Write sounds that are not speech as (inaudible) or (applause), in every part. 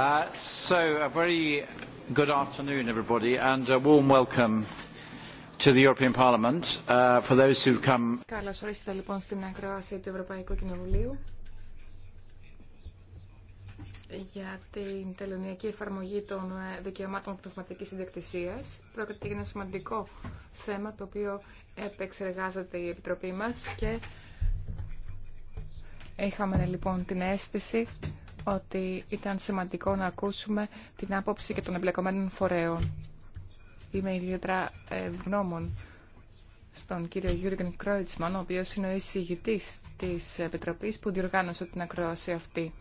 Uh, so, a very good afternoon, everybody, and a warm welcome to the European Parliament uh, for those come. Καλώς ορίσατε λοιπόν στην ακρόαση του Ευρωπαϊκού Κοινοβουλίου για την τελωνιακή εφαρμογή των ε, δικαιωμάτων πνευματικής ιδιοκτησίας. Πρόκειται για ένα σημαντικό θέμα το οποίο επεξεργάζεται η Επιτροπή μας και είχαμε λοιπόν την αίσθηση ότι ήταν σημαντικό να ακούσουμε την άποψη και των εμπλεκομένων φορέων. Είμαι ιδιαίτερα ε, ευγνώμων στον κύριο Γιούργεν Κρόιτσμαν, ο οποίο είναι ο εισηγητή τη Επιτροπής που διοργάνωσε την ακρόαση αυτή.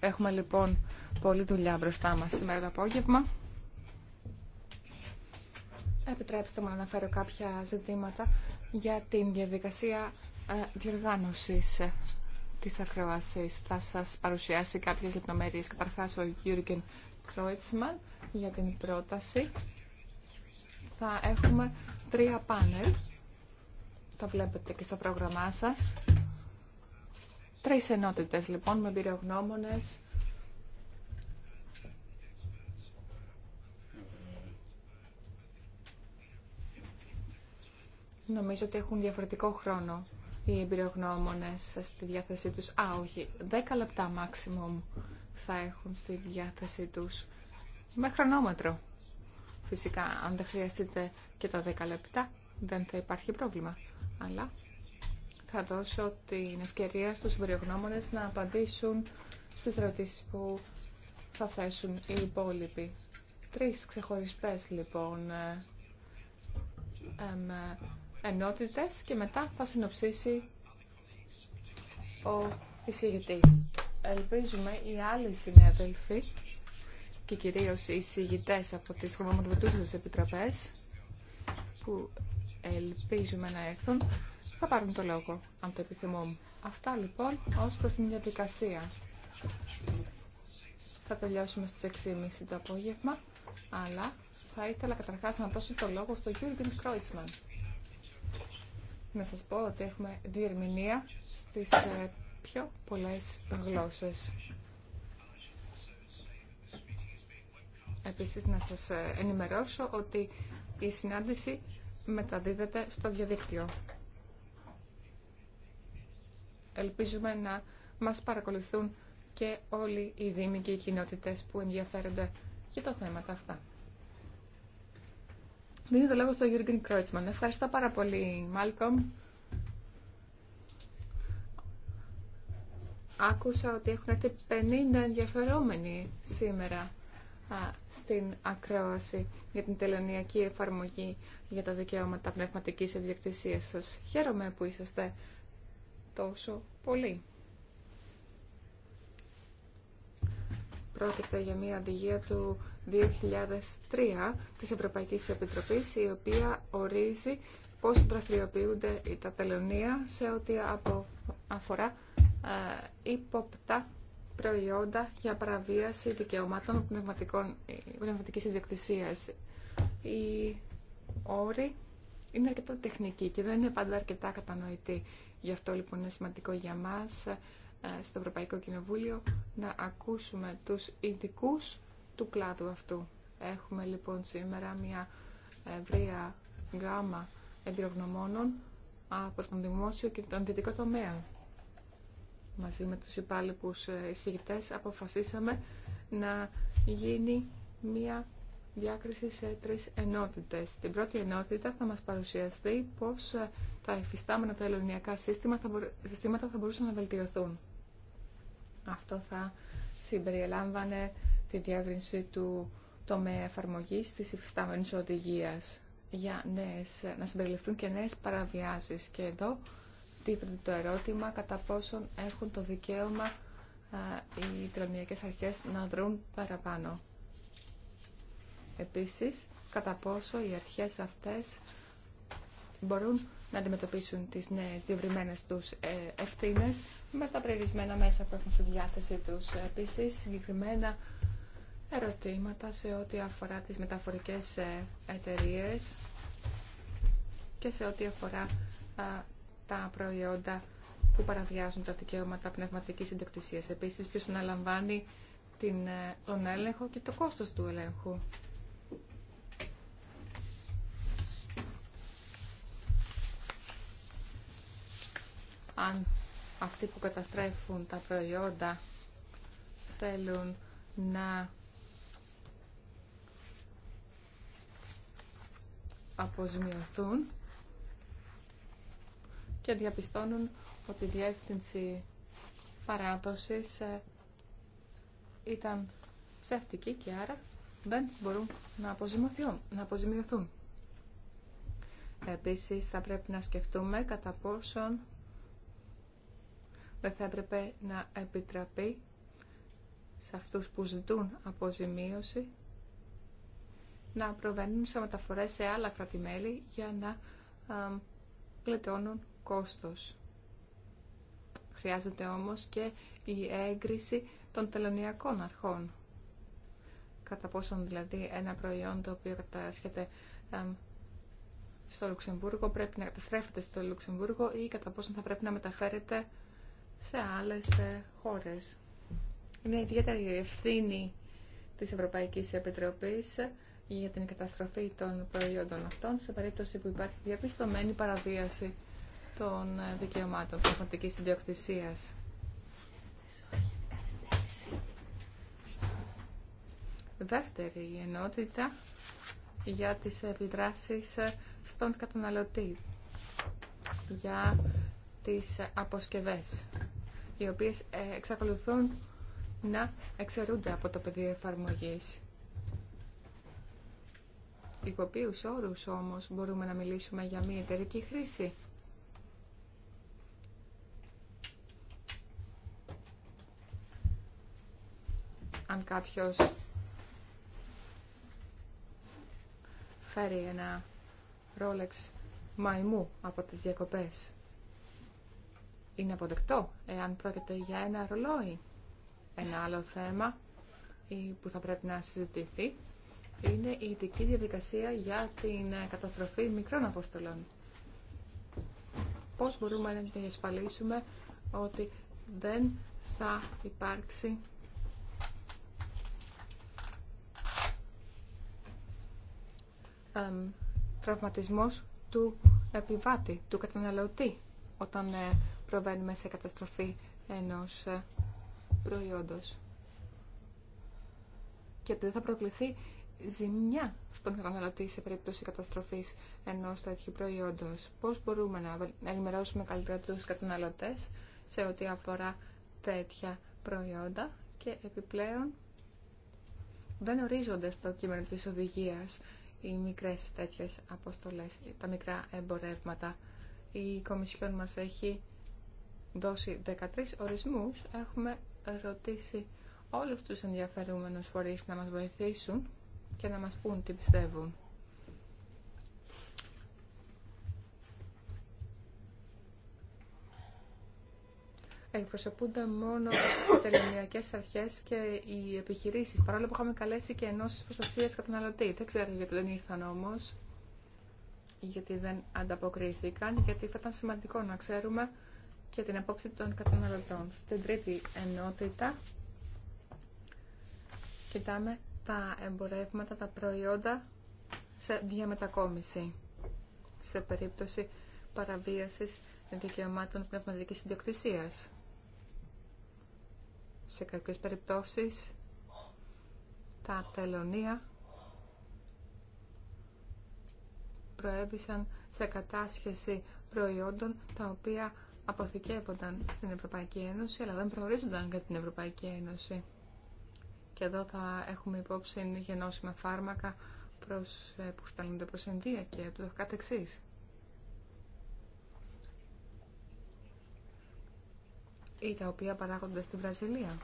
Έχουμε λοιπόν πολλή δουλειά μπροστά μα σήμερα το απόγευμα. Επιτρέψτε μου να αναφέρω κάποια ζητήματα για την διαδικασία ε, διοργάνωσης της ακροασής. Θα σας παρουσιάσει κάποιες λεπτομέρειες. Καταρχάς ο Γιούργεν Κρόιτσμαν για την πρόταση. Θα έχουμε τρία πάνελ. Το βλέπετε και στο πρόγραμμά σας. Τρεις ενότητες λοιπόν με εμπειρογνώμονες. Νομίζω ότι έχουν διαφορετικό χρόνο οι εμπειρογνώμονες στη διάθεσή τους. Α, όχι, 10 λεπτά maximum θα έχουν στη διάθεσή τους με χρονόμετρο. Φυσικά, αν δεν χρειαστείτε και τα 10 λεπτά, δεν θα υπάρχει πρόβλημα. Αλλά θα δώσω την ευκαιρία στους εμπειρογνώμονες να απαντήσουν στις ερωτήσεις που θα θέσουν οι υπόλοιποι. Τρεις ξεχωριστές, λοιπόν, ε, ε, ενότητες και μετά θα συνοψίσει ο εισηγητής. Ελπίζουμε οι άλλοι συνέδελφοι και κυρίως οι εισηγητές από τις χρηματοδοτούσες επιτροπές που ελπίζουμε να έρθουν θα πάρουν το λόγο αν το επιθυμούν. Αυτά λοιπόν ως προς την διαδικασία. Θα τελειώσουμε στις 6.30 το απόγευμα αλλά θα ήθελα καταρχάς να δώσω το λόγο στον Γιούργιν Κρόιτσμαν να σας πω ότι έχουμε διερμηνία στις ε, πιο πολλές γλώσσες. Επίσης να σας ε, ενημερώσω ότι η συνάντηση μεταδίδεται στο διαδίκτυο. Ελπίζουμε να μας παρακολουθούν και όλοι οι δήμοι και οι κοινότητες που ενδιαφέρονται για τα θέματα αυτά. Δίνω το λόγο στον Γιούργεν Κρόιτσμαν. Ευχαριστώ πάρα πολύ, Μάλκομ. Άκουσα ότι έχουν έρθει 50 ενδιαφερόμενοι σήμερα στην ακρόαση για την τελωνιακή εφαρμογή για τα δικαιώματα πνευματικής ιδιοκτησίας σας. Χαίρομαι που είσαστε τόσο πολύ. Πρόκειται για μια οδηγία του 2003 της Ευρωπαϊκής Επιτροπής η οποία ορίζει πώς δραστηριοποιούνται τα τελωνία σε ό,τι αφορά ε, υποπτά προϊόντα για παραβίαση δικαιωμάτων πνευματικής ιδιοκτησίας. Οι όροι είναι αρκετά τεχνικοί και δεν είναι πάντα αρκετά κατανοητοί. Γι' αυτό λοιπόν είναι σημαντικό για μας ε, στο Ευρωπαϊκό Κοινοβούλιο να ακούσουμε τους ειδικούς του κλάδου αυτού. Έχουμε λοιπόν σήμερα μια ευρεία γάμα εμπειρογνωμόνων από τον δημόσιο και τον δυτικό τομέα. Μαζί με τους υπάλληπους ε, εισηγητές αποφασίσαμε να γίνει μια διάκριση σε τρεις ενότητες. Την πρώτη ενότητα θα μας παρουσιαστεί πώς ε, τα εφιστάμενα τα ελληνιακά συστήματα θα μπορούσαν να βελτιωθούν. Αυτό θα συμπεριλάμβανε τη διεύρυνση του τομέα εφαρμογή της υφιστάμενης οδηγία για νέες, να συμπεριληφθούν και νέε παραβιάσεις. Και εδώ τίθεται το ερώτημα κατά πόσον έχουν το δικαίωμα οι τρονιακές αρχές να δρουν παραπάνω. Επίσης, κατά πόσο οι αρχές αυτές μπορούν να αντιμετωπίσουν τις νέες διευρυμένες τους ε, ευθύνε με τα περιορισμένα μέσα που έχουν στη διάθεσή τους. Επίσης, συγκεκριμένα ερωτήματα σε ό,τι αφορά τις μεταφορικές ε, εταιρείε και σε ό,τι αφορά τα προϊόντα που παραβιάζουν τα δικαιώματα πνευματικής συντοκτησίας. Επίσης, ποιος αναλαμβάνει την, ε, τον έλεγχο και το κόστος του ελέγχου. Αν αυτοί που καταστρέφουν τα προϊόντα θέλουν να αποζημιωθούν και διαπιστώνουν ότι η διεύθυνση παράδοσης ε, ήταν ψεύτικη και άρα δεν μπορούν να αποζημιωθούν. Να Επίσης θα πρέπει να σκεφτούμε κατά πόσον δεν θα έπρεπε να επιτραπεί σε αυτούς που ζητούν αποζημίωση να προβαίνουν σε μεταφορές σε άλλα κρατημέλη για να γλιτώνουν κόστος. Χρειάζεται όμως και η έγκριση των τελωνιακών αρχών. Κατά πόσον δηλαδή ένα προϊόν το οποίο κατασχέται στο Λουξεμβούργο πρέπει να καταστρέφεται στο Λουξεμβούργο ή κατά πόσον θα πρέπει να μεταφέρεται σε άλλες ε, χώρες. Είναι ιδιαίτερη ευθύνη της Ευρωπαϊκής Επιτροπής για την καταστροφή των προϊόντων αυτών σε περίπτωση που υπάρχει διαπιστωμένη παραβίαση των ε, δικαιωμάτων πραγματική ιδιοκτησία. Δεύτερη ενότητα για τις επιδράσεις ε, στον καταναλωτή για τις ε, αποσκευές οι οποίες εξακολουθούν να εξαιρούνται από το πεδίο εφαρμογής. Υπό ποιους όρους όμως μπορούμε να μιλήσουμε για μη εταιρική χρήση. Αν κάποιος φέρει ένα ρόλεξ μαϊμού από τις διακοπές, είναι αποδεκτό εάν πρόκειται για ένα ρολόι. Ένα άλλο θέμα ε, που θα πρέπει να συζητηθεί είναι η ειδική διαδικασία για την ε, καταστροφή μικρών αποστολών. Πώς μπορούμε να διασφαλίσουμε ότι δεν θα υπάρξει τραυματισμός του επιβάτη, του καταναλωτή, όταν ε, προβαίνουμε σε καταστροφή ενός ε, προϊόντος. Και δεν θα προκληθεί ζημιά στον καταναλωτή σε περίπτωση καταστροφής ενό τέτοιου προϊόντος. Πώς μπορούμε να ενημερώσουμε καλύτερα του καταναλωτές σε ό,τι αφορά τέτοια προϊόντα και επιπλέον δεν ορίζονται στο κείμενο της οδηγίας οι μικρές τέτοιες αποστολές, τα μικρά εμπορεύματα. Η Κομισιόν μας έχει δώσει 13 ορισμούς. Έχουμε ρωτήσει όλους τους ενδιαφερούμενους φορείς να μας βοηθήσουν και να μας πούν τι πιστεύουν. εκπροσωπούνται μόνο οι τελεμιακέ αρχέ και οι επιχειρήσει. Παρόλο που είχαμε καλέσει και ενώσει προστασία καταναλωτή. Δεν ξέρω γιατί δεν ήρθαν όμω, γιατί δεν ανταποκρίθηκαν, γιατί θα ήταν σημαντικό να ξέρουμε και την απόψη των καταναλωτών. Στην τρίτη ενότητα κοιτάμε τα εμπορεύματα, τα προϊόντα σε διαμετακόμιση σε περίπτωση παραβίασης δικαιωμάτων πνευματικής ιδιοκτησίας. Σε κάποιες περιπτώσεις τα τελωνία προέβησαν σε κατάσχεση προϊόντων τα οποία αποθηκεύονταν στην Ευρωπαϊκή Ένωση αλλά δεν προορίζονταν για την Ευρωπαϊκή Ένωση. Και εδώ θα έχουμε υπόψη γενώσιμα φάρμακα προς, ε, που στέλνονται προς Ινδία και το καθεξής. ή τα οποία παράγονται στη Βραζιλία.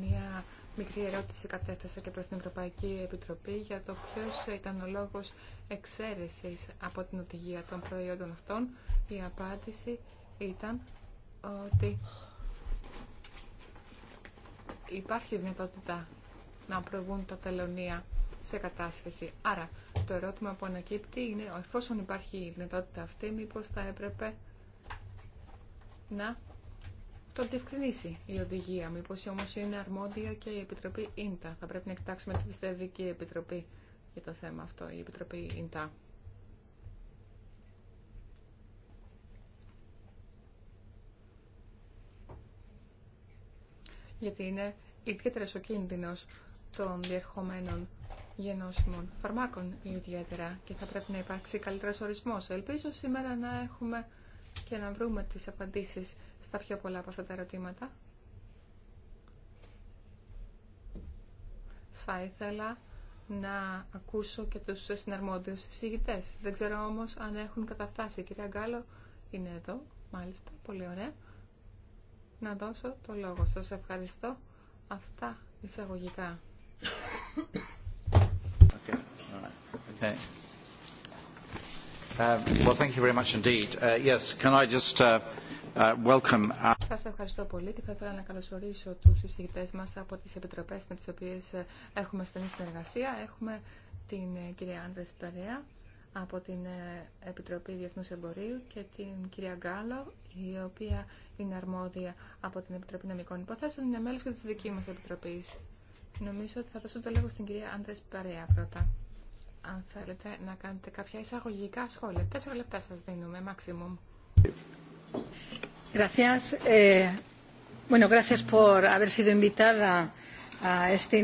Μια μικρή ερώτηση κατέθεσα και προς την Ευρωπαϊκή Επιτροπή για το ποιος ήταν ο λόγος εξαίρεσης από την οδηγία των προϊόντων αυτών. Η απάντηση ήταν ότι υπάρχει δυνατότητα να προβούν τα τελωνία σε κατάσταση. Άρα, το ερώτημα που ανακύπτει είναι, εφόσον υπάρχει η δυνατότητα αυτή, μήπως θα έπρεπε να το διευκρινίσει η οδηγία. Μήπως όμως είναι αρμόδια και η Επιτροπή Ίντα. Θα πρέπει να κοιτάξουμε τι πιστεύει και η Επιτροπή για το θέμα αυτό, η Επιτροπή Ίντα. Γιατί είναι ιδιαίτερα ο κίνδυνο των διερχομένων γεννόσιμων φαρμάκων ιδιαίτερα και θα πρέπει να υπάρξει καλύτερο ορισμό. Ελπίζω σήμερα να έχουμε και να βρούμε τις απαντήσεις στα πιο πολλά από αυτά τα ερωτήματα. Θα ήθελα να ακούσω και τους συναρμόδιους συζητητές. Δεν ξέρω όμως αν έχουν καταφτάσει. Η κυρία Γκάλο είναι εδώ, μάλιστα, πολύ ωραία. Να δώσω το λόγο. Σας ευχαριστώ. Αυτά εισαγωγικά. Okay. okay. Uh, very much indeed. Uh, yes, can I just uh, welcome... Σας ευχαριστώ πολύ και θα ήθελα να καλωσορίσω τους συζητητές μας από τις επιτροπές με τις οποίες ε, έχουμε στενή συνεργασία. Έχουμε την ε, κυρία Άντρες Περέα από την ε, Επιτροπή Διεθνούς Εμπορίου και την κυρία Γκάλο, η οποία είναι αρμόδια από την Επιτροπή Νομικών Υποθέσεων, είναι μέλος και της δική μας Επιτροπής. Νομίζω ότι θα δώσω το λόγο στην κυρία Άντρες Παρέα πρώτα. Αν θέλετε να κάνετε κάποια εισαγωγικά σχόλια. Τέσσερα λεπτά σας δίνουμε, maximum. Gracias. Eh, bueno, gracias por haber sido invitada a este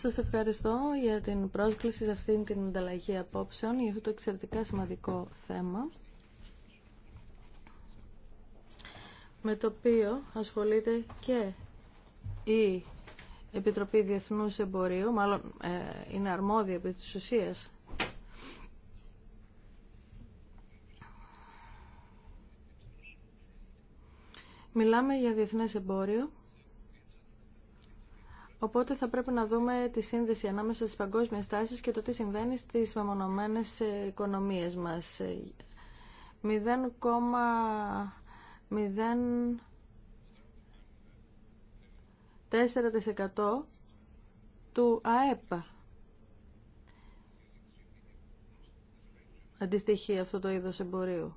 σας ευχαριστώ για την πρόσκληση σε αυτήν την ανταλλαγή απόψεων για αυτό το εξαιρετικά σημαντικό θέμα με το οποίο ασχολείται και η Επιτροπή Διεθνούς Εμπορίου, μάλλον ε, είναι αρμόδια επί της ουσίας. Μιλάμε για διεθνές εμπόριο Οπότε θα πρέπει να δούμε τη σύνδεση ανάμεσα στις παγκόσμιες τάσεις και το τι συμβαίνει στις μεμονωμένες οικονομίες μας. 0,04% του ΑΕΠ αντιστοιχεί αυτό το είδος εμπορίου.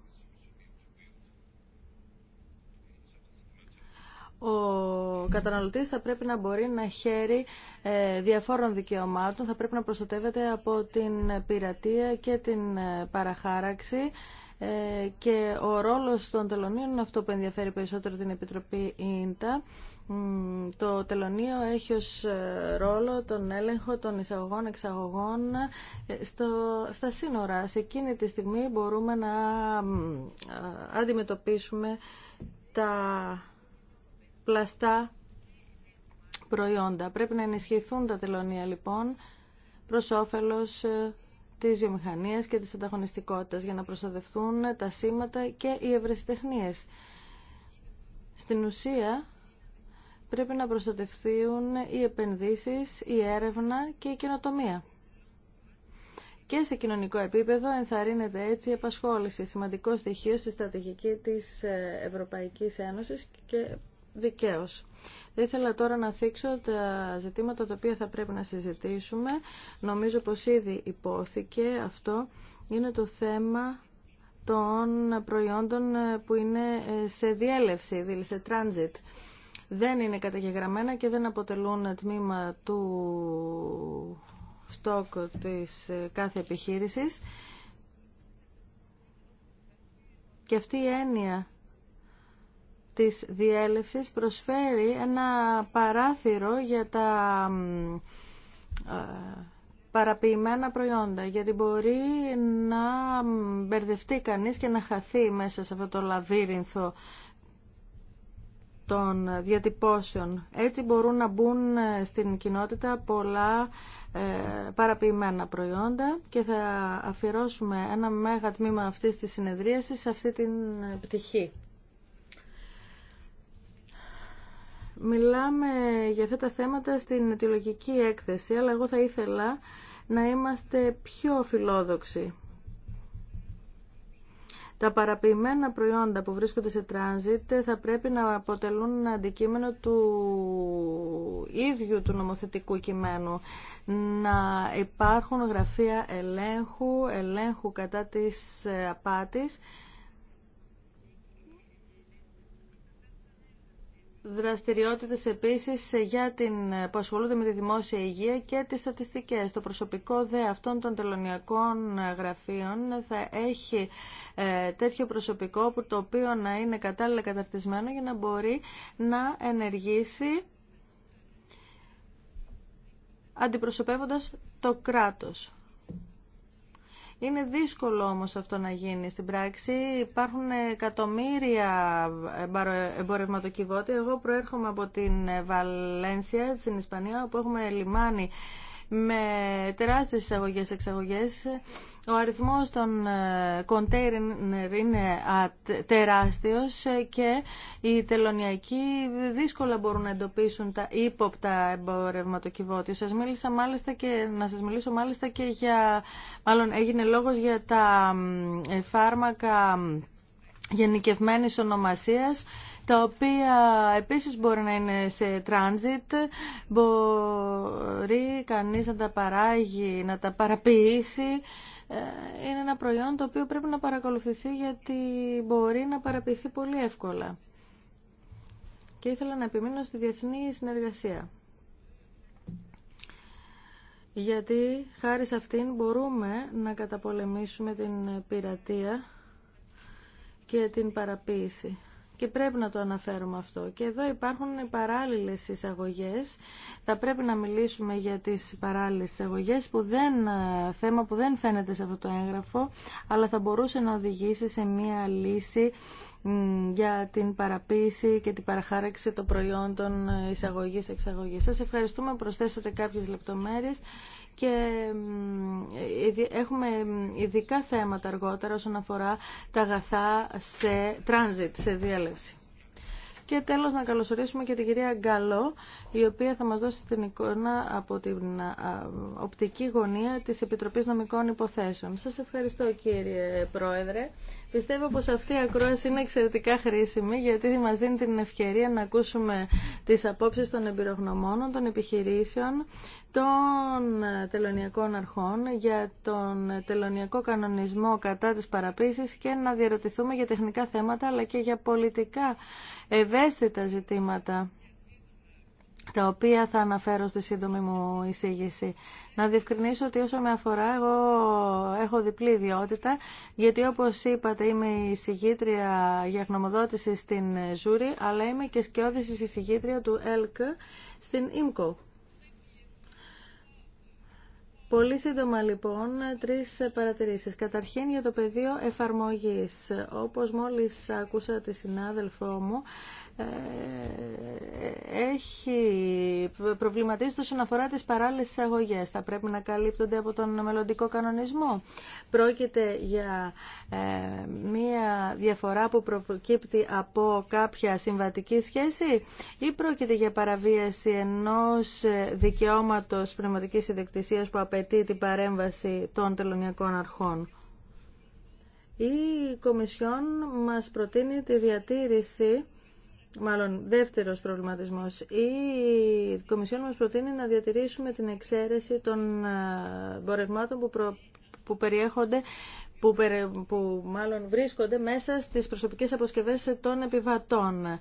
ο καταναλωτής θα πρέπει να μπορεί να χαίρει ε, διαφόρων δικαιωμάτων, θα πρέπει να προστατεύεται από την πειρατεία και την ε, παραχάραξη ε, και ο ρόλος των τελωνίων είναι αυτό που ενδιαφέρει περισσότερο την Επιτροπή ΙΝΤΑ. Το τελωνίο έχει ως ρόλο τον έλεγχο των εισαγωγών-εξαγωγών στα σύνορα. Σε εκείνη τη στιγμή μπορούμε να αντιμετωπίσουμε τα πλαστά προϊόντα. Πρέπει να ενισχυθούν τα τελωνία λοιπόν προς όφελος ε, της βιομηχανίας και της ανταγωνιστικότητας για να προστατευτούν τα σήματα και οι ευρεσιτεχνίες. Στην ουσία πρέπει να προστατευθούν οι επενδύσεις, η έρευνα και η καινοτομία. Και σε κοινωνικό επίπεδο ενθαρρύνεται έτσι η επασχόληση. σημαντικό στοιχείο στη στρατηγική της ε, Ευρωπαϊκής Ένωσης και Δικαίω. Θα ήθελα τώρα να θίξω τα ζητήματα τα οποία θα πρέπει να συζητήσουμε. Νομίζω πως ήδη υπόθηκε αυτό. Είναι το θέμα των προϊόντων που είναι σε διέλευση, δηλαδή σε transit. Δεν είναι καταγεγραμμένα και δεν αποτελούν τμήμα του στόκ της κάθε επιχείρησης. Και αυτή η έννοια της διέλευσης προσφέρει ένα παράθυρο για τα ε, παραποιημένα προϊόντα, γιατί μπορεί να μπερδευτεί κανείς και να χαθεί μέσα σε αυτό το λαβύρινθο των διατυπώσεων. Έτσι μπορούν να μπουν ε, στην κοινότητα πολλά ε, παραποιημένα προϊόντα και θα αφιερώσουμε ένα μέγα τμήμα αυτής της συνεδρίασης σε αυτή την πτυχή. Μιλάμε για αυτά τα θέματα στην αιτιολογική έκθεση, αλλά εγώ θα ήθελα να είμαστε πιο φιλόδοξοι. Τα παραποιημένα προϊόντα που βρίσκονται σε τράνζιτ θα πρέπει να αποτελούν αντικείμενο του ίδιου του νομοθετικού κειμένου. Να υπάρχουν γραφεία ελέγχου, ελέγχου κατά της απάτης, δραστηριότητες επίσης για την, που ασχολούνται με τη δημόσια υγεία και τις στατιστικές. Το προσωπικό δε αυτών των τελωνιακών γραφείων θα έχει ε, τέτοιο προσωπικό που το οποίο να είναι κατάλληλα καταρτισμένο για να μπορεί να ενεργήσει αντιπροσωπεύοντας το κράτος. Είναι δύσκολο όμως αυτό να γίνει στην πράξη. Υπάρχουν εκατομμύρια εμπορευματοκιβώτια. Εγώ προέρχομαι από την Βαλένσια, στην Ισπανία, όπου έχουμε λιμάνι με τεράστιες εισαγωγές εξαγωγές. Ο αριθμός των container ε, είναι τεράστιος και οι τελωνιακοί δύσκολα μπορούν να εντοπίσουν τα ύποπτα εμπορευματοκιβώτια. Σας μίλησα μάλιστα και να σας μιλήσω μάλιστα και για, μάλλον έγινε λόγος για τα φάρμακα γενικευμένης ονομασίας τα οποία επίσης μπορεί να είναι σε transit, μπορεί κανείς να τα παράγει, να τα παραποιήσει. Ε, είναι ένα προϊόν το οποίο πρέπει να παρακολουθηθεί γιατί μπορεί να παραποιηθεί πολύ εύκολα. Και ήθελα να επιμείνω στη διεθνή συνεργασία. Γιατί χάρη σε αυτήν μπορούμε να καταπολεμήσουμε την πειρατεία και την παραποίηση. Και πρέπει να το αναφέρουμε αυτό. Και εδώ υπάρχουν οι παράλληλες εισαγωγές. Θα πρέπει να μιλήσουμε για τις παράλληλες εισαγωγές, που δεν, ε, θέμα που δεν φαίνεται σε αυτό το έγγραφο, αλλά θα μπορούσε να οδηγήσει σε μία λύση για την παραποίηση και την παραχάραξη των προϊόντων ε, εισαγωγής-εξαγωγής. Σας ευχαριστούμε, προσθέσατε κάποιες λεπτομέρειες και έχουμε ειδικά θέματα αργότερα όσον αφορά τα αγαθά σε τράνζιτ, σε διέλευση. Και τέλος να καλωσορίσουμε και την κυρία Γκαλό, η οποία θα μας δώσει την εικόνα από την οπτική γωνία της Επιτροπής Νομικών Υποθέσεων. Σας ευχαριστώ κύριε Πρόεδρε. Πιστεύω πως αυτή η ακρόαση είναι εξαιρετικά χρήσιμη, γιατί μας δίνει την ευκαιρία να ακούσουμε τις απόψεις των εμπειρογνωμόνων, των επιχειρήσεων, των τελωνιακών αρχών για τον τελωνιακό κανονισμό κατά της παραπίσης και να διαρωτηθούμε για τεχνικά θέματα αλλά και για πολιτικά ευαίσθητα ζητήματα τα οποία θα αναφέρω στη σύντομη μου εισήγηση. Να διευκρινίσω ότι όσο με αφορά εγώ έχω διπλή ιδιότητα, γιατί όπως είπατε είμαι η εισηγήτρια για γνωμοδότηση στην Ζούρη, αλλά είμαι και σκιώδηση εισηγήτρια του ΕΛΚ στην ΙΜΚΟ. Πολύ σύντομα λοιπόν τρεις παρατηρήσεις. Καταρχήν για το πεδίο εφαρμογής. Όπως μόλις άκουσα τη συνάδελφό μου, ε, έχει προβληματίσει όσον αφορά τις παράλληλες εισαγωγές. Θα πρέπει να καλύπτονται από τον μελλοντικό κανονισμό. Πρόκειται για ε, μία διαφορά που προκύπτει από κάποια συμβατική σχέση ή πρόκειται για παραβίαση ενός δικαιώματος πνευματικής ιδιοκτησίας που απαιτεί την παρέμβαση των τελωνιακών αρχών. Η Κομισιόν μας προτείνει τη διατήρηση μάλλον δεύτερος προβληματισμός. Η Κομισιόν μας προτείνει να διατηρήσουμε την εξαίρεση των ε, μπορευμάτων που, που περιέχονται που, που μάλλον βρίσκονται μέσα στις προσωπικές αποσκευές των επιβατών.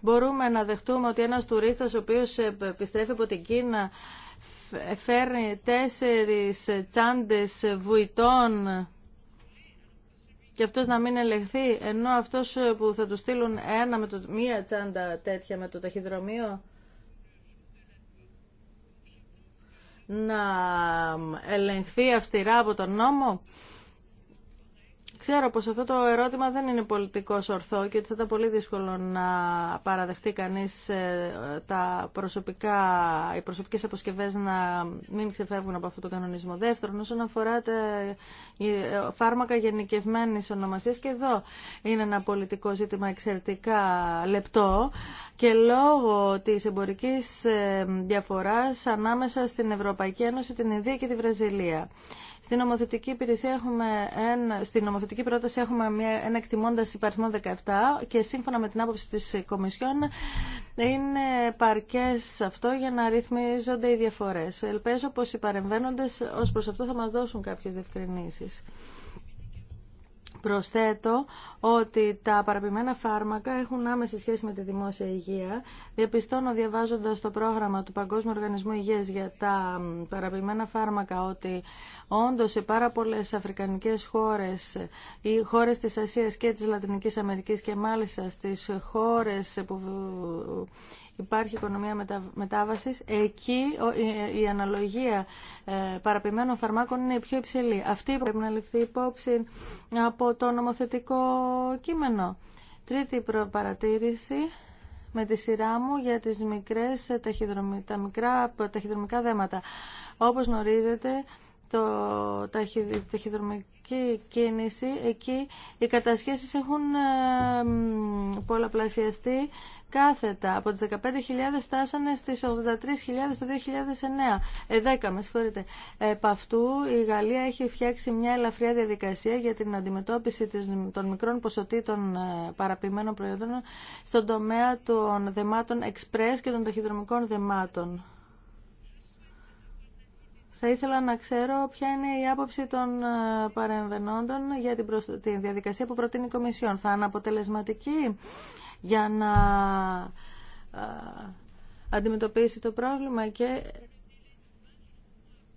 Μπορούμε να δεχτούμε ότι ένας τουρίστας ο οποίος ε, επιστρέφει από την Κίνα φέρνει τέσσερις τσάντες βουητών και αυτός να μην ελεγχθεί, ενώ αυτός ε, που θα του στείλουν ένα με το, μία τσάντα τέτοια με το ταχυδρομείο να ελεγχθεί αυστηρά από τον νόμο. Ξέρω πως αυτό το ερώτημα δεν είναι πολιτικό ορθό και ότι θα ήταν πολύ δύσκολο να παραδεχτεί κανείς ε, τα προσωπικά, οι προσωπικές αποσκευές να μην ξεφεύγουν από αυτό το κανονισμό. Δεύτερον, όσον αφορά τα ε, φάρμακα γενικευμένης ονομασίας και εδώ είναι ένα πολιτικό ζήτημα εξαιρετικά λεπτό και λόγω της εμπορικής ε, διαφοράς ανάμεσα στην Ευρωπαϊκή Ένωση, την Ινδία και τη Βραζιλία. Στην νομοθετική, υπηρεσία έχουμε ένα, στην νομοθετική πρόταση έχουμε μια, ένα εκτιμώντα υπαριθμό 17 και σύμφωνα με την άποψη τη Κομισιόν είναι παρκέ αυτό για να ρυθμίζονται οι διαφορέ. Ελπίζω πω οι παρεμβαίνοντε ω προ αυτό θα μα δώσουν κάποιε διευκρινήσει. Προσθέτω ότι τα παραπημένα φάρμακα έχουν άμεση σχέση με τη δημόσια υγεία. Διαπιστώνω διαβάζοντας το πρόγραμμα του Παγκόσμιου Οργανισμού Υγείας για τα παραπημένα φάρμακα ότι όντως σε πάρα πολλές αφρικανικές χώρες ή χώρες της Ασίας και της Λατινικής Αμερικής και μάλιστα στις χώρες που υπάρχει οικονομία μετα... μετάβασης, εκεί η αναλογία ε, παραπημένων φαρμάκων είναι η πιο υψηλή. Αυτή πρέπει να ληφθεί υπόψη από το νομοθετικό κείμενο. Τρίτη παρατήρηση με τη σειρά μου για τις μικρές, τα μικρά ταχυδρομικά δέματα. Όπως γνωρίζετε, το ταχυδρομική κίνηση, εκεί οι κατασχέσεις έχουν ε, πολλαπλασιαστεί κάθετα. Από τις 15.000 στάσανε στις 83.000 το 2009. 10, ε, με συγχωρείτε. Επ' αυτού η Γαλλία έχει φτιάξει μια ελαφριά διαδικασία για την αντιμετώπιση των μικρών ποσοτήτων ε, παραποιημένων προϊόντων στον τομέα των δεμάτων express και των ταχυδρομικών δεμάτων. Θα ήθελα να ξέρω ποια είναι η άποψη των ε, παρεμβαινόντων για την διαδικασία που προτείνει η Κομισιόν. Θα είναι αποτελεσματική για να αντιμετωπίσει το πρόβλημα και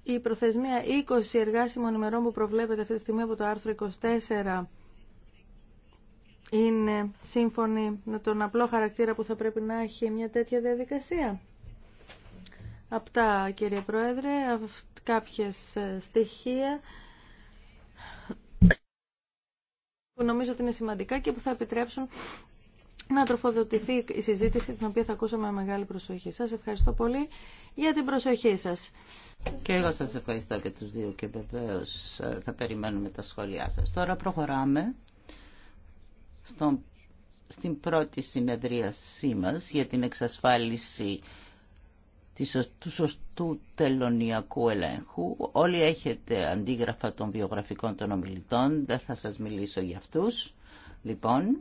η προθεσμία 20 εργάσιμων ημερών που προβλέπεται αυτή τη στιγμή από το άρθρο 24 είναι σύμφωνη με τον απλό χαρακτήρα που θα πρέπει να έχει μια τέτοια διαδικασία. Αυτά κύριε Πρόεδρε, κάποιες ε, στοιχεία που νομίζω ότι είναι σημαντικά και που θα επιτρέψουν να τροφοδοτηθεί η συζήτηση την οποία θα ακούσαμε με μεγάλη προσοχή. Σας ευχαριστώ πολύ για την προσοχή σας. Και εγώ σας ευχαριστώ και τους δύο και βεβαίω ε, θα περιμένουμε τα σχόλιά σας. Τώρα προχωράμε στον, στην πρώτη συνεδρίασή μας για την εξασφάλιση του σωστού τελωνιακού ελέγχου. Όλοι έχετε αντίγραφα των βιογραφικών των ομιλητών, δεν θα σας μιλήσω για αυτούς. Λοιπόν,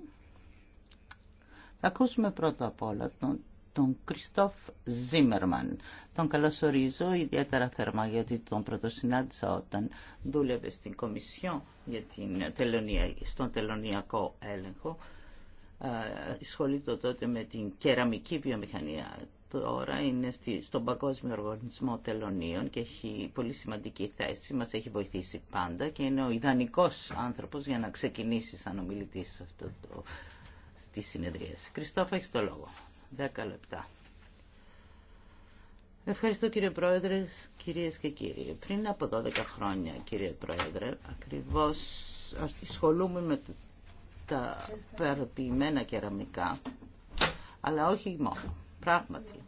θα ακούσουμε πρώτα απ' όλα τον, τον Κριστόφ Ζίμερμαν. Τον καλωσορίζω ιδιαίτερα θερμά γιατί τον πρωτοσυνάντησα όταν δούλευε στην Κομισιόν για την τελωνία, στον τελωνιακό έλεγχο. Ασχολείται τότε με την κεραμική βιομηχανία. Τώρα είναι στον Παγκόσμιο Οργανισμό Τελωνίων και έχει πολύ σημαντική θέση. Μας έχει βοηθήσει πάντα και είναι ο ιδανικός άνθρωπος για να ξεκινήσει σαν ομιλητής σε αυτό το τις συνεδρίες. Κριστόφα, έχεις το λόγο. Δέκα λεπτά. Ευχαριστώ κύριε Πρόεδρε, κυρίες και κύριοι. Πριν από 12 χρόνια, κύριε Πρόεδρε, ακριβώς ασχολούμαι με τα παραποιημένα κεραμικά, αλλά όχι μόνο. Πράγματι.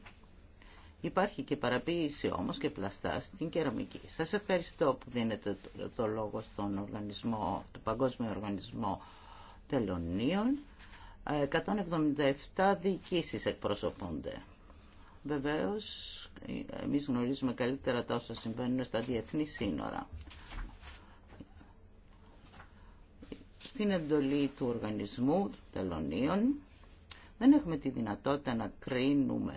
Υπάρχει και παραποίηση όμως και πλαστά στην κεραμική. Σας ευχαριστώ που δίνετε το λόγο στον οργανισμό, το Παγκόσμιο Οργανισμό Τελωνίων 177 διοικήσει εκπροσωπούνται. Βεβαίω, εμεί γνωρίζουμε καλύτερα τα όσα συμβαίνουν στα διεθνή σύνορα. Στην εντολή του οργανισμού του τελωνίων δεν έχουμε τη δυνατότητα να κρίνουμε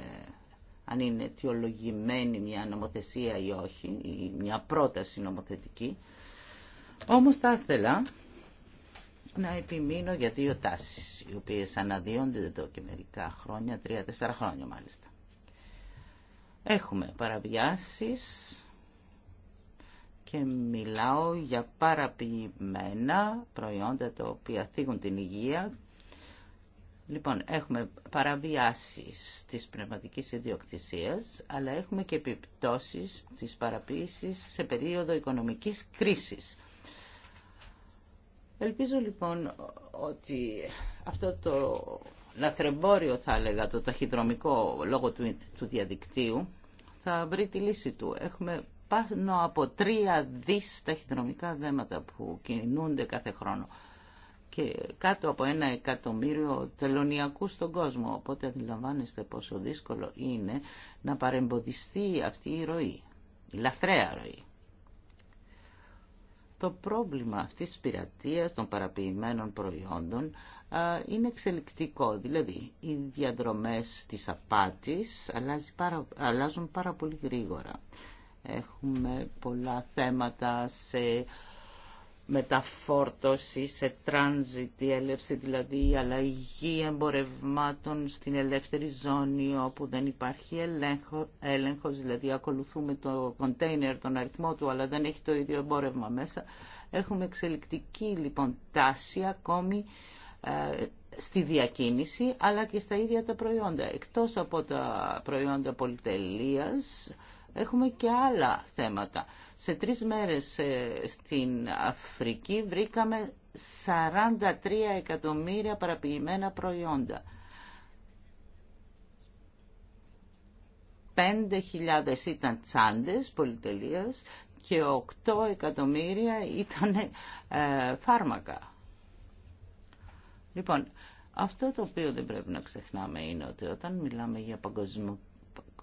αν είναι αιτιολογημένη μια νομοθεσία ή όχι, ή μια πρόταση νομοθετική. Όμως θα ήθελα να επιμείνω για δύο τάσει οι οποίε αναδύονται εδώ και μερικά χρόνια, τρία-τέσσερα χρόνια μάλιστα. Έχουμε παραβιάσεις και μιλάω για παραποιημένα προϊόντα τα οποία θίγουν την υγεία. Λοιπόν, έχουμε παραβιάσεις της πνευματικής ιδιοκτησίας, αλλά έχουμε και επιπτώσεις της παραποίησης σε περίοδο οικονομικής κρίσης. Ελπίζω λοιπόν ότι αυτό το λαθρεμπόριο θα έλεγα το ταχυδρομικό λόγω του, του διαδικτύου θα βρει τη λύση του. Έχουμε πάνω από τρία δις ταχυδρομικά δέματα που κινούνται κάθε χρόνο και κάτω από ένα εκατομμύριο τελωνιακού στον κόσμο. Οπότε αντιλαμβάνεστε πόσο δύσκολο είναι να παρεμποδιστεί αυτή η ροή, η λαθρέα ροή. Το πρόβλημα αυτής της πειρατείας των παραποιημένων προϊόντων είναι εξελικτικό. Δηλαδή, οι διαδρομές της απάτης αλλάζουν πάρα πολύ γρήγορα. Έχουμε πολλά θέματα σε μεταφόρτωση, σε τράνζιτ, η έλευση δηλαδή, η αλλαγή εμπορευμάτων στην ελεύθερη ζώνη όπου δεν υπάρχει έλεγχο, έλεγχος, δηλαδή ακολουθούμε το κοντέινερ, τον αριθμό του, αλλά δεν έχει το ίδιο εμπόρευμα μέσα. Έχουμε εξελικτική λοιπόν τάση ακόμη ε, στη διακίνηση, αλλά και στα ίδια τα προϊόντα. Εκτός από τα προϊόντα πολυτελείας, έχουμε και άλλα θέματα. Σε τρεις μέρες ε, στην Αφρική βρήκαμε 43 εκατομμύρια παραποιημένα προϊόντα. 5.000 ήταν τσάντες πολυτελείας και 8 εκατομμύρια ήταν ε, φάρμακα. Λοιπόν, αυτό το οποίο δεν πρέπει να ξεχνάμε είναι ότι όταν μιλάμε για παγκοσμιο,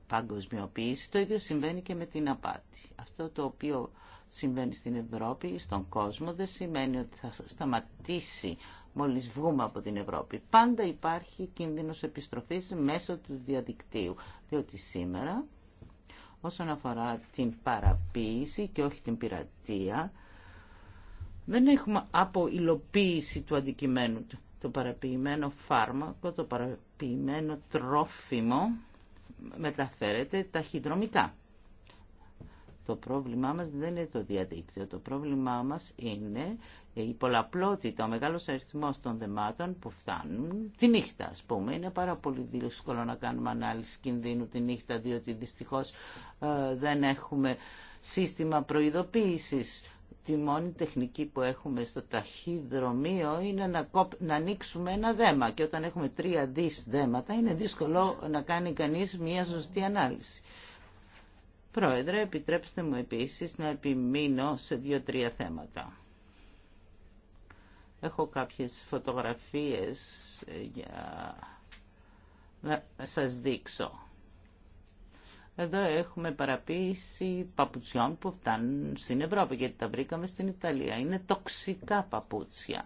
παγκοσμιοποίηση. Το ίδιο συμβαίνει και με την απάτη. Αυτό το οποίο συμβαίνει στην Ευρώπη ή στον κόσμο δεν σημαίνει ότι θα σταματήσει μόλις βγούμε από την Ευρώπη. Πάντα υπάρχει κίνδυνος επιστροφής μέσω του διαδικτύου, διότι σήμερα όσον αφορά την παραποίηση και όχι την πειρατεία, δεν έχουμε από του αντικειμένου Το παραποιημένο φάρμακο, το παραποιημένο τρόφιμο μεταφέρεται ταχυδρομικά. Το πρόβλημά μας δεν είναι το διαδίκτυο. Το πρόβλημά μας είναι η πολλαπλότητα, ο μεγάλος αριθμός των δεμάτων που φτάνουν τη νύχτα, ας πούμε. Είναι πάρα πολύ δύσκολο να κάνουμε ανάλυση κινδύνου τη νύχτα, διότι δυστυχώς ε, δεν έχουμε σύστημα προειδοποίησης τη μόνη τεχνική που έχουμε στο ταχύδρομείο είναι να, κοπ... να ανοίξουμε ένα δέμα και όταν έχουμε τρία δις δέματα είναι δύσκολο να κάνει κανείς μια σωστή ανάλυση. Πρόεδρε, επιτρέψτε μου επίσης να επιμείνω σε δύο-τρία θέματα. Έχω κάποιες φωτογραφίες για να σας δείξω. Εδώ έχουμε παραποίηση παπουτσιών που φτάνουν στην Ευρώπη, γιατί τα βρήκαμε στην Ιταλία. Είναι τοξικά παπούτσια.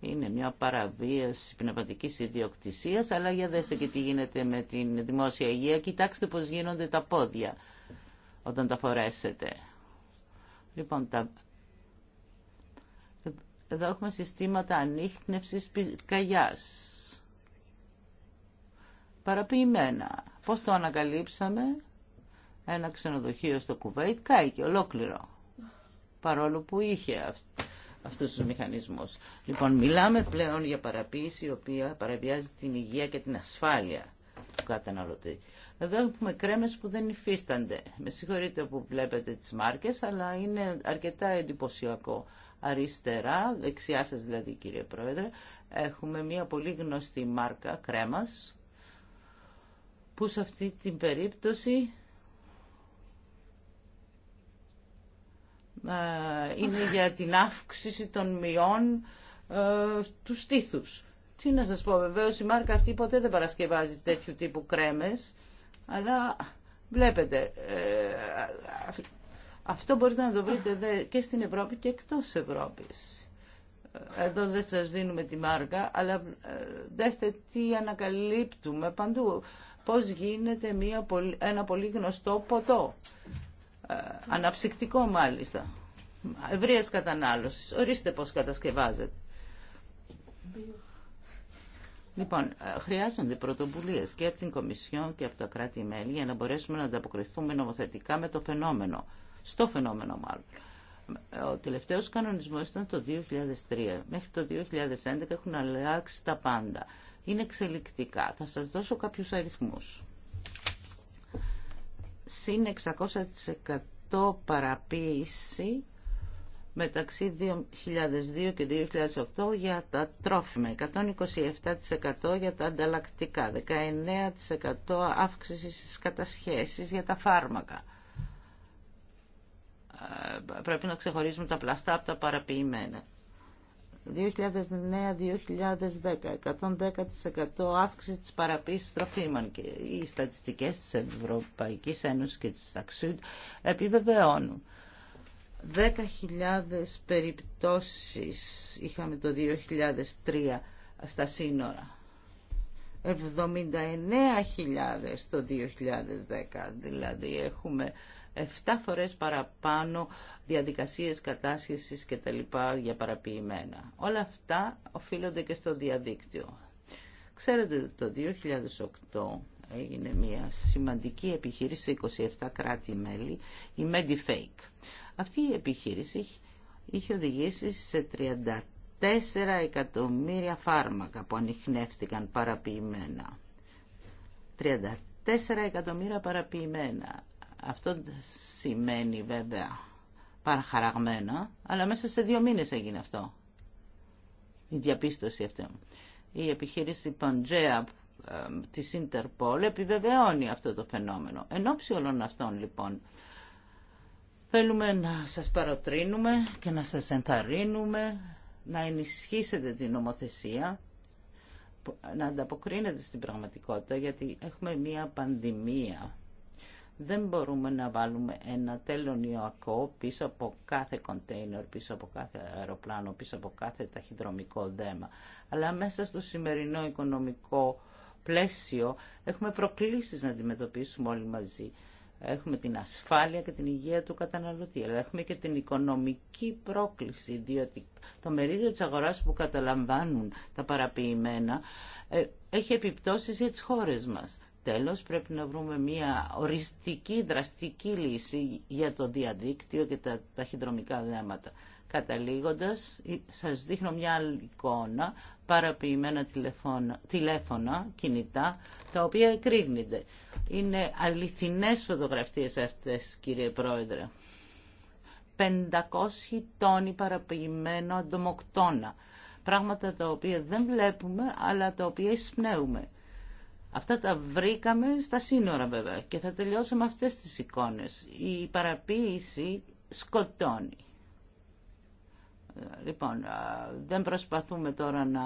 Είναι μια παραβίαση πνευματικής ιδιοκτησία, αλλά για δέστε και τι γίνεται με την δημόσια υγεία. Κοιτάξτε πώ γίνονται τα πόδια όταν τα φορέσετε. Λοιπόν, εδώ έχουμε συστήματα ανείχνευση πυρκαγιά. Παραποιημένα Πώς το ανακαλύψαμε, ένα ξενοδοχείο στο Κουβέιτ και ολόκληρο, παρόλο που είχε αυτούς τους μηχανισμούς. Λοιπόν, μιλάμε πλέον για παραποίηση η οποία παραβιάζει την υγεία και την ασφάλεια του καταναλωτή. Εδώ έχουμε κρέμες που δεν υφίστανται. Με συγχωρείτε που βλέπετε τις μάρκες, αλλά είναι αρκετά εντυπωσιακό. Αριστερά, δεξιά σας δηλαδή κύριε Πρόεδρε, έχουμε μια πολύ γνωστή μάρκα κρέμας που σε αυτή την περίπτωση ε, είναι για την αύξηση των μειών ε, του στήθους. Τι να σας πω, βεβαίω η μάρκα αυτή ποτέ δεν παρασκευάζει τέτοιου τύπου κρέμες, αλλά βλέπετε, ε, αυτό μπορείτε να το βρείτε και στην Ευρώπη και εκτός Ευρώπης. Εδώ δεν σας δίνουμε τη μάρκα, αλλά ε, δέστε τι ανακαλύπτουμε παντού πώς γίνεται μια, ένα πολύ γνωστό ποτό, ε, αναψυκτικό μάλιστα, ευρεία κατανάλωση. Ορίστε πώς κατασκευάζεται. Λοιπόν, ε, χρειάζονται πρωτοβουλίες και από την Κομισιόν και από τα κράτη-μέλη για να μπορέσουμε να ανταποκριθούμε νομοθετικά με το φαινόμενο, στο φαινόμενο μάλλον. Ε, ο τελευταίος κανονισμός ήταν το 2003. Μέχρι το 2011 έχουν αλλάξει τα πάντα είναι εξελικτικά. Θα σας δώσω κάποιους αριθμούς. Συν 600% παραποίηση μεταξύ 2002 και 2008 για τα τρόφιμα, 127% για τα ανταλλακτικά, 19% αύξηση στις κατασχέσεις για τα φάρμακα. Ε, πρέπει να ξεχωρίζουμε τα πλαστά από τα παραποιημένα. 2009-2010, 110% αύξηση της παραποίησης τροφίμων και οι στατιστικές της Ευρωπαϊκής Ένωσης και της Ταξιούτ επιβεβαιώνουν. 10.000 περιπτώσεις είχαμε το 2003 στα σύνορα. 79.000 το 2010, δηλαδή έχουμε 7 φορές παραπάνω διαδικασίες κατάσχεσης και τα λοιπά για παραποιημένα. Όλα αυτά οφείλονται και στο διαδίκτυο. Ξέρετε το 2008 έγινε μια σημαντική επιχείρηση σε 27 κράτη-μέλη, η Medifake. Αυτή η επιχείρηση είχε οδηγήσει σε 34 εκατομμύρια φάρμακα που ανοιχνεύτηκαν παραποιημένα. 34 εκατομμύρια παραποιημένα. Αυτό σημαίνει βέβαια παραχαραγμένα, αλλά μέσα σε δύο μήνες έγινε αυτό. Η διαπίστωση αυτή. Η επιχείρηση Παντζέα της Ιντερπόλ επιβεβαιώνει αυτό το φαινόμενο. Εν ώψη όλων αυτών λοιπόν θέλουμε να σας παροτρύνουμε και να σας ενθαρρύνουμε να ενισχύσετε την νομοθεσία να ανταποκρίνετε στην πραγματικότητα γιατί έχουμε μία πανδημία δεν μπορούμε να βάλουμε ένα τελωνιακό πίσω από κάθε κοντέινερ, πίσω από κάθε αεροπλάνο, πίσω από κάθε ταχυδρομικό δέμα. Αλλά μέσα στο σημερινό οικονομικό πλαίσιο έχουμε προκλήσεις να αντιμετωπίσουμε όλοι μαζί. Έχουμε την ασφάλεια και την υγεία του καταναλωτή, αλλά έχουμε και την οικονομική πρόκληση, διότι το μερίδιο της αγοράς που καταλαμβάνουν τα παραποιημένα ε, έχει επιπτώσεις για τις χώρες μας. Τέλος, πρέπει να βρούμε μια οριστική, δραστική λύση για το διαδίκτυο και τα ταχυδρομικά δέματα. Καταλήγοντας, σας δείχνω μια άλλη εικόνα, παραποιημένα τηλεφώνα, κινητά, τα οποία εκρήγνεται. Είναι αληθινές φωτογραφίες αυτές, κύριε Πρόεδρε. 500 τόνοι παραποιημένο αντομοκτώνα. Πράγματα τα οποία δεν βλέπουμε, αλλά τα οποία εισπνέουμε. Αυτά τα βρήκαμε στα σύνορα βέβαια και θα τελειώσουμε αυτές τις εικόνες. Η παραποίηση σκοτώνει. Λοιπόν, δεν προσπαθούμε τώρα να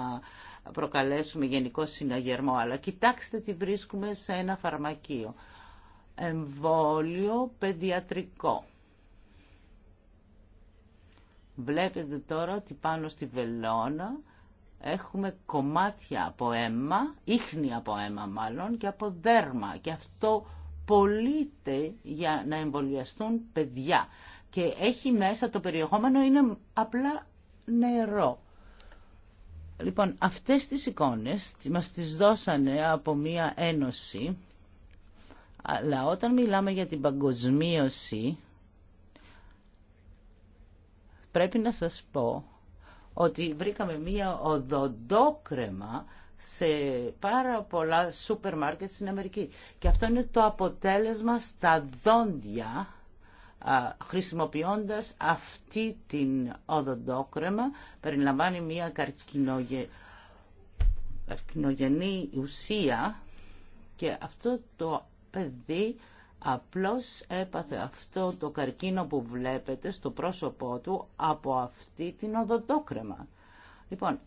προκαλέσουμε γενικό συναγερμό, αλλά κοιτάξτε τι βρίσκουμε σε ένα φαρμακείο. Εμβόλιο παιδιατρικό. Βλέπετε τώρα ότι πάνω στη βελόνα έχουμε κομμάτια από αίμα, ίχνη από αίμα μάλλον και από δέρμα και αυτό πωλείται για να εμβολιαστούν παιδιά και έχει μέσα το περιεχόμενο είναι απλά νερό. Λοιπόν, αυτές τις εικόνες μας τις δώσανε από μία ένωση, αλλά όταν μιλάμε για την παγκοσμίωση, πρέπει να σας πω ότι βρήκαμε μία οδοντόκρεμα σε πάρα πολλά σούπερ μάρκετ στην Αμερική. Και αυτό είναι το αποτέλεσμα στα δόντια χρησιμοποιώντας αυτή την οδοντόκρεμα περιλαμβάνει μια καρκινογενή ουσία και αυτό το παιδί Απλώς έπαθε αυτό το καρκίνο που βλέπετε στο πρόσωπό του από αυτή την οδοντόκρεμα. Λοιπόν,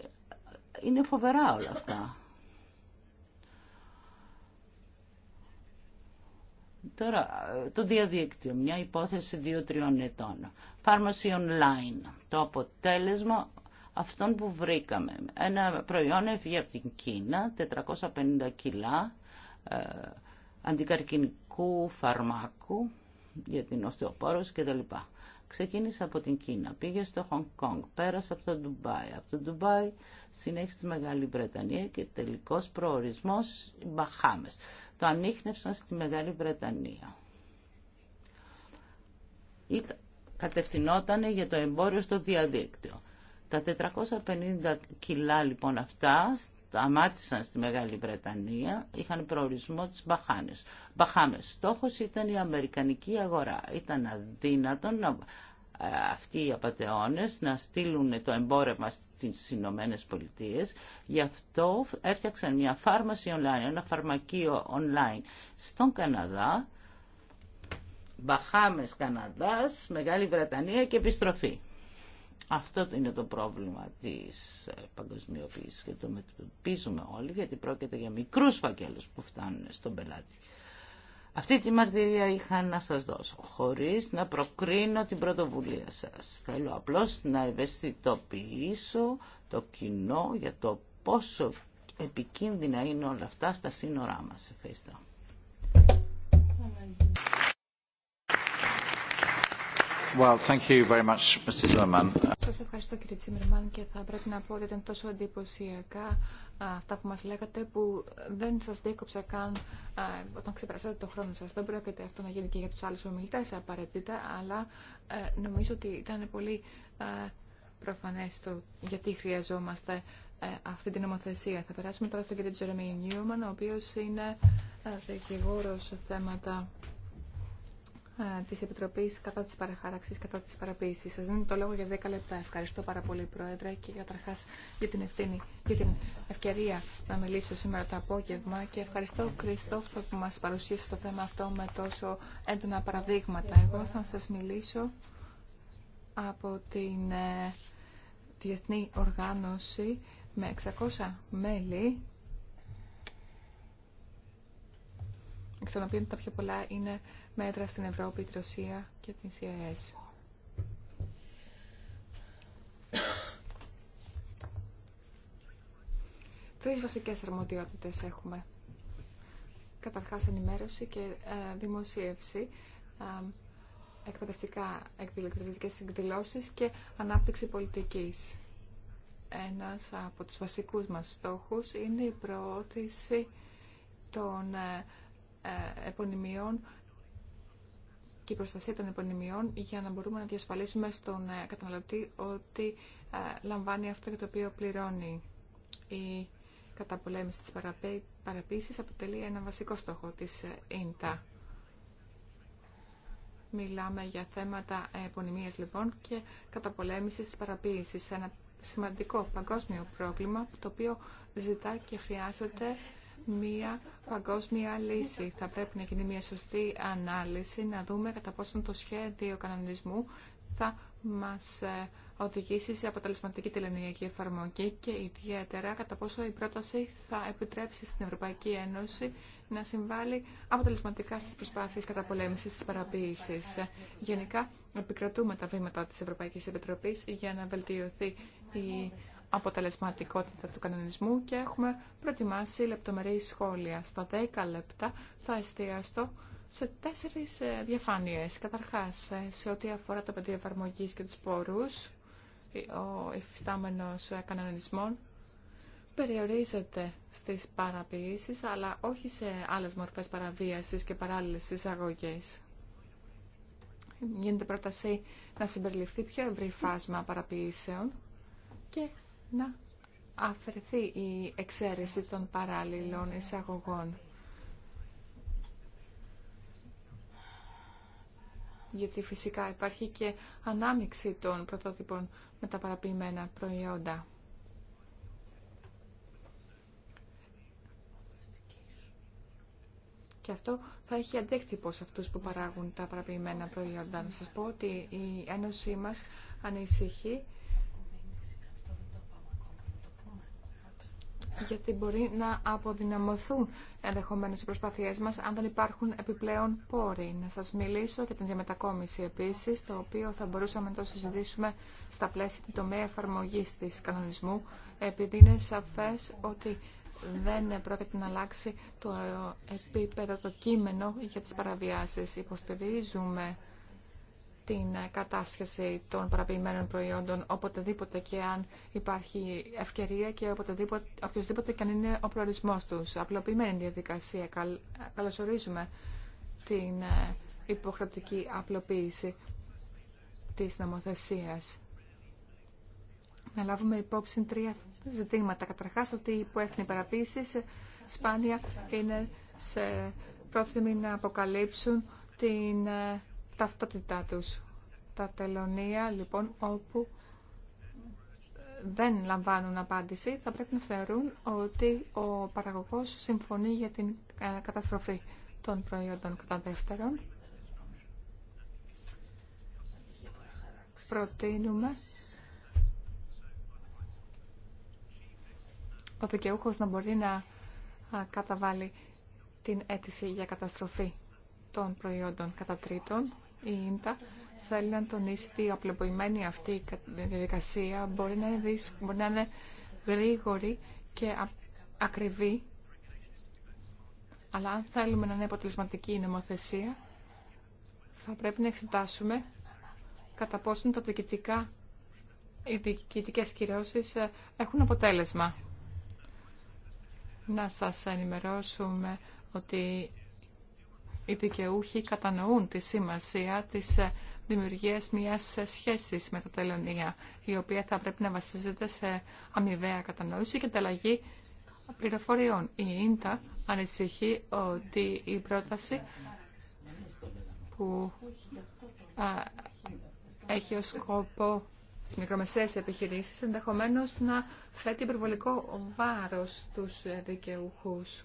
είναι φοβερά όλα αυτά. Τώρα, το διαδίκτυο, μια υπόθεση δύο-τριών ετών. Pharmacy Online, το αποτέλεσμα αυτών που βρήκαμε. Ένα προϊόν έφυγε από την Κίνα, 450 κιλά, ε, αντικαρκυνικού φαρμάκου για την οστεοπόρωση λοιπά. Ξεκίνησα από την Κίνα, πήγε στο Χονγκ Κονγκ, πέρασε από το Ντουμπάι. Από το Ντουμπάι συνέχισε τη Μεγάλη Βρετανία και τελικός προορισμός οι Μπαχάμες. Το ανείχνευσαν στη Μεγάλη Βρετανία. Κατευθυνόταν για το εμπόριο στο διαδίκτυο. Τα 450 κιλά λοιπόν αυτά σταμάτησαν στη Μεγάλη Βρετανία είχαν προορισμό τις Μπαχάνες. Μπαχάμες. Στόχος ήταν η Αμερικανική αγορά. Ήταν αδύνατον να, ε, αυτοί οι απαταιώνες να στείλουν το εμπόρευμα στις Ηνωμένε Πολιτείε. Γι' αυτό έφτιαξαν μια φάρμαση online, ένα φαρμακείο online στον Καναδά, Μπαχάμες Καναδάς, Μεγάλη Βρετανία και επιστροφή. Αυτό είναι το πρόβλημα της ε, παγκοσμιοποίησης και το μετωπίζουμε όλοι γιατί πρόκειται για μικρούς φακέλους που φτάνουν στον πελάτη. Αυτή τη μαρτυρία είχα να σας δώσω, χωρίς να προκρίνω την πρωτοβουλία σας. Θέλω απλώς να ευαισθητοποιήσω το κοινό για το πόσο επικίνδυνα είναι όλα αυτά στα σύνορά μας. Ευχαριστώ. Well, thank you σας ευχαριστώ κύριε Τσίμερμαν και θα πρέπει να πω ότι ήταν τόσο εντυπωσιακά αυτά που μας λέγατε που δεν σας δίκοψα καν όταν ξεπεράσατε το χρόνο σας. Δεν πρόκειται αυτό να γίνει και για τους άλλους ομιλητές απαραίτητα, αλλά ε, νομίζω ότι ήταν πολύ προφανές το γιατί χρειαζόμαστε ε, αυτή την νομοθεσία. Θα περάσουμε τώρα στον κύριο Τζερεμί Νιούμαν, ο οποίος είναι ε, δικηγόρος σε θέματα της Επιτροπής κατά της παραχάραξης, κατά της παραποίησης. Σας δίνω το λόγο για 10 λεπτά. Ευχαριστώ πάρα πολύ, Πρόεδρε, και καταρχά για την ευθύνη, την ευκαιρία να μιλήσω σήμερα το απόγευμα και ευχαριστώ, Κρίστοφ, που μας παρουσίασε το θέμα αυτό με τόσο έντονα παραδείγματα. Εγώ θα σας μιλήσω από την ε, Διεθνή Οργάνωση με 600 μέλη εκ των οποίων τα πιο πολλά είναι μέτρα στην Ευρώπη, τη Ρωσία και την CIS. Τρεις βασικές αρμοδιότητες έχουμε. Καταρχάς ενημέρωση και ε, δημοσίευση, ε, εκπαιδευτικά εκδηλωτικές εκδηλώσεις και ανάπτυξη πολιτικής. Ένας από τους βασικούς μας στόχους είναι η προώθηση των ε, επωνυμιών και η προστασία των επωνυμιών για να μπορούμε να διασφαλίσουμε στον ε, καταναλωτή ότι ε, λαμβάνει αυτό για το οποίο πληρώνει. Η καταπολέμηση της παραποίησης αποτελεί ένα βασικό στόχο της ΙΝΤΑ. Ε, Μιλάμε για θέματα επωνυμίας λοιπόν και καταπολέμησης της παραποίησης. Ένα σημαντικό παγκόσμιο πρόβλημα το οποίο ζητά και χρειάζεται μία παγκόσμια λύση. Θα πρέπει να γίνει μία σωστή ανάλυση, να δούμε κατά πόσον το σχέδιο κανονισμού θα μας ε, οδηγήσει σε αποτελεσματική τηλεμιακή εφαρμογή και ιδιαίτερα κατά πόσο η πρόταση θα επιτρέψει στην Ευρωπαϊκή Ένωση να συμβάλλει αποτελεσματικά στις προσπάθειες καταπολέμησης της παραποίησης. Γενικά, επικρατούμε τα βήματα της Ευρωπαϊκής Επιτροπής για να βελτιωθεί η αποτελεσματικότητα του κανονισμού και έχουμε προετοιμάσει λεπτομερή σχόλια. Στα 10 λεπτά θα εστιαστώ σε τέσσερις ε, διαφάνειες. Καταρχάς, ε, σε ό,τι αφορά το πεδίο εφαρμογή και τους πόρους, ο υφιστάμενος ε, κανονισμών περιορίζεται στις παραποιήσεις, αλλά όχι σε άλλες μορφές παραβίασης και παράλληλες εισαγωγές. Γίνεται πρόταση να συμπεριληφθεί πιο ευρύ φάσμα παραποιήσεων και να αφαιρεθεί η εξαίρεση των παράλληλων εισαγωγών. Γιατί φυσικά υπάρχει και ανάμειξη των πρωτότυπων με τα παραποιημένα προϊόντα. Και αυτό θα έχει αντίκτυπο σε αυτούς που παράγουν τα παραποιημένα προϊόντα. Να σας πω ότι η Ένωσή μας ανησυχεί γιατί μπορεί να αποδυναμωθούν ενδεχομένω οι προσπάθειές μας αν δεν υπάρχουν επιπλέον πόροι. Να σας μιλήσω για την διαμετακόμιση επίσης, το οποίο θα μπορούσαμε να το συζητήσουμε στα πλαίσια του τομέα εφαρμογή τη κανονισμού, επειδή είναι σαφέ ότι δεν πρόκειται να αλλάξει το επίπεδο, το κείμενο για τις παραβιάσεις. Υποστηρίζουμε την ε, κατάσχεση των παραποιημένων προϊόντων οποτεδήποτε και αν υπάρχει ευκαιρία και οποιοδήποτε και αν είναι ο προορισμός τους. Απλοποιημένη διαδικασία. Ε, καλωσορίζουμε την ε, υποχρεωτική απλοποίηση της νομοθεσίας. Να λάβουμε υπόψη τρία ζητήματα. Καταρχάς ότι οι υποεύθυνη παραποίηση, σπάνια είναι σε πρόθυμη να αποκαλύψουν την ταυτότητά τους. Τα τελωνία, λοιπόν, όπου δεν λαμβάνουν απάντηση, θα πρέπει να θεωρούν ότι ο παραγωγός συμφωνεί για την ε, καταστροφή των προϊόντων. Κατά δεύτερον, προτείνουμε ο δικαιούχος να μπορεί να καταβάλει την αίτηση για καταστροφή των προϊόντων κατά τρίτον η ΙΝΤΑ θέλει να τονίσει ότι η απλοποιημένη αυτή διαδικασία μπορεί να είναι, μπορεί γρήγορη και ακριβή. Αλλά αν θέλουμε να είναι αποτελεσματική η νομοθεσία, θα πρέπει να εξετάσουμε κατά πόσο τα διοικητικά, οι διοικητικές κυρώσεις ε, έχουν αποτέλεσμα. Να σας ενημερώσουμε ότι οι δικαιούχοι κατανοούν τη σημασία της δημιουργίας μιας σχέσης με τα τελωνία, η οποία θα πρέπει να βασίζεται σε αμοιβαία κατανόηση και ανταλλαγή πληροφοριών. Η ίντα ανησυχεί ότι η πρόταση που έχει ως σκόπο τις μικρομεσαίες επιχειρήσεις ενδεχομένως να φέτει υπερβολικό βάρος στους δικαιούχους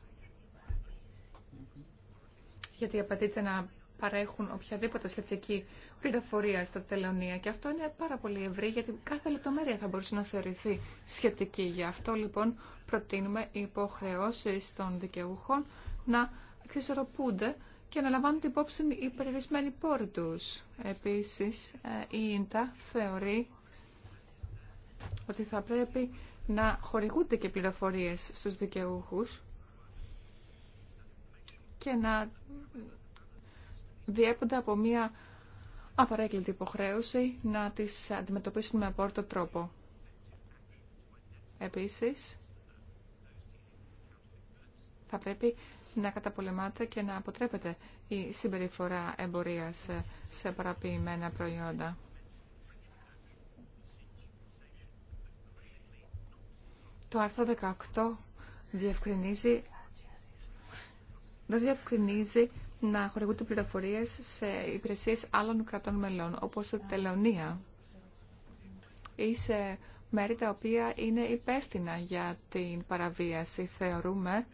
γιατί απαιτείται να παρέχουν οποιαδήποτε σχετική πληροφορία στα τελωνία. Και αυτό είναι πάρα πολύ ευρύ, γιατί κάθε λεπτομέρεια θα μπορούσε να θεωρηθεί σχετική. Γι' αυτό λοιπόν προτείνουμε οι υποχρεώσει των δικαιούχων να εξισορροπούνται και να την υπόψη οι περιορισμένοι πόροι του. Επίση, ε, η ΙΝΤΑ θεωρεί ότι θα πρέπει να χορηγούνται και πληροφορίες στους δικαιούχους και να διέπονται από μία απαρέκλητη υποχρέωση να τις αντιμετωπίσουν με απόρτο τρόπο. Επίσης, θα πρέπει να καταπολεμάται και να αποτρέπεται η συμπεριφορά εμπορίας σε παραποιημένα προϊόντα. Το άρθρο 18 διευκρινίζει δεν διευκρινίζει να χορηγούνται πληροφορίε σε υπηρεσίε άλλων κρατών μελών, όπω η Τελωνία ή σε μέρη τα οποία είναι υπεύθυνα για την παραβίαση. Θεωρούμε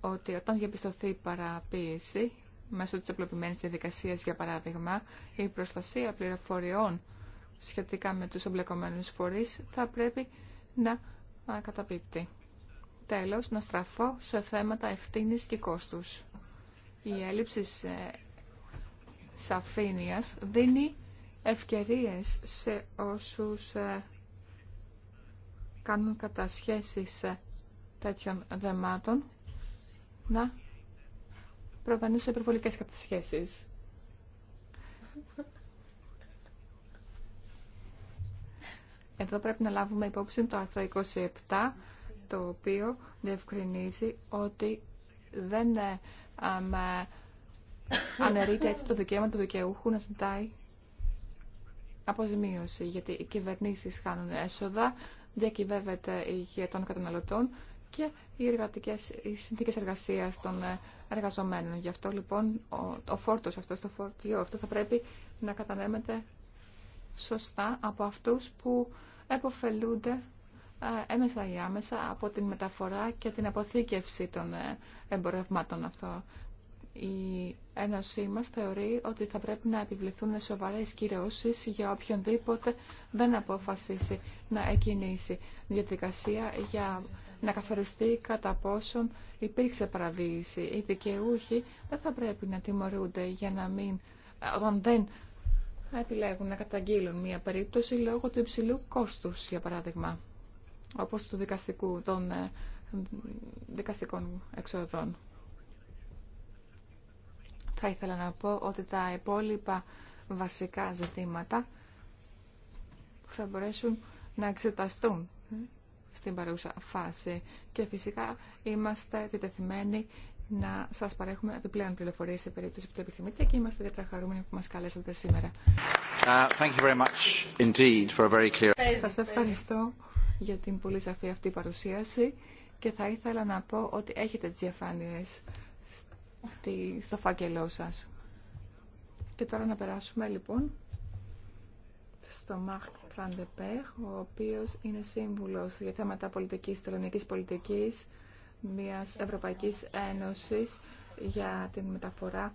ότι όταν διαπιστωθεί παραποίηση, μέσω της απλοποιημένης διαδικασίας, για παράδειγμα, η προστασία πληροφοριών σχετικά με τους εμπλεκομένους φορείς θα πρέπει να καταπίπτει. Τέλος, να στραφώ σε θέματα ευθύνης και κόστους. Η έλλειψη ε, σαφήνειας δίνει ευκαιρίες σε όσους ε, κάνουν κατασχέσεις ε, τέτοιων δεμάτων να προβαίνουν σε υπερβολικές κατασχέσεις. Εδώ πρέπει να λάβουμε υπόψη το άρθρο 27 το οποίο διευκρινίζει ότι δεν ε, ε, αναιρείται έτσι το δικαίωμα του δικαιούχου να ζητάει αποζημίωση, γιατί οι κυβερνήσεις χάνουν έσοδα, διακυβεύεται η υγεία των καταναλωτών και οι, εργατικές, οι συνθήκες εργασίας των ε, εργαζομένων. Γι' αυτό λοιπόν ο, φόρτος αυτός, το φορτίο αυτό θα πρέπει να κατανέμεται σωστά από αυτούς που εποφελούνται έμεσα ή άμεσα από την μεταφορά και την αποθήκευση των ε, εμπορευμάτων αυτών. Η Ένωσή μα θεωρεί ότι θα πρέπει να επιβληθούν σοβαρέ κυρώσει για οποιονδήποτε δεν αποφασίσει να εκκινήσει διαδικασία για να καθοριστεί κατά πόσον υπήρξε παραβίαση. Οι δικαιούχοι δεν θα πρέπει να τιμωρούνται για να μην, όταν δεν επιλέγουν να καταγγείλουν μια περίπτωση λόγω του υψηλού κόστου, για παράδειγμα όπως του δικαστικού, των ε, δικαστικών εξοδών. Θα ήθελα να πω ότι τα υπόλοιπα βασικά ζητήματα θα μπορέσουν να εξεταστούν στην παρούσα φάση και φυσικά είμαστε επιτεθειμένοι να σας παρέχουμε επιπλέον πληροφορίες σε περίπτωση που το επιθυμείτε και είμαστε ιδιαίτερα χαρούμενοι που μας καλέσατε σήμερα. Uh, Σας ευχαριστώ για την πολύ σαφή αυτή παρουσίαση και θα ήθελα να πω ότι έχετε τις διαφάνειες στο φάκελό σας. Και τώρα να περάσουμε λοιπόν στο Μαρκ Φραντεπέχ, ο οποίος είναι σύμβουλος για θέματα πολιτικής, τελωνικής πολιτικής μιας Ευρωπαϊκής Ένωσης για την μεταφορά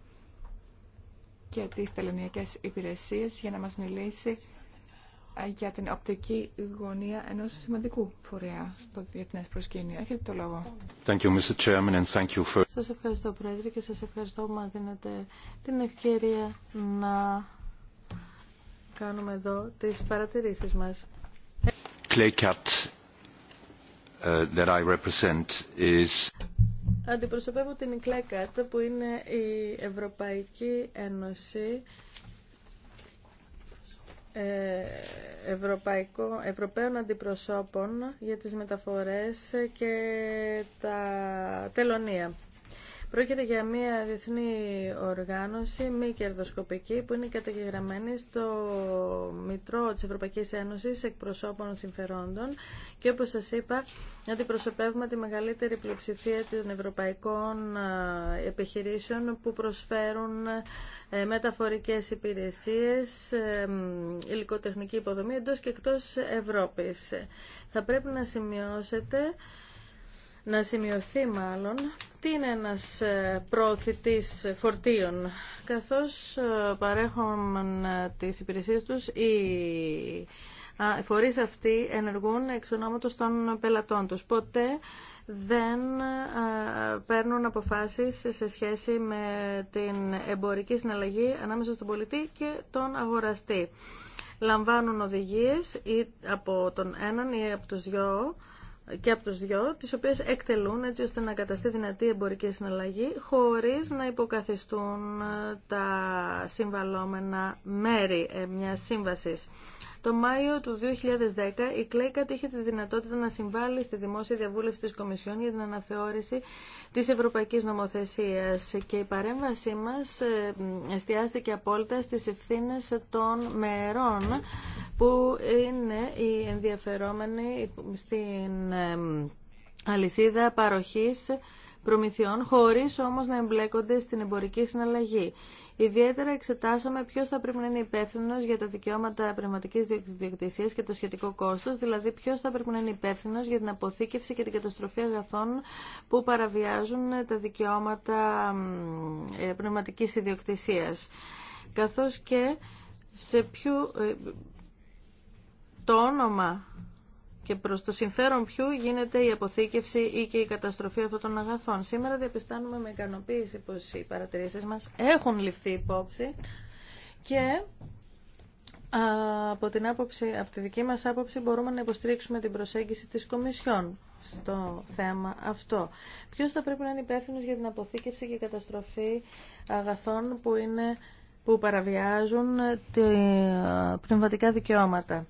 και τις τελωνιακές υπηρεσίες για να μας μιλήσει για την οπτική γωνία ενός σημαντικού φορέα στο διεθνές προσκήνιο. Έχετε το λόγο. Thank you, for... Σας ευχαριστώ, Πρόεδρε, και σας ευχαριστώ που μας δίνετε την ευκαιρία να κάνουμε εδώ τις παρατηρήσεις μας. Cat, uh, is... Αντιπροσωπεύω την Κλέκατ που είναι η Ευρωπαϊκή Ένωση ε, ευρωπαϊκό, Ευρωπαίων Αντιπροσώπων για τις μεταφορές και τα τελωνία. Πρόκειται για μια διεθνή οργάνωση, μη κερδοσκοπική, που είναι καταγεγραμμένη στο Μητρό της Ευρωπαϊκής Ένωσης εκπροσώπων συμφερόντων και όπως σας είπα αντιπροσωπεύουμε τη μεγαλύτερη πλειοψηφία των ευρωπαϊκών επιχειρήσεων που προσφέρουν μεταφορικές υπηρεσίες, υλικοτεχνική υποδομή εντός και εκτός Ευρώπης. Θα πρέπει να σημειώσετε να σημειωθεί μάλλον τι είναι ένας ε, προωθητής φορτίων καθώς ε, παρέχουν ε, τις υπηρεσίες τους οι φορείς αυτοί ενεργούν εξ ονόματος των πελατών τους ποτέ δεν παίρνουν αποφάσεις σε σχέση με την εμπορική συναλλαγή ανάμεσα στον πολιτή και τον αγοραστή λαμβάνουν οδηγίες ή από τον έναν ή από τους δυο και από τους δυο, τις οποίες εκτελούν έτσι ώστε να καταστεί δυνατή εμπορική συναλλαγή χωρίς να υποκαθιστούν ε, τα συμβαλόμενα μέρη ε, μιας σύμβασης. Το Μάιο του 2010 η Κλέκα είχε τη δυνατότητα να συμβάλλει στη δημόσια διαβούλευση της Κομισιόν για την αναθεώρηση της ευρωπαϊκής νομοθεσίας και η παρέμβασή μας ε, εστιάστηκε απόλυτα στις ευθύνες των μερών που είναι οι ενδιαφερόμενοι στην ε, αλυσίδα παροχής προμηθειών, χωρίς όμως να εμπλέκονται στην εμπορική συναλλαγή. Ιδιαίτερα εξετάσαμε ποιο θα πρέπει να είναι υπεύθυνο για τα δικαιώματα πνευματική διοκτησία και το σχετικό κόστο, δηλαδή ποιο θα πρέπει να είναι υπεύθυνο για την αποθήκευση και την καταστροφή αγαθών που παραβιάζουν τα δικαιώματα ε, πνευματική ιδιοκτησία. Καθώ και σε ποιο. Ε, το όνομα και προς το συμφέρον ποιου γίνεται η αποθήκευση ή και η καταστροφή αυτών των αγαθών. Σήμερα διαπιστάνουμε με ικανοποίηση πως οι παρατηρήσεις μας έχουν ληφθεί υπόψη και από, την άποψη, από τη δική μας άποψη μπορούμε να υποστηρίξουμε την προσέγγιση της Κομισιόν στο θέμα αυτό. Ποιος θα πρέπει να είναι υπεύθυνο για την αποθήκευση και καταστροφή αγαθών που, παραβιάζουν πνευματικά δικαιώματα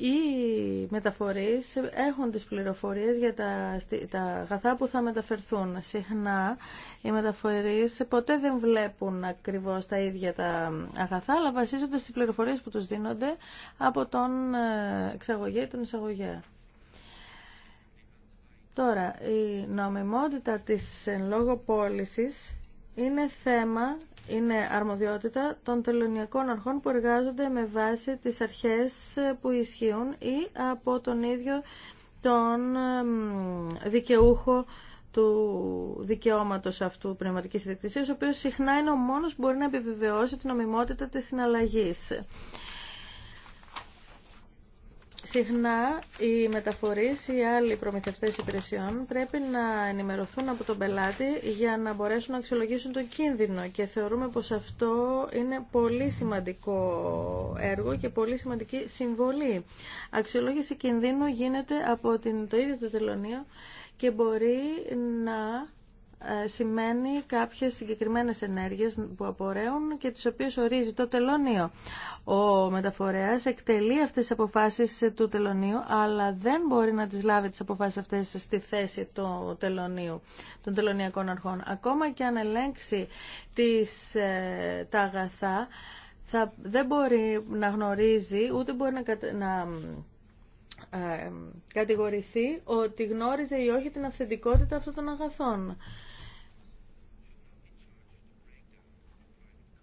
οι μεταφορείς έχουν τις πληροφορίες για τα, τα αγαθά που θα μεταφερθούν. Συχνά οι μεταφορείς ποτέ δεν βλέπουν ακριβώς τα ίδια τα αγαθά, αλλά βασίζονται στις πληροφορίες που τους δίνονται από τον ε, εξαγωγέ ή τον εισαγωγέα. Τώρα, η τον εισαγωγε τωρα η νομιμοτητα της εν λόγω πώλησης είναι θέμα, είναι αρμοδιότητα των τελωνιακών αρχών που εργάζονται με βάση τις αρχές που ισχύουν ή από τον ίδιο τον δικαιούχο του δικαιώματος αυτού πνευματικής ιδιοκτησίας, ο οποίος συχνά είναι ο μόνος που μπορεί να επιβεβαιώσει την ομιμότητα της συναλλαγής. Συχνά οι μεταφορείς ή άλλοι προμηθευτές υπηρεσιών πρέπει να ενημερωθούν από τον πελάτη για να μπορέσουν να αξιολογήσουν τον κίνδυνο και θεωρούμε πως αυτό είναι πολύ σημαντικό έργο και πολύ σημαντική συμβολή. Αξιολόγηση κινδύνου γίνεται από την, το ίδιο το τελωνίο και μπορεί να ε, σημαίνει κάποιες συγκεκριμένες ενέργειες που απορρέουν και τις οποίες ορίζει το τελωνίο. Ο μεταφορέας εκτελεί αυτές τις αποφάσεις του τελωνίου, αλλά δεν μπορεί να τις λάβει τις αποφάσεις αυτές στη θέση του τελωνίου, των τελωνιακών αρχών. Ακόμα και αν ελέγξει τις, ε, τα αγαθά, θα, δεν μπορεί να γνωρίζει, ούτε μπορεί να, να ε, κατηγορηθεί ότι γνώριζε ή όχι την αυθεντικότητα αυτών των αγαθών.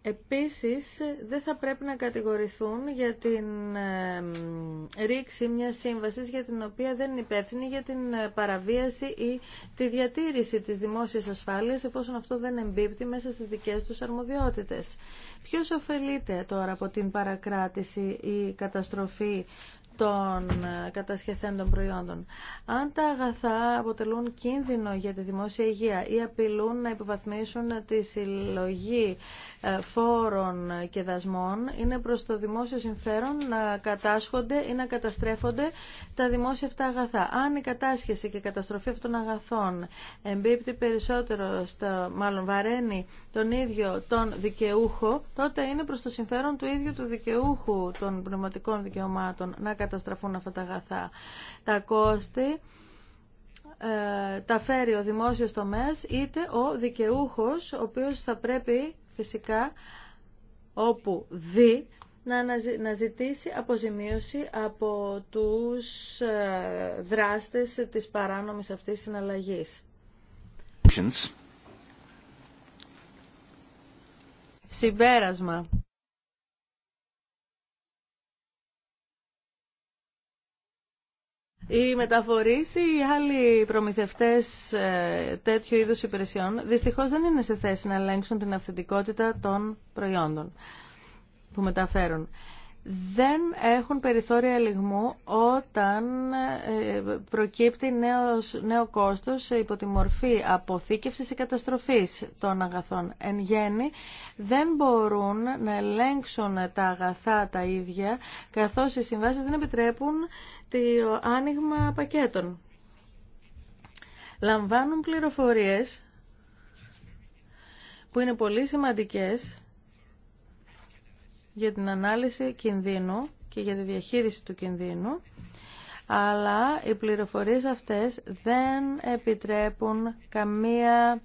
Επίσης, δεν θα πρέπει να κατηγορηθούν για την ρήξη μιας σύμβασης για την οποία δεν είναι υπεύθυνη για την ε, παραβίαση ή τη διατήρηση της δημόσιας ασφάλειας εφόσον αυτό δεν εμπίπτει μέσα στις δικές τους αρμοδιότητες. Ποιος ωφελείται τώρα από την παρακράτηση ή καταστροφή των ε, κατασκευθέντων προϊόντων. Αν τα αγαθά αποτελούν κίνδυνο για τη δημόσια υγεία ή απειλούν να υποβαθμίσουν τη συλλογή ε, φόρων και δασμών, είναι προς το δημόσιο συμφέρον να κατάσχονται ή να καταστρέφονται τα δημόσια αυτά αγαθά. Αν η κατάσχεση και η καταστροφή αυτών αγαθών εμπίπτει περισσότερο, στο, μάλλον βαραίνει τον ίδιο τον δικαιούχο, τότε είναι προς το συμφέρον του ίδιου του δικαιούχου των πνευματικών δικαιωμάτων να καταστραφούν αυτά τα αγαθά. Τα κόστη ε, τα φέρει ο δημόσιος τομέας είτε ο δικαιούχος ο οποίος θα πρέπει φυσικά όπου δει να ζητήσει αποζημίωση από τους ε, δράστες της παράνομης αυτής συναλλαγής. Συμπέρασμα. Οι μεταφορείς ή οι άλλοι προμηθευτές ε, τέτοιου είδους υπηρεσιών δυστυχώς δεν είναι σε θέση να ελέγξουν την αυθεντικότητα των προϊόντων που μεταφέρουν δεν έχουν περιθώρια λιγμού όταν ε, προκύπτει νέος, νέο κόστος υπό τη μορφή αποθήκευσης ή καταστροφής των αγαθών. Εν γέννη δεν μπορούν να ελέγξουν τα αγαθά τα ίδια καθώς οι συμβάσεις δεν επιτρέπουν το άνοιγμα πακέτων. Λαμβάνουν πληροφορίες που είναι πολύ σημαντικές για την ανάλυση κινδύνου και για τη διαχείριση του κινδύνου, αλλά οι πληροφορίες αυτές δεν επιτρέπουν καμία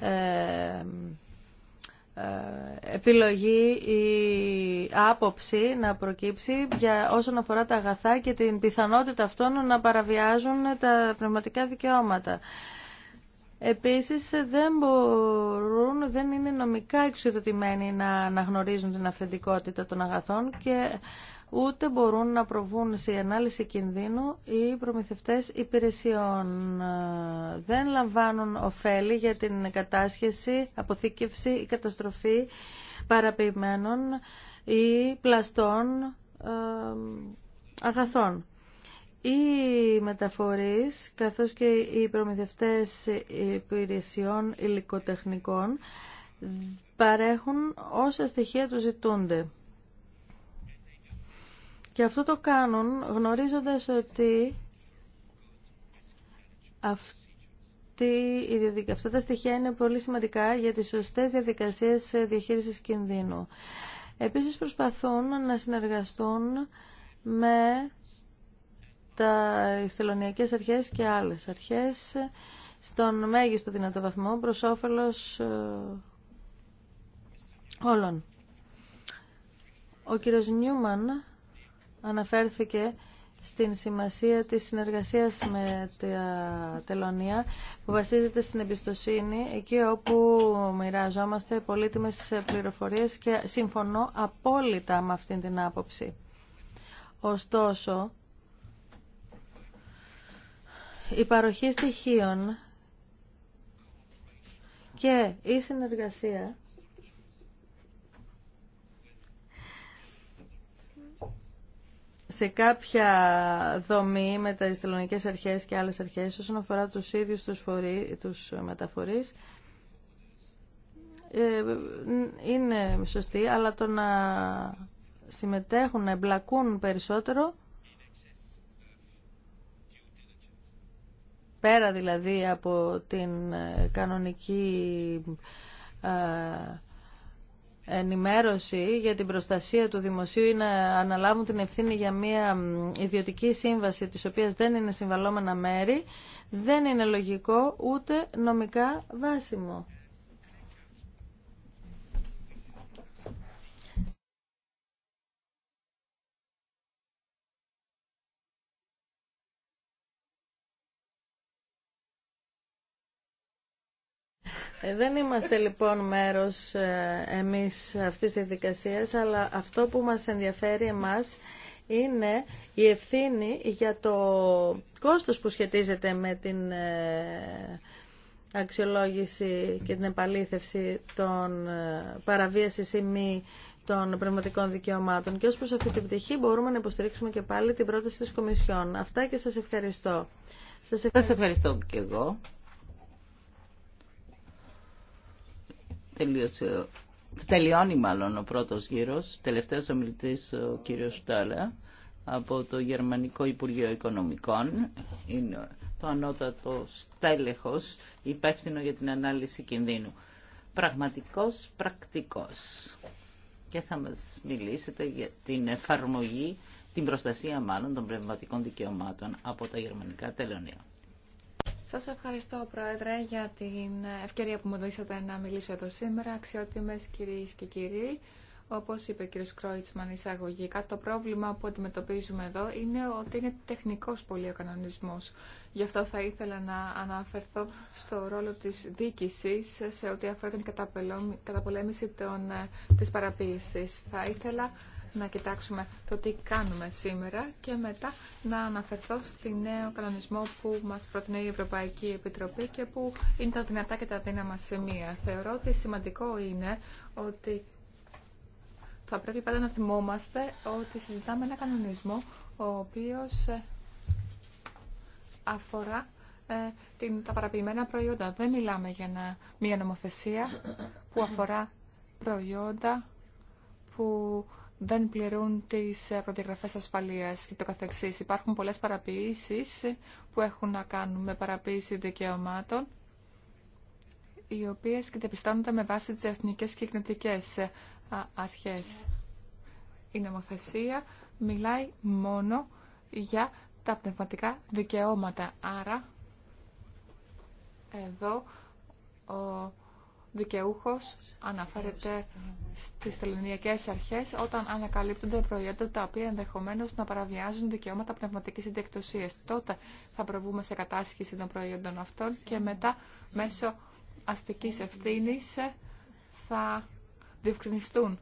ε, ε, επιλογή ή άποψη να προκύψει για όσον αφορά τα αγαθά και την πιθανότητα αυτών να παραβιάζουν τα πνευματικά δικαιώματα. Επίσης δεν μπορούν, δεν είναι νομικά εξουδοτημένοι να αναγνωρίζουν την αυθεντικότητα των αγαθών και ούτε μπορούν να προβούν σε ανάλυση κινδύνου οι προμηθευτές υπηρεσιών. Δεν λαμβάνουν ωφέλη για την κατάσχεση, αποθήκευση ή καταστροφή παραποιημένων ή πλαστών ε, αγαθών οι μεταφορείς καθώς και οι προμηθευτές υπηρεσιών υλικοτεχνικών παρέχουν όσα στοιχεία τους ζητούνται. Και αυτό το κάνουν γνωρίζοντας ότι αυτή, αυτά τα στοιχεία είναι πολύ σημαντικά για τις σωστές διαδικασίες διαχείρισης κινδύνου. Επίσης προσπαθούν να συνεργαστούν με τα ιστελωνιακές αρχές και άλλες αρχές στον μέγιστο δυνατό βαθμό προς όφελος ε, όλων. Ο κύριος Νιούμαν αναφέρθηκε στην σημασία της συνεργασίας με τα τελωνία που βασίζεται στην εμπιστοσύνη εκεί όπου μοιραζόμαστε πολύτιμες πληροφορίες και συμφωνώ απόλυτα με αυτήν την άποψη. Ωστόσο, η παροχή στοιχείων και η συνεργασία σε κάποια δομή με τα ιστελονικές αρχές και άλλες αρχές όσον αφορά τους ίδιους τους, φορεί, τους μεταφορείς ε, είναι σωστή, αλλά το να συμμετέχουν, να εμπλακούν περισσότερο πέρα δηλαδή από την ε, κανονική ε, ενημέρωση για την προστασία του δημοσίου ή να αναλάβουν την ευθύνη για μια ιδιωτική σύμβαση της οποίας δεν είναι συμβαλόμενα μέρη δεν είναι λογικό ούτε νομικά βάσιμο. Ε, δεν είμαστε λοιπόν μέρος ε, εμείς αυτής της διαδικασίας, αλλά αυτό που μας ενδιαφέρει εμάς είναι η ευθύνη για το κόστος που σχετίζεται με την ε, αξιολόγηση και την επαλήθευση των παραβίασης ή μη των πνευματικών δικαιωμάτων. Και ως προς αυτή την πτυχή μπορούμε να υποστηρίξουμε και πάλι την πρόταση της Κομισιόν. Αυτά και σας ευχαριστώ. Σας ευχαριστώ, σας ευχαριστώ και εγώ. Τελείωσε. Τελειώνει μάλλον ο πρώτος γύρος. Τελευταίος ομιλητής ο κύριος Στάλα από το Γερμανικό Υπουργείο Οικονομικών. Είναι το ανώτατο στέλεχος υπεύθυνο για την ανάλυση κινδύνου. Πραγματικός πρακτικός. Και θα μας μιλήσετε για την εφαρμογή, την προστασία μάλλον των πνευματικών δικαιωμάτων από τα γερμανικά τελωνία. Σας ευχαριστώ, Πρόεδρε, για την ευκαιρία που μου δώσατε να μιλήσω εδώ σήμερα. Αξιότιμες κυρίες και κύριοι, όπως είπε ο κ. Κρόιτσμαν εισαγωγικά, το πρόβλημα που αντιμετωπίζουμε εδώ είναι ότι είναι τεχνικός πολύ ο κανονισμός. Γι' αυτό θα ήθελα να αναφερθώ στο ρόλο της δίκησης σε ό,τι αφορά την καταπολέμηση των, ε, της παραποίησης. Θα ήθελα να κοιτάξουμε το τι κάνουμε σήμερα και μετά να αναφερθώ στη νέο κανονισμό που μας προτείνει η Ευρωπαϊκή Επιτροπή και που είναι τα δυνατά και τα δύναμα σημεία. Θεωρώ ότι σημαντικό είναι ότι θα πρέπει πάντα να θυμόμαστε ότι συζητάμε ένα κανονισμό ο οποίος ε, αφορά ε, τα παραποιημένα προϊόντα. Δεν μιλάμε για μια νομοθεσία που αφορά προϊόντα που δεν πληρούν τις ε, προδιαγραφές ασφαλείας και το καθεξής. Υπάρχουν πολλές παραποίησεις που έχουν να κάνουν με παραποίηση δικαιωμάτων, οι οποίες κατεπιστάνονται με βάση τις εθνικές και κοινωτικές ε, αρχές. Η νομοθεσία μιλάει μόνο για τα πνευματικά δικαιώματα. Άρα, εδώ ο δικαιούχος αναφέρεται στις τελωνιακές αρχές όταν ανακαλύπτονται προϊόντα τα οποία ενδεχομένως να παραβιάζουν δικαιώματα πνευματικής ιδιοκτησίας. Τότε θα προβούμε σε κατάσχεση των προϊόντων αυτών και μετά μέσω αστικής ευθύνης θα διευκρινιστούν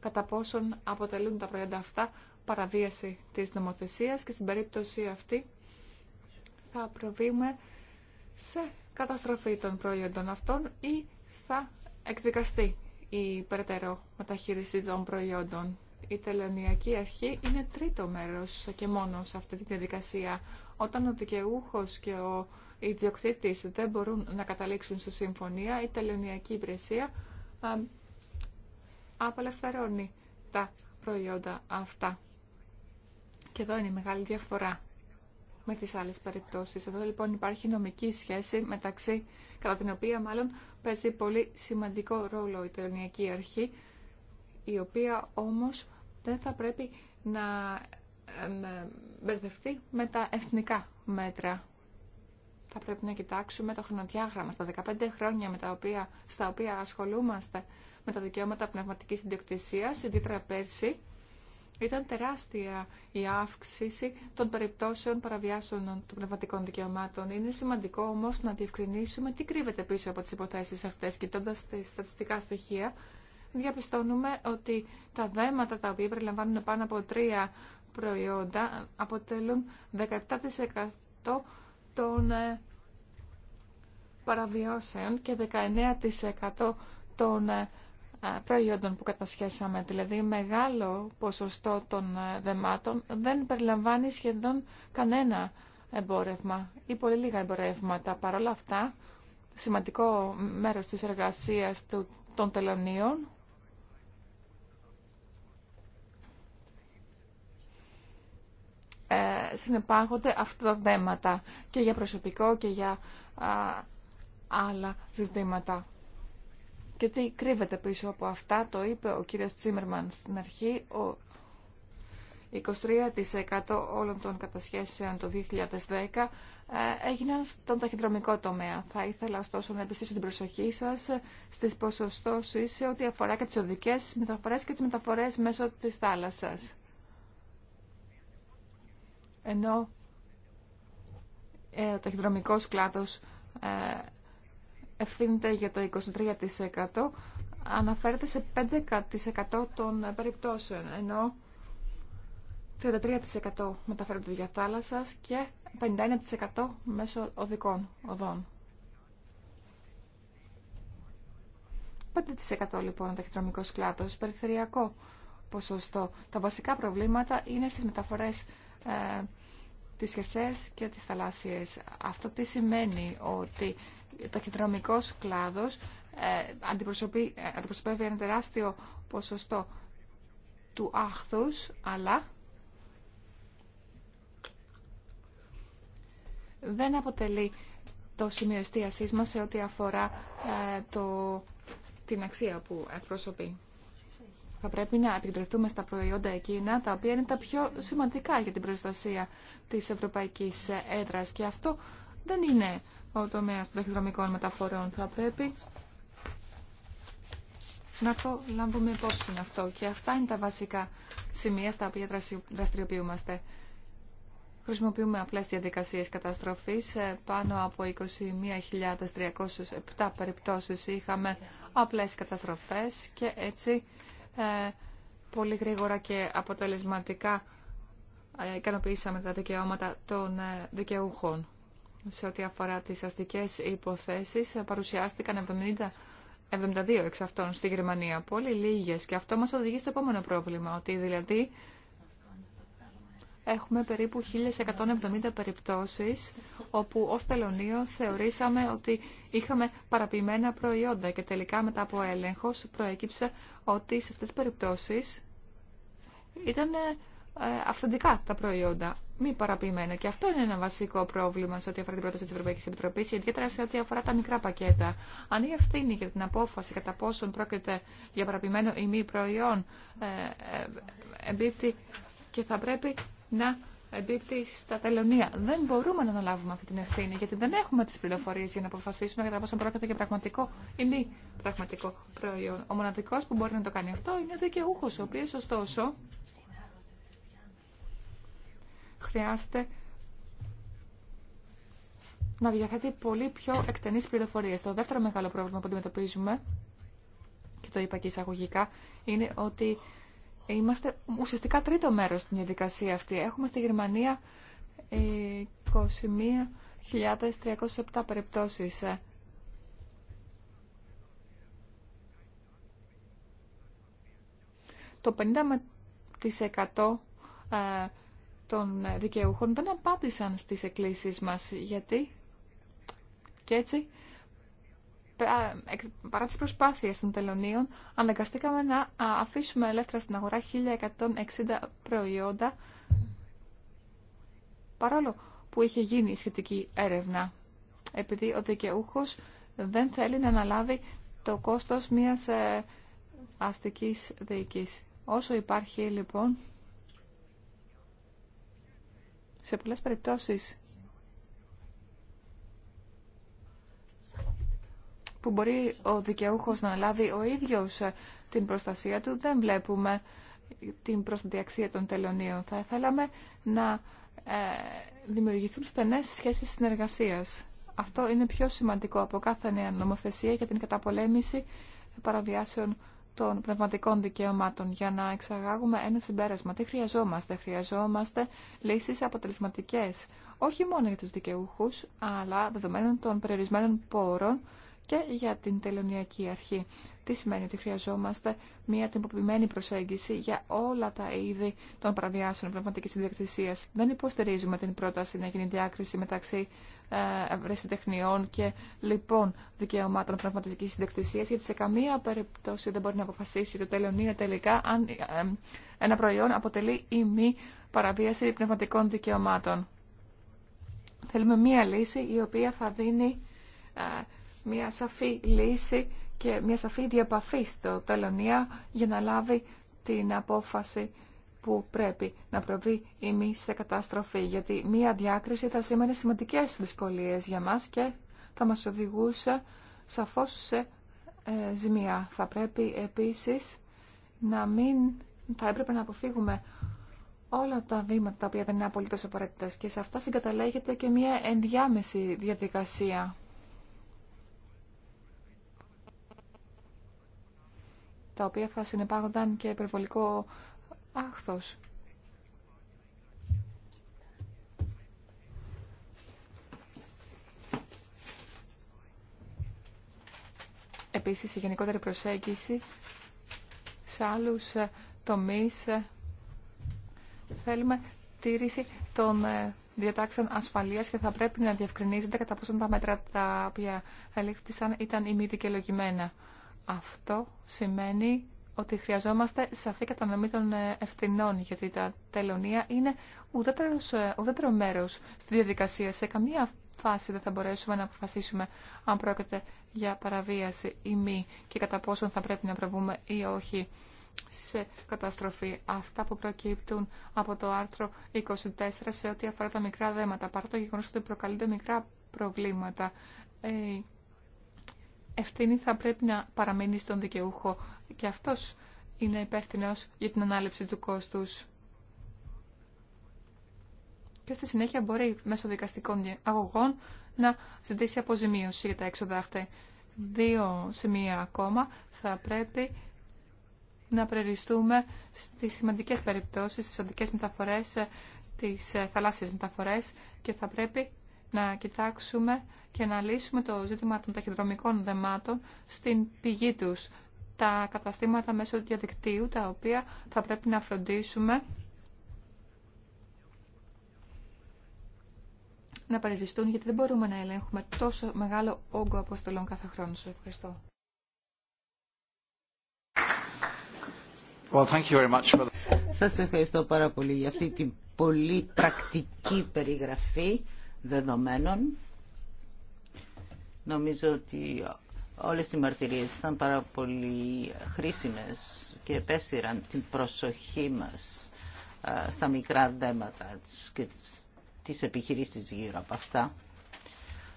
κατά πόσον αποτελούν τα προϊόντα αυτά παραβίαση της νομοθεσίας και στην περίπτωση αυτή θα προβούμε σε καταστροφή των προϊόντων αυτών ή θα εκδικαστεί η περαιτέρω μεταχείριση των προϊόντων. Η τελωνιακή αρχή είναι τρίτο μέρος και μόνο σε αυτή τη διαδικασία. Όταν ο δικαιούχο και ο ιδιοκτήτης δεν μπορούν να καταλήξουν σε συμφωνία, η τελωνιακή υπηρεσία απελευθερώνει τα προϊόντα αυτά. Και εδώ είναι η μεγάλη διαφορά με τις άλλες περιπτώσεις. Εδώ λοιπόν υπάρχει νομική σχέση μεταξύ, κατά την οποία μάλλον παίζει πολύ σημαντικό ρόλο η τελωνιακή αρχή, η οποία όμως δεν θα πρέπει να μπερδευτεί με τα εθνικά μέτρα. Θα πρέπει να κοιτάξουμε το χρονοδιάγραμμα στα 15 χρόνια με τα οποία, στα οποία ασχολούμαστε με τα δικαιώματα πνευματικής ιδιοκτησίας, ιδιαίτερα πέρσι, ήταν τεράστια η αύξηση των περιπτώσεων παραβιάσεων των πνευματικών δικαιωμάτων. Είναι σημαντικό όμω να διευκρινίσουμε τι κρύβεται πίσω από τι υποθέσει αυτέ. Κοιτώντα τα στατιστικά στοιχεία, διαπιστώνουμε ότι τα δέματα τα οποία περιλαμβάνουν πάνω από τρία προϊόντα αποτελούν 17% των ε, παραβιώσεων και 19% των ε, προϊόντων που κατασχέσαμε, δηλαδή μεγάλο ποσοστό των ε, δεμάτων, δεν περιλαμβάνει σχεδόν κανένα εμπόρευμα ή πολύ λίγα εμπορεύματα. Παρ' όλα αυτά, σημαντικό μέρος της εργασίας των τελωνίων ε, συνεπάγονται αυτά τα δέματα και για προσωπικό και για άλλα ζητήματα. Και τι κρύβεται πίσω από αυτά, το είπε ο κύριος Τσίμερμαν στην αρχή, ο 23% όλων των κατασχέσεων το 2010 ε, έγιναν στον ταχυδρομικό τομέα. Θα ήθελα ωστόσο να επιστήσω την προσοχή σας στις ποσοστώσεις σε ό,τι αφορά και τις οδικές μεταφορές και τις μεταφορές μέσω της θάλασσας. Ενώ ε, ο ταχυδρομικός κλάδος ε, ευθύνεται για το 23% αναφέρεται σε 5% των περιπτώσεων, ενώ 33% μεταφέρονται για θάλασσα και 51% μέσω οδικών οδών. 5% λοιπόν ταχυδρομικό κλάδο, περιφερειακό ποσοστό. Τα βασικά προβλήματα είναι στις μεταφορές ε, τις και τις θαλάσσιες. Αυτό τι σημαίνει ότι ταχυδρομικός κλάδος ε, ε, αντιπροσωπεύει ένα τεράστιο ποσοστό του άχθους, αλλά δεν αποτελεί το σημείο εστίασής μας σε ό,τι αφορά ε, το, την αξία που εκπροσωπεί. Θα πρέπει να επικεντρωθούμε στα προϊόντα εκείνα, τα οποία είναι τα πιο σημαντικά για την προστασία της ευρωπαϊκής έδρας. Και αυτό δεν είναι ο τομέας των ταχυδρομικών μεταφορών. Θα πρέπει να το λάβουμε υπόψη αυτό. Και αυτά είναι τα βασικά σημεία στα οποία δραστηριοποιούμαστε. Χρησιμοποιούμε απλές διαδικασίες καταστροφής. Ε, πάνω από 21.307 περιπτώσεις είχαμε απλές καταστροφές και έτσι ε, πολύ γρήγορα και αποτελεσματικά ε, ικανοποιήσαμε τα δικαιώματα των δικαιούχων σε ό,τι αφορά τις αστικές υποθέσεις παρουσιάστηκαν 70 72 εξ αυτών στη Γερμανία. Πολύ λίγες. Και αυτό μας οδηγεί στο επόμενο πρόβλημα, ότι δηλαδή έχουμε περίπου 1170 περιπτώσεις όπου ως τελωνίο θεωρήσαμε ότι είχαμε παραποιημένα προϊόντα και τελικά μετά από έλεγχος προέκυψε ότι σε αυτές τις περιπτώσεις ήταν ε, ε, αυθεντικά τα προϊόντα, μη παραποιημένα. Και αυτό είναι ένα βασικό πρόβλημα σε ό,τι αφορά την πρόταση τη Ευρωπαϊκή Επιτροπή, ιδιαίτερα σε ό,τι αφορά τα μικρά πακέτα. Αν η ευθύνη για την απόφαση κατά πόσον πρόκειται για παραποιημένο ή μη προϊόν ε, ε, εμπίπτει και θα πρέπει να εμπίπτει στα τελωνία. Δεν μπορούμε να αναλάβουμε αυτή την ευθύνη, γιατί δεν έχουμε τι πληροφορίε για να αποφασίσουμε κατά πόσο πρόκειται για πραγματικό ή μη πραγματικό προϊόν. Ο μοναδικό που μπορεί να το κάνει αυτό είναι ο δικαιούχο, ο οποίο ωστόσο χρειάζεται να διαθέτει πολύ πιο εκτενείς πληροφορίες. Το δεύτερο μεγάλο πρόβλημα που αντιμετωπίζουμε, και το είπα και εισαγωγικά, είναι ότι είμαστε ουσιαστικά τρίτο μέρος στην διαδικασία αυτή. Έχουμε στη Γερμανία 21.307 ε, περιπτώσεις το 50% των δικαιούχων δεν απάντησαν στις εκκλήσεις μας. Γιατί και έτσι, παρά τις προσπάθειες των τελωνίων, αναγκαστήκαμε να αφήσουμε ελεύθερα στην αγορά 1160 προϊόντα, παρόλο που είχε γίνει σχετική έρευνα, επειδή ο δικαιούχος δεν θέλει να αναλάβει το κόστος μιας ε, αστικής διοικής. Όσο υπάρχει λοιπόν σε πολλές περιπτώσεις που μπορεί ο δικαιούχος να λάβει ο ίδιος την προστασία του, δεν βλέπουμε την προστατιαξία αξία των τελωνίων. Θα θέλαμε να ε, δημιουργηθούν στενές σχέσεις συνεργασίας. Αυτό είναι πιο σημαντικό από κάθε νέα νομοθεσία για την καταπολέμηση παραβιάσεων των πνευματικών δικαιωμάτων για να εξαγάγουμε ένα συμπέρασμα. Τι χρειαζόμαστε. Χρειαζόμαστε λύσεις αποτελεσματικές, όχι μόνο για τους δικαιούχους, αλλά δεδομένων των περιορισμένων πόρων και για την τελωνιακή αρχή. Τι σημαίνει ότι χρειαζόμαστε μια τυποποιημένη προσέγγιση για όλα τα είδη των παραβιάσεων πνευματικής ιδιοκτησίας. Δεν υποστηρίζουμε την πρόταση να γίνει διάκριση μεταξύ ε, ευρεσιτεχνιών και λοιπόν δικαιωμάτων πνευματικής συντεκτησίας, γιατί σε καμία περίπτωση δεν μπορεί να αποφασίσει το τέλειο τελικά αν ε, ε, ένα προϊόν αποτελεί ή μη παραβίαση πνευματικών δικαιωμάτων. Θέλουμε μία λύση η οποία θα δίνει μία σαφή λύση και μία σαφή διαπαφή στο τελωνία για να λάβει την απόφαση που πρέπει να προβεί η μη σε καταστροφή, γιατί μία διάκριση θα σήμαινε σημαντικές δυσκολίες για μας και θα μας οδηγούσε σαφώς σε ε, ζημία. Θα πρέπει επίσης να μην... θα έπρεπε να αποφύγουμε όλα τα βήματα τα οποία δεν είναι απολύτως απαραίτητα και σε αυτά συγκαταλέγεται και μία ενδιάμεση διαδικασία. τα οποία θα συνεπάγονταν και υπερβολικό άχθος. Επίσης, η γενικότερη προσέγγιση σε άλλους ε, τομείς ε, θέλουμε τήρηση των ε, διατάξεων ασφαλείας και θα πρέπει να διευκρινίζεται κατά πόσο τα μέτρα τα οποία ελήφθησαν ήταν ημίδικε δικαιολογημένα. Αυτό σημαίνει ότι χρειαζόμαστε σαφή κατανομή των ε, ευθυνών, γιατί τα τελωνία είναι ε, ουδέτερο μέρο στη διαδικασία. Σε καμία φάση δεν θα μπορέσουμε να αποφασίσουμε αν πρόκειται για παραβίαση ή μη και κατά πόσον θα πρέπει να προβούμε ή όχι σε καταστροφή. Αυτά που προκύπτουν από το άρθρο 24 σε ό,τι αφορά τα μικρά δέματα, παρά το γεγονός ότι προκαλούνται μικρά προβλήματα, ε, ευθύνη θα πρέπει να παραμείνει στον δικαιούχο και αυτός είναι υπεύθυνο για την ανάληψη του κόστους. Και στη συνέχεια μπορεί μέσω δικαστικών αγωγών να ζητήσει αποζημίωση για τα έξοδα αυτά. Δύο σημεία ακόμα θα πρέπει να περιοριστούμε στις σημαντικές περιπτώσεις, στις οδικές μεταφορές, τις ε, θαλάσσιες μεταφορές και θα πρέπει να κοιτάξουμε και να λύσουμε το ζήτημα των ταχυδρομικών δεμάτων στην πηγή τους τα καταστήματα μέσω διαδικτύου, τα οποία θα πρέπει να φροντίσουμε να παρελιστούν, γιατί δεν μπορούμε να ελέγχουμε τόσο μεγάλο όγκο αποστολών κάθε χρόνο. Σας ευχαριστώ. Well, thank you very much for... Σας ευχαριστώ πάρα πολύ για αυτή την πολύ πρακτική περιγραφή δεδομένων. Νομίζω ότι Όλες οι μαρτυρίες ήταν πάρα πολύ χρήσιμες και επέσυραν την προσοχή μας στα μικρά δέματα και τις επιχειρήσεις γύρω από αυτά.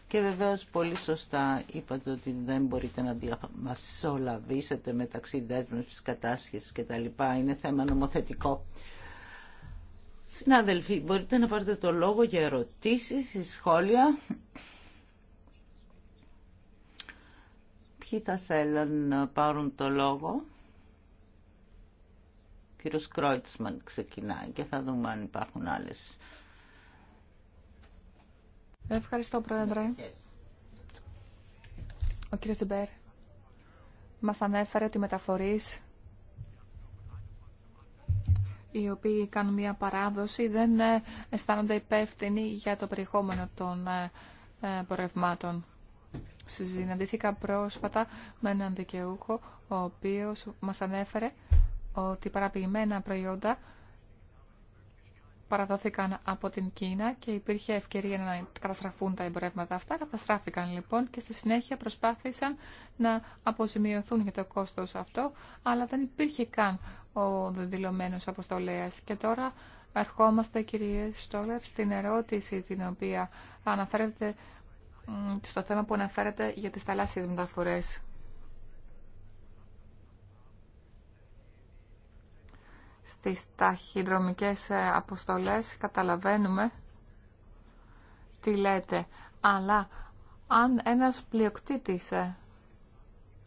Και βεβαίως πολύ σωστά είπατε ότι δεν μπορείτε να διαμασολαβήσετε μεταξύ δέσμευσης κατάσχεσης και τα λοιπά. Είναι θέμα νομοθετικό. Συνάδελφοι, μπορείτε να πάρετε το λόγο για ερωτήσεις ή σχόλια. Ποιοι θα θέλουν να πάρουν το λόγο. Ο κύριος Κρόιτσμαν ξεκινάει και θα δούμε αν υπάρχουν άλλες. Ευχαριστώ, Πρόεδρε. Ο κύριος Τιμπέρ μας ανέφερε ότι μεταφορείς οι οποίοι κάνουν μια παράδοση δεν ε, αισθάνονται υπεύθυνοι για το περιεχόμενο των ε, ε, πορευμάτων. Συναντήθηκα πρόσφατα με έναν δικαιούχο, ο οποίος μας ανέφερε ότι παραποιημένα προϊόντα παραδόθηκαν από την Κίνα και υπήρχε ευκαιρία να καταστραφούν τα εμπορεύματα αυτά. Καταστράφηκαν λοιπόν και στη συνέχεια προσπάθησαν να αποζημιωθούν για το κόστος αυτό, αλλά δεν υπήρχε καν ο δηλωμένος αποστολέας. Και τώρα ερχόμαστε κύριε Στόλεφ, στην ερώτηση την οποία αναφέρεται στο θέμα που αναφέρατε για τις θαλάσσιες μεταφορές. Στις ταχυδρομικές ε, αποστολές καταλαβαίνουμε τι λέτε. Αλλά αν ένας πλειοκτήτης ε,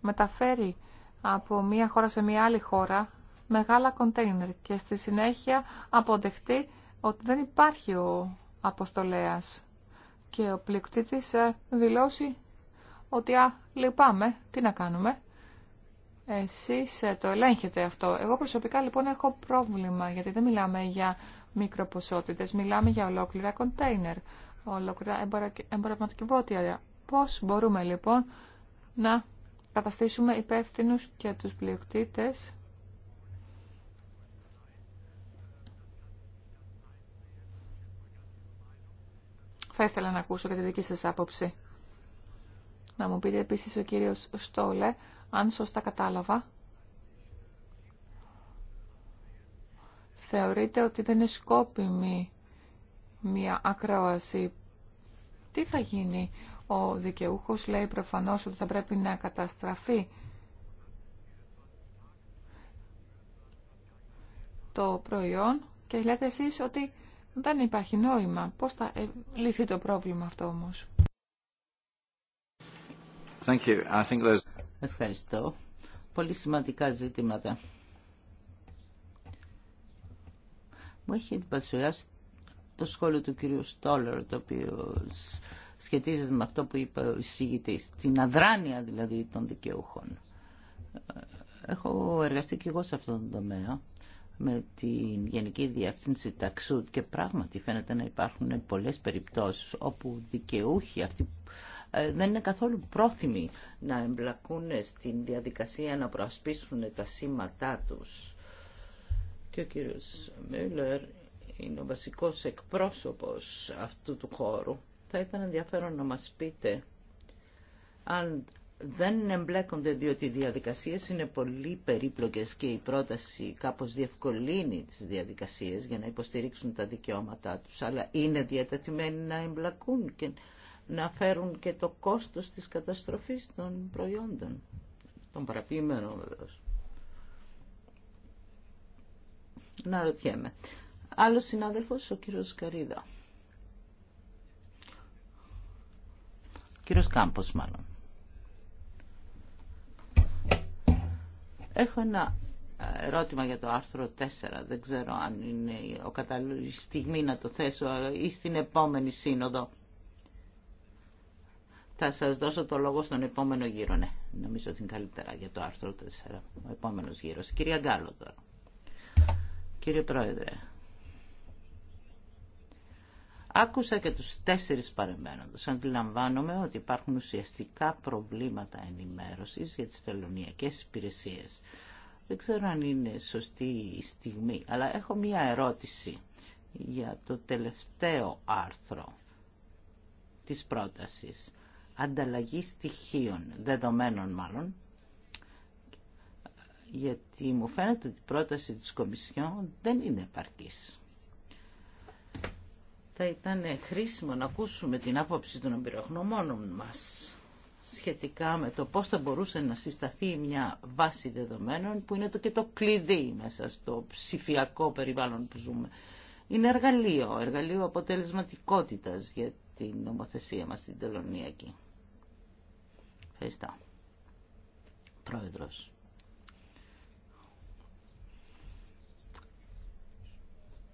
μεταφέρει από μία χώρα σε μία άλλη χώρα μεγάλα κοντέινερ και στη συνέχεια αποδεχτεί ότι δεν υπάρχει ο αποστολέας και ο πληκτήτης ε, δηλώσει ότι α, λυπάμαι, τι να κάνουμε. Εσείς ε, το ελέγχετε αυτό. Εγώ προσωπικά λοιπόν έχω πρόβλημα γιατί δεν μιλάμε για μικροποσότητες, μιλάμε για ολόκληρα κοντέινερ, ολόκληρα βότια. Πώς μπορούμε λοιπόν να καταστήσουμε υπεύθυνους και τους πλειοκτήτες Θα ήθελα να ακούσω και τη δική σας άποψη. Να μου πείτε επίσης ο κύριος Στόλε, αν σωστά κατάλαβα, θεωρείτε ότι δεν είναι σκόπιμη μία ακρόαση. Τι θα γίνει, ο δικαιούχος λέει προφανώς ότι θα πρέπει να καταστραφεί το προϊόν και λέτε εσείς ότι δεν υπάρχει νόημα. Πώς θα ε, λυθεί το πρόβλημα αυτό όμως. Thank you. I think Ευχαριστώ. Πολύ σημαντικά ζήτηματα. Μου έχει εντυπωσιάσει το σχόλιο του κυρίου Στόλερ, το οποίο σχετίζεται με αυτό που είπε ο εισηγητής, την αδράνεια δηλαδή των δικαιούχων. Ε, έχω εργαστεί και εγώ σε αυτόν τον τομέα με την Γενική Διεύθυνση Ταξούτ και πράγματι φαίνεται να υπάρχουν πολλές περιπτώσεις όπου δικαιούχοι αυτοί ε, δεν είναι καθόλου πρόθυμοι να εμπλακούν στην διαδικασία να προασπίσουν τα σήματά τους. Και ο κύριος Μιούλερ είναι ο βασικός εκπρόσωπος αυτού του χώρου. Θα ήταν ενδιαφέρον να μας πείτε αν δεν εμπλέκονται διότι οι διαδικασίες είναι πολύ περίπλοκες και η πρόταση κάπως διευκολύνει τις διαδικασίες για να υποστηρίξουν τα δικαιώματά τους, αλλά είναι διατεθειμένοι να εμπλακούν και να φέρουν και το κόστος της καταστροφής των προϊόντων, των παραποιημένων βεβαίω. Να ρωτιέμαι. Άλλος συνάδελφος, ο κύριος Καρίδα. Κύριο κύριος μάλλον. Έχω ένα ε, ερώτημα για το άρθρο 4. Δεν ξέρω αν είναι ο κατάλληλη στιγμή να το θέσω ή στην επόμενη σύνοδο. Θα σας δώσω το λόγο στον επόμενο γύρο. Ναι, νομίζω ότι είναι καλύτερα για το άρθρο 4. Ο επόμενος γύρος. Κυρία Γκάλο τώρα. Κύριε Πρόεδρε, Άκουσα και τους τέσσερις παρεμβαίνοντες. Αντιλαμβάνομαι ότι υπάρχουν ουσιαστικά προβλήματα ενημέρωσης για τις τελωνιακές υπηρεσίες. Δεν ξέρω αν είναι σωστή η στιγμή, αλλά έχω μία ερώτηση για το τελευταίο άρθρο της πρότασης. Ανταλλαγή στοιχείων, δεδομένων μάλλον, γιατί μου φαίνεται ότι η πρόταση της Κομισιόν δεν είναι επαρκής θα ήταν χρήσιμο να ακούσουμε την άποψη των εμπειρογνωμόνων μας σχετικά με το πώς θα μπορούσε να συσταθεί μια βάση δεδομένων που είναι το και το κλειδί μέσα στο ψηφιακό περιβάλλον που ζούμε. Είναι εργαλείο, εργαλείο αποτελεσματικότητας για την νομοθεσία μας στην εκεί. Ευχαριστώ. Πρόεδρος.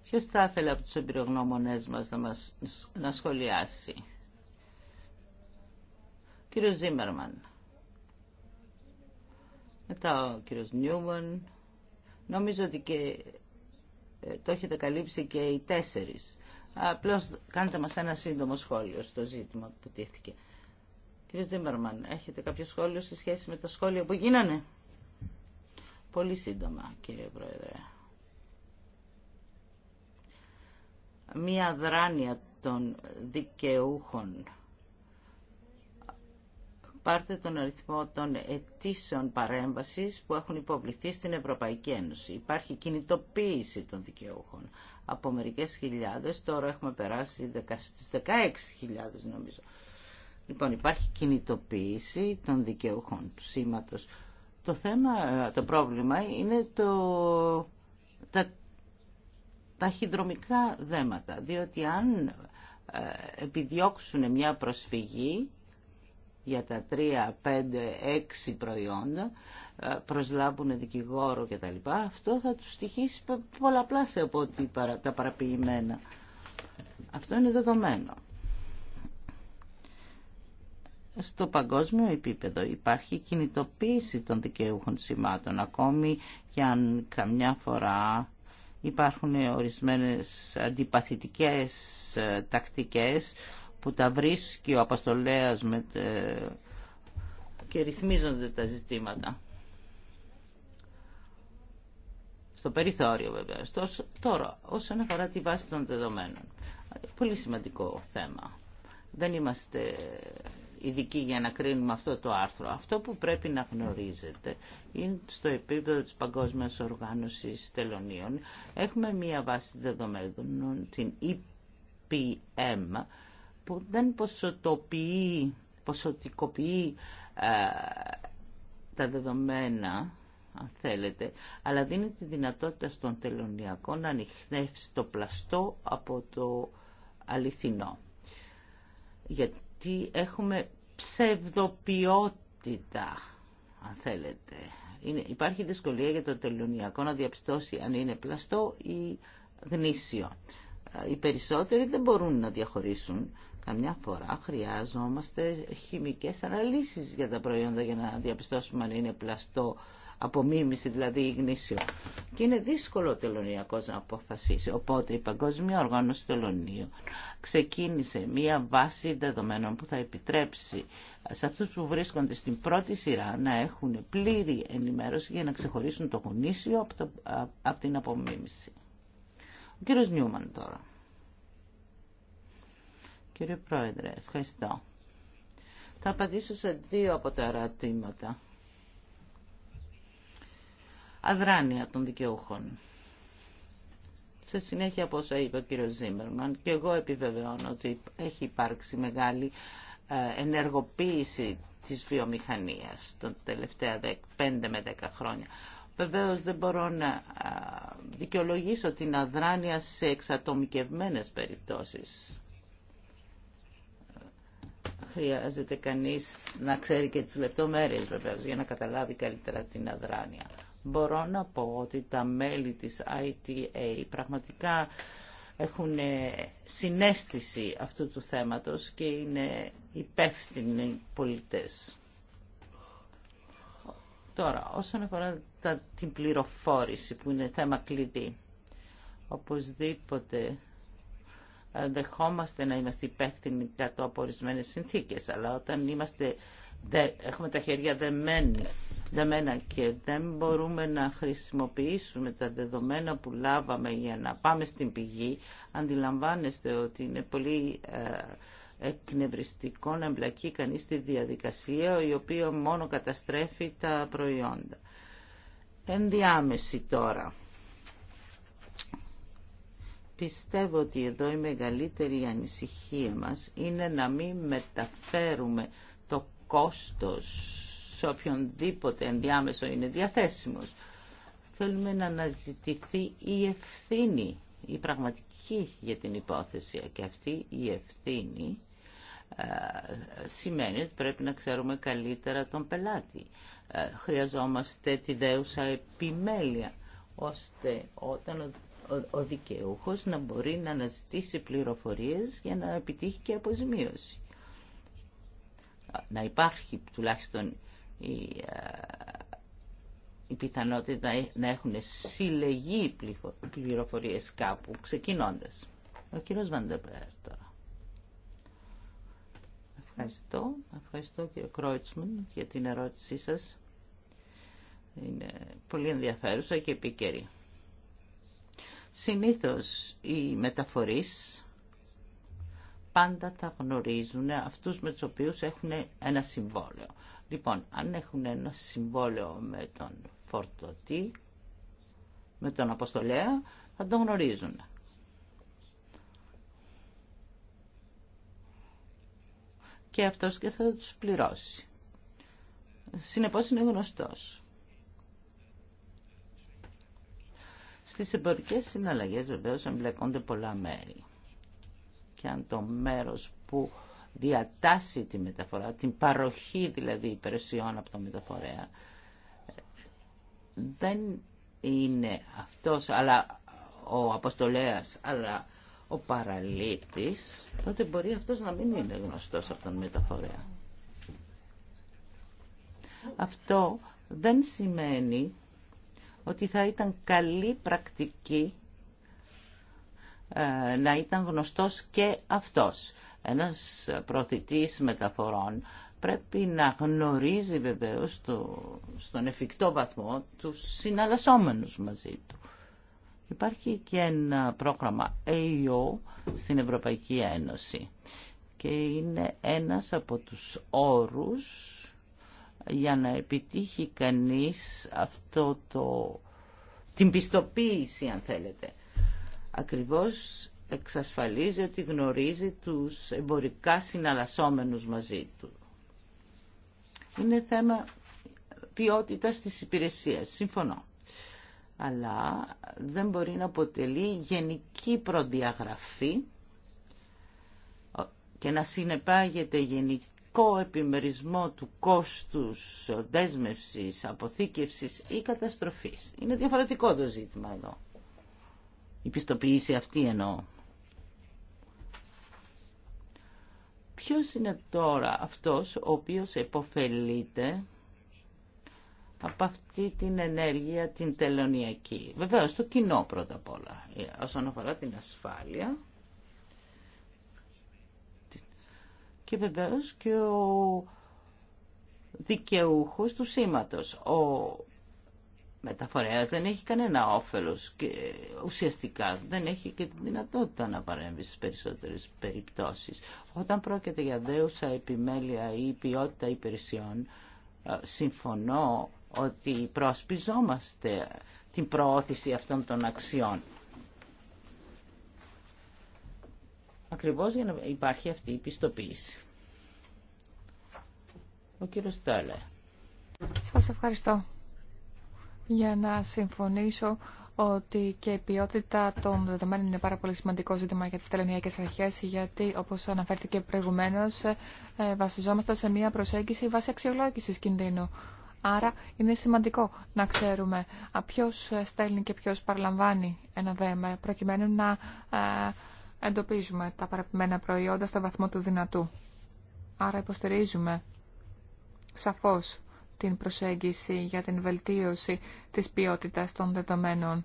Ποιος θα ήθελε από τους εμπειρογνώμονές μας να, μας, να σχολιάσει. κύριος Ζήμερμαν. Μετά ο κύριος Νιούμαν. Νομίζω ότι και ε, το έχετε καλύψει και οι τέσσερις. Απλώς κάντε μας ένα σύντομο σχόλιο στο ζήτημα που τίθηκε. Κύριε Ζήμερμαν, έχετε κάποιο σχόλιο σε σχέση με τα σχόλια που γίνανε. Πολύ σύντομα, κύριε Πρόεδρε. μία δράνεια των δικαιούχων. Πάρτε τον αριθμό των αιτήσεων παρέμβασης που έχουν υποβληθεί στην Ευρωπαϊκή Ένωση. Υπάρχει κινητοποίηση των δικαιούχων. Από μερικές χιλιάδες, τώρα έχουμε περάσει στις 16.000 νομίζω. Λοιπόν, υπάρχει κινητοποίηση των δικαιούχων του Το θέμα, το πρόβλημα είναι το, τα τα ταχυδρομικά δέματα, διότι αν ε, επιδιώξουν μια προσφυγή για τα 3, 5, 6 προϊόντα, ε, προσλάβουν δικηγόρο κτλ. Αυτό θα τους στοιχήσει πολλαπλάσια από τα παραποιημένα. Αυτό είναι δεδομένο. Στο παγκόσμιο επίπεδο υπάρχει κινητοποίηση των δικαιούχων σημάτων, ακόμη και αν καμιά φορά Υπάρχουν ορισμένες αντιπαθητικές ε, τακτικές που τα βρίσκει ο Αποστολέας με ε, και ρυθμίζονται τα ζητήματα. Στο περιθώριο βέβαια. τώρα, όσον αφορά τη βάση των δεδομένων. Πολύ σημαντικό θέμα. Δεν είμαστε ειδικοί για να κρίνουμε αυτό το άρθρο. Αυτό που πρέπει να γνωρίζετε είναι στο επίπεδο της Παγκόσμιας Οργάνωσης Τελωνίων. Έχουμε μία βάση δεδομένων, την EPM, που δεν ποσοτοποιεί, ποσοτικοποιεί ε, τα δεδομένα αν θέλετε, αλλά δίνει τη δυνατότητα στον τελωνιακό να ανοιχνεύσει το πλαστό από το αληθινό. Γιατί ότι έχουμε ψευδοποιότητα, αν θέλετε. Είναι, υπάρχει δυσκολία για το τελωνιακό να διαπιστώσει αν είναι πλαστό ή γνήσιο. Ε, οι περισσότεροι δεν μπορούν να διαχωρίσουν. Καμιά φορά χρειάζομαστε χημικές αναλύσεις για τα προϊόντα για να διαπιστώσουμε αν είναι πλαστό απομίμηση δηλαδή γνήσιο. Και είναι δύσκολο ο τελωνιακός να αποφασίσει. Οπότε η Παγκόσμια Οργάνωση Τελωνίου ξεκίνησε μία βάση δεδομένων που θα επιτρέψει σε αυτούς που βρίσκονται στην πρώτη σειρά να έχουν πλήρη ενημέρωση για να ξεχωρίσουν το γνήσιο από, την απομίμηση. Ο κύριος Νιούμαν τώρα. Κύριε Πρόεδρε, ευχαριστώ. Θα απαντήσω σε δύο από τα ερωτήματα αδράνεια των δικαιούχων. Σε συνέχεια, από όσα είπε ο κύριος Ζήμερμαν, και εγώ επιβεβαιώνω ότι έχει υπάρξει μεγάλη ε, ενεργοποίηση της βιομηχανίας των τελευταία 5 με 10 χρόνια. Βεβαίω δεν μπορώ να ε, δικαιολογήσω την αδράνεια σε εξατομικευμένες περιπτώσεις. Χρειάζεται κανείς να ξέρει και τις λεπτομέρειες βεβαίως για να καταλάβει καλύτερα την αδράνεια μπορώ να πω ότι τα μέλη της ITA πραγματικά έχουν ε, συνέστηση αυτού του θέματος και είναι υπεύθυνοι πολιτές. Τώρα, όσον αφορά τα, την πληροφόρηση που είναι θέμα κλειδί, οπωσδήποτε ε, δεχόμαστε να είμαστε υπεύθυνοι κάτω από ορισμένε συνθήκες, αλλά όταν είμαστε, έχουμε τα χέρια δεμένοι δεμένα και δεν μπορούμε να χρησιμοποιήσουμε τα δεδομένα που λάβαμε για να πάμε στην πηγή, αντιλαμβάνεστε ότι είναι πολύ ε, εκνευριστικό να εμπλακεί κανείς στη διαδικασία η οποία μόνο καταστρέφει τα προϊόντα. Ενδιάμεση τώρα. Πιστεύω ότι εδώ η μεγαλύτερη ανησυχία μας είναι να μην μεταφέρουμε το κόστος σε οποιονδήποτε ενδιάμεσο είναι διαθέσιμος. Θέλουμε να αναζητηθεί η ευθύνη, η πραγματική για την υπόθεση και αυτή η ευθύνη ε, σημαίνει ότι πρέπει να ξέρουμε καλύτερα τον πελάτη. Ε, χρειαζόμαστε τη δέουσα επιμέλεια, ώστε όταν ο δικαιούχος να μπορεί να αναζητήσει πληροφορίες για να επιτύχει και αποζημίωση. Να υπάρχει τουλάχιστον η, ε, η πιθανότητα να έχουν συλλεγεί πληροφορίες κάπου, ξεκινώντας. Ο κύριος Βαντεμπέρ τώρα. Ευχαριστώ. Ευχαριστώ κύριο Κρόιτσμαν για την ερώτησή σας. Είναι πολύ ενδιαφέρουσα και επίκαιρη. Συνήθως οι μεταφορείς πάντα τα γνωρίζουν αυτούς με τους οποίους έχουν ένα συμβόλαιο. Λοιπόν, αν έχουν ένα συμβόλαιο με τον φορτωτή, με τον αποστολέα, θα τον γνωρίζουν. Και αυτός και θα τους πληρώσει. Συνεπώς είναι γνωστός. Στις εμπορικές συναλλαγές βεβαίως εμπλεκόνται πολλά μέρη. Και αν το μέρος που διατάσσει τη μεταφορά, την παροχή δηλαδή υπηρεσιών από τον μεταφορέα. Δεν είναι αυτός αλλά ο αποστολέας, αλλά ο παραλήπτης, τότε μπορεί αυτός να μην είναι γνωστός από τον μεταφορέα. Αυτό δεν σημαίνει ότι θα ήταν καλή πρακτική ε, να ήταν γνωστός και αυτός. Ένας προθητής μεταφορών πρέπει να γνωρίζει βεβαίως το, στον εφικτό βαθμό του συναλλασσόμενους μαζί του. Υπάρχει και ένα πρόγραμμα AO στην Ευρωπαϊκή Ένωση και είναι ένας από τους όρους για να επιτύχει κανείς αυτό το... την πιστοποίηση αν θέλετε. Ακριβώς εξασφαλίζει ότι γνωρίζει τους εμπορικά συναλλασσόμενους μαζί του. Είναι θέμα ποιότητας της υπηρεσίας, συμφωνώ. Αλλά δεν μπορεί να αποτελεί γενική προδιαγραφή και να συνεπάγεται γενικό επιμερισμό του κόστους δέσμευσης, αποθήκευσης ή καταστροφής. Είναι διαφορετικό το ζήτημα εδώ. Η πιστοποίηση αυτή εννοώ. Ποιος είναι τώρα αυτός ο οποίος υποφελείται από αυτή την ενέργεια την τελωνιακή. Βεβαίως το κοινό πρώτα απ' όλα ε, όσον αφορά την ασφάλεια και βεβαίως και ο δικαιούχος του σήματος. Ο μεταφορέας δεν έχει κανένα όφελος και ουσιαστικά δεν έχει και τη δυνατότητα να παρέμβει στις περισσότερες περιπτώσεις. Όταν πρόκειται για δέουσα επιμέλεια ή ποιότητα υπηρεσιών, ε, συμφωνώ ότι προσπιζόμαστε την προώθηση αυτών των αξιών. Ακριβώς για να υπάρχει αυτή η πιστοποίηση. Ο κύριος Τάλε. Σας ευχαριστώ για να συμφωνήσω ότι και η ποιότητα των δεδομένων είναι πάρα πολύ σημαντικό ζήτημα για τις τελωνιακές αρχές, γιατί όπως αναφέρθηκε προηγουμένως ε, βασιζόμαστε σε μια προσέγγιση βάσει αξιολόγησης κινδύνου. Άρα είναι σημαντικό να ξέρουμε ποιο στέλνει και ποιο παραλαμβάνει ένα δέμα, προκειμένου να ε, εντοπίζουμε τα παραπημένα προϊόντα στο βαθμό του δυνατού. Άρα υποστηρίζουμε σαφώς την προσέγγιση για την βελτίωση της ποιότητας των δεδομένων.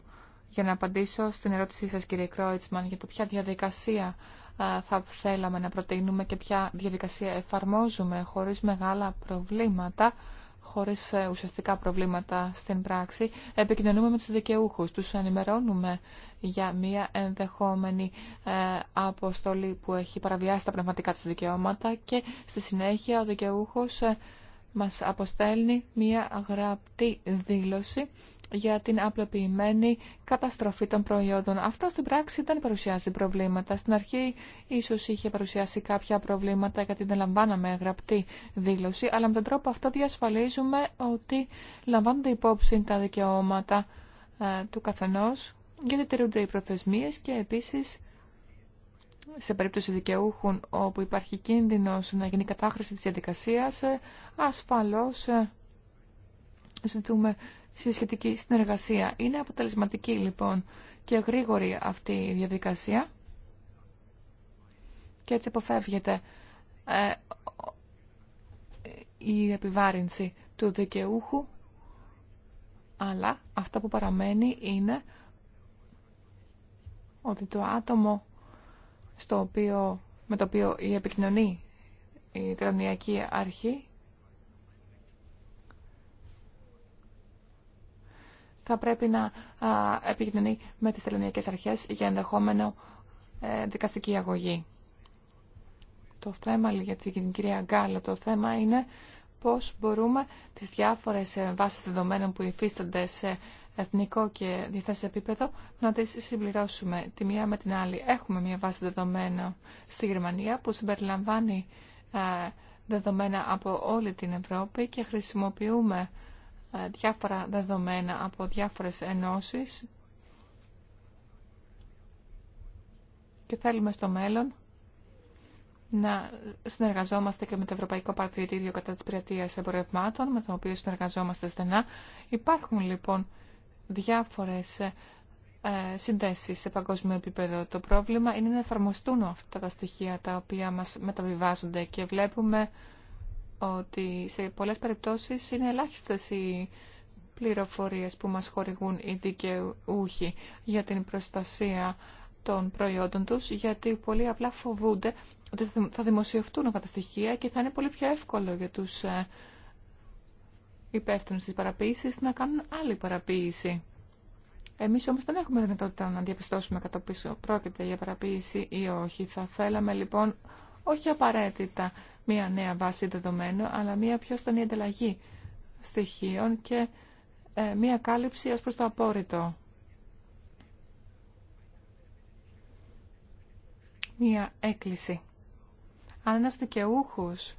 Για να απαντήσω στην ερώτησή σας κύριε Κρόιτσμαν για το ποια διαδικασία θα θέλαμε να προτείνουμε και ποια διαδικασία εφαρμόζουμε χωρίς μεγάλα προβλήματα, χωρίς ε, ουσιαστικά προβλήματα στην πράξη, επικοινωνούμε με τους δικαιούχους, τους ενημερώνουμε για μια ενδεχόμενη ε, αποστολή που έχει παραβιάσει τα πνευματικά της δικαιώματα και στη συνέχεια ο δικαιούχος ε, μας αποστέλνει μία γραπτή δήλωση για την απλοποιημένη καταστροφή των προϊόντων. Αυτό στην πράξη δεν παρουσιάζει προβλήματα. Στην αρχή ίσως είχε παρουσιάσει κάποια προβλήματα γιατί δεν λαμβάναμε γραπτή δήλωση, αλλά με τον τρόπο αυτό διασφαλίζουμε ότι λαμβάνονται υπόψη τα δικαιώματα ε, του καθενός γιατί τηρούνται οι προθεσμίες και επίσης σε περίπτωση δικαιούχων όπου υπάρχει κίνδυνος να γίνει κατάχρηση της διαδικασίας, ε, ασφαλώς ε, ζητούμε σχετική συνεργασία. Είναι αποτελεσματική λοιπόν και γρήγορη αυτή η διαδικασία και έτσι αποφεύγεται ε, η επιβάρυνση του δικαιούχου αλλά αυτό που παραμένει είναι ότι το άτομο στο οποίο, με το οποίο η επικοινωνεί η τελωνιακή αρχή θα πρέπει να επικοινωνεί με τις τελωνιακέ αρχές για ενδεχόμενο ε, δικαστική αγωγή. Το θέμα για την κυρία Γκάλα, το θέμα είναι πώς μπορούμε τις διάφορες ε, βάσεις δεδομένων που υφίστανται σε εθνικό και διεθνές επίπεδο, να τις συμπληρώσουμε τη μία με την άλλη. Έχουμε μία βάση δεδομένων στη Γερμανία που συμπεριλαμβάνει ε, δεδομένα από όλη την Ευρώπη και χρησιμοποιούμε ε, διάφορα δεδομένα από διάφορες ενώσεις και θέλουμε στο μέλλον να συνεργαζόμαστε και με το Ευρωπαϊκό Παρατηρητήριο κατά της πειρατείας εμπορευμάτων, με το οποίο συνεργαζόμαστε στενά. Υπάρχουν λοιπόν διάφορες ε, ε, συνδέσεις σε παγκόσμιο επίπεδο. Το πρόβλημα είναι να εφαρμοστούν αυτά τα στοιχεία τα οποία μας μεταβιβάζονται και βλέπουμε ότι σε πολλές περιπτώσεις είναι ελάχιστες οι πληροφορίες που μας χορηγούν οι δικαιούχοι για την προστασία των προϊόντων τους, γιατί πολύ απλά φοβούνται ότι θα δημοσιευτούν αυτά τα στοιχεία και θα είναι πολύ πιο εύκολο για τους ε, υπεύθυνου τη παραποίηση να κάνουν άλλη παραποίηση. Εμεί όμω δεν έχουμε δυνατότητα να διαπιστώσουμε κατά πίσω πρόκειται για παραποίηση ή όχι. Θα θέλαμε λοιπόν όχι απαραίτητα μία νέα βάση δεδομένου αλλά μία πιο στενή ανταλλαγή στοιχείων και ε, μία κάλυψη ως προς το απόρριτο. Μία έκκληση. Αν ένας δικαιούχος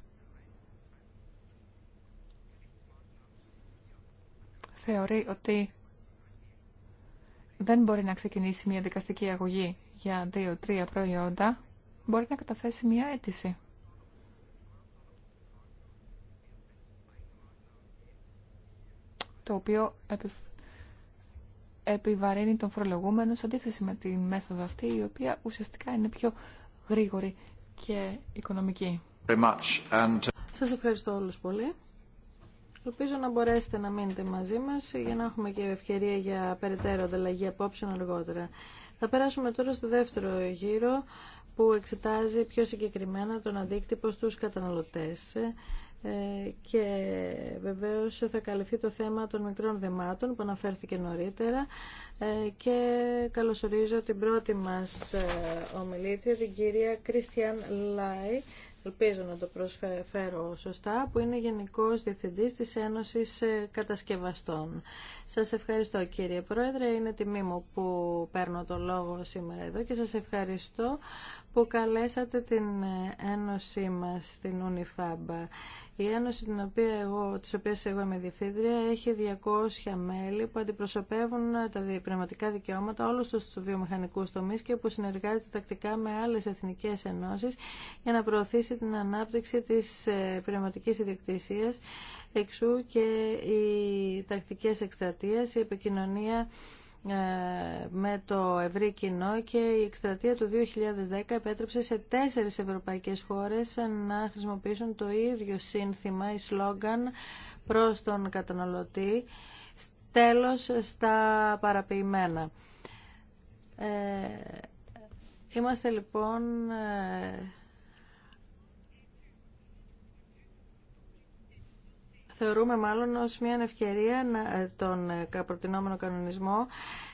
θεωρεί ότι δεν μπορεί να ξεκινήσει μια δικαστική αγωγή για δύο-τρία προϊόντα, μπορεί να καταθέσει μια αίτηση. Το οποίο επιβαρύνει τον φορολογούμενο σε αντίθεση με τη μέθοδο αυτή, η οποία ουσιαστικά είναι πιο γρήγορη και οικονομική. Σας ευχαριστώ όλους πολύ. Ελπίζω να μπορέσετε να μείνετε μαζί μας για να έχουμε και ευκαιρία για περαιτέρω ανταλλαγή απόψεων αργότερα. Θα περάσουμε τώρα στο δεύτερο γύρο που εξετάζει πιο συγκεκριμένα τον αντίκτυπο στους καταναλωτές ε, και βεβαίως θα καλυφθεί το θέμα των μικρών δεμάτων που αναφέρθηκε νωρίτερα ε, και καλωσορίζω την πρώτη μας ε, ομιλήτρια, την κυρία Κριστιαν Λάι ελπίζω να το προσφέρω σωστά, που είναι Γενικός Διευθυντής της Ένωσης ε, Κατασκευαστών. Σας ευχαριστώ κύριε Πρόεδρε, είναι τιμή μου που παίρνω το λόγο σήμερα εδώ και σας ευχαριστώ που καλέσατε την ε, ένωσή μας την UNIFAB. Η ένωση την οποία εγώ, της οποίας εγώ είμαι διευθύντρια έχει 200 μέλη που αντιπροσωπεύουν ε, τα πνευματικά δικαιώματα όλους τους βιομηχανικούς τομείς και που συνεργάζεται τακτικά με άλλες εθνικές ενώσεις για να προωθήσει την ανάπτυξη της ε, πνευματικής ιδιοκτησίας εξού και οι τακτικές εκστρατείες, η επικοινωνία ε, με το ευρύ κοινό και η εκστρατεία του 2010 επέτρεψε σε τέσσερις ευρωπαϊκές χώρες να χρησιμοποιήσουν το ίδιο σύνθημα ή σλόγγαν προς τον καταναλωτή τέλος στα παραποιημένα. Ε, είμαστε λοιπόν ε, θεωρούμε μάλλον ως μια ευκαιρία ε, τον ε, προτινόμενο κανονισμό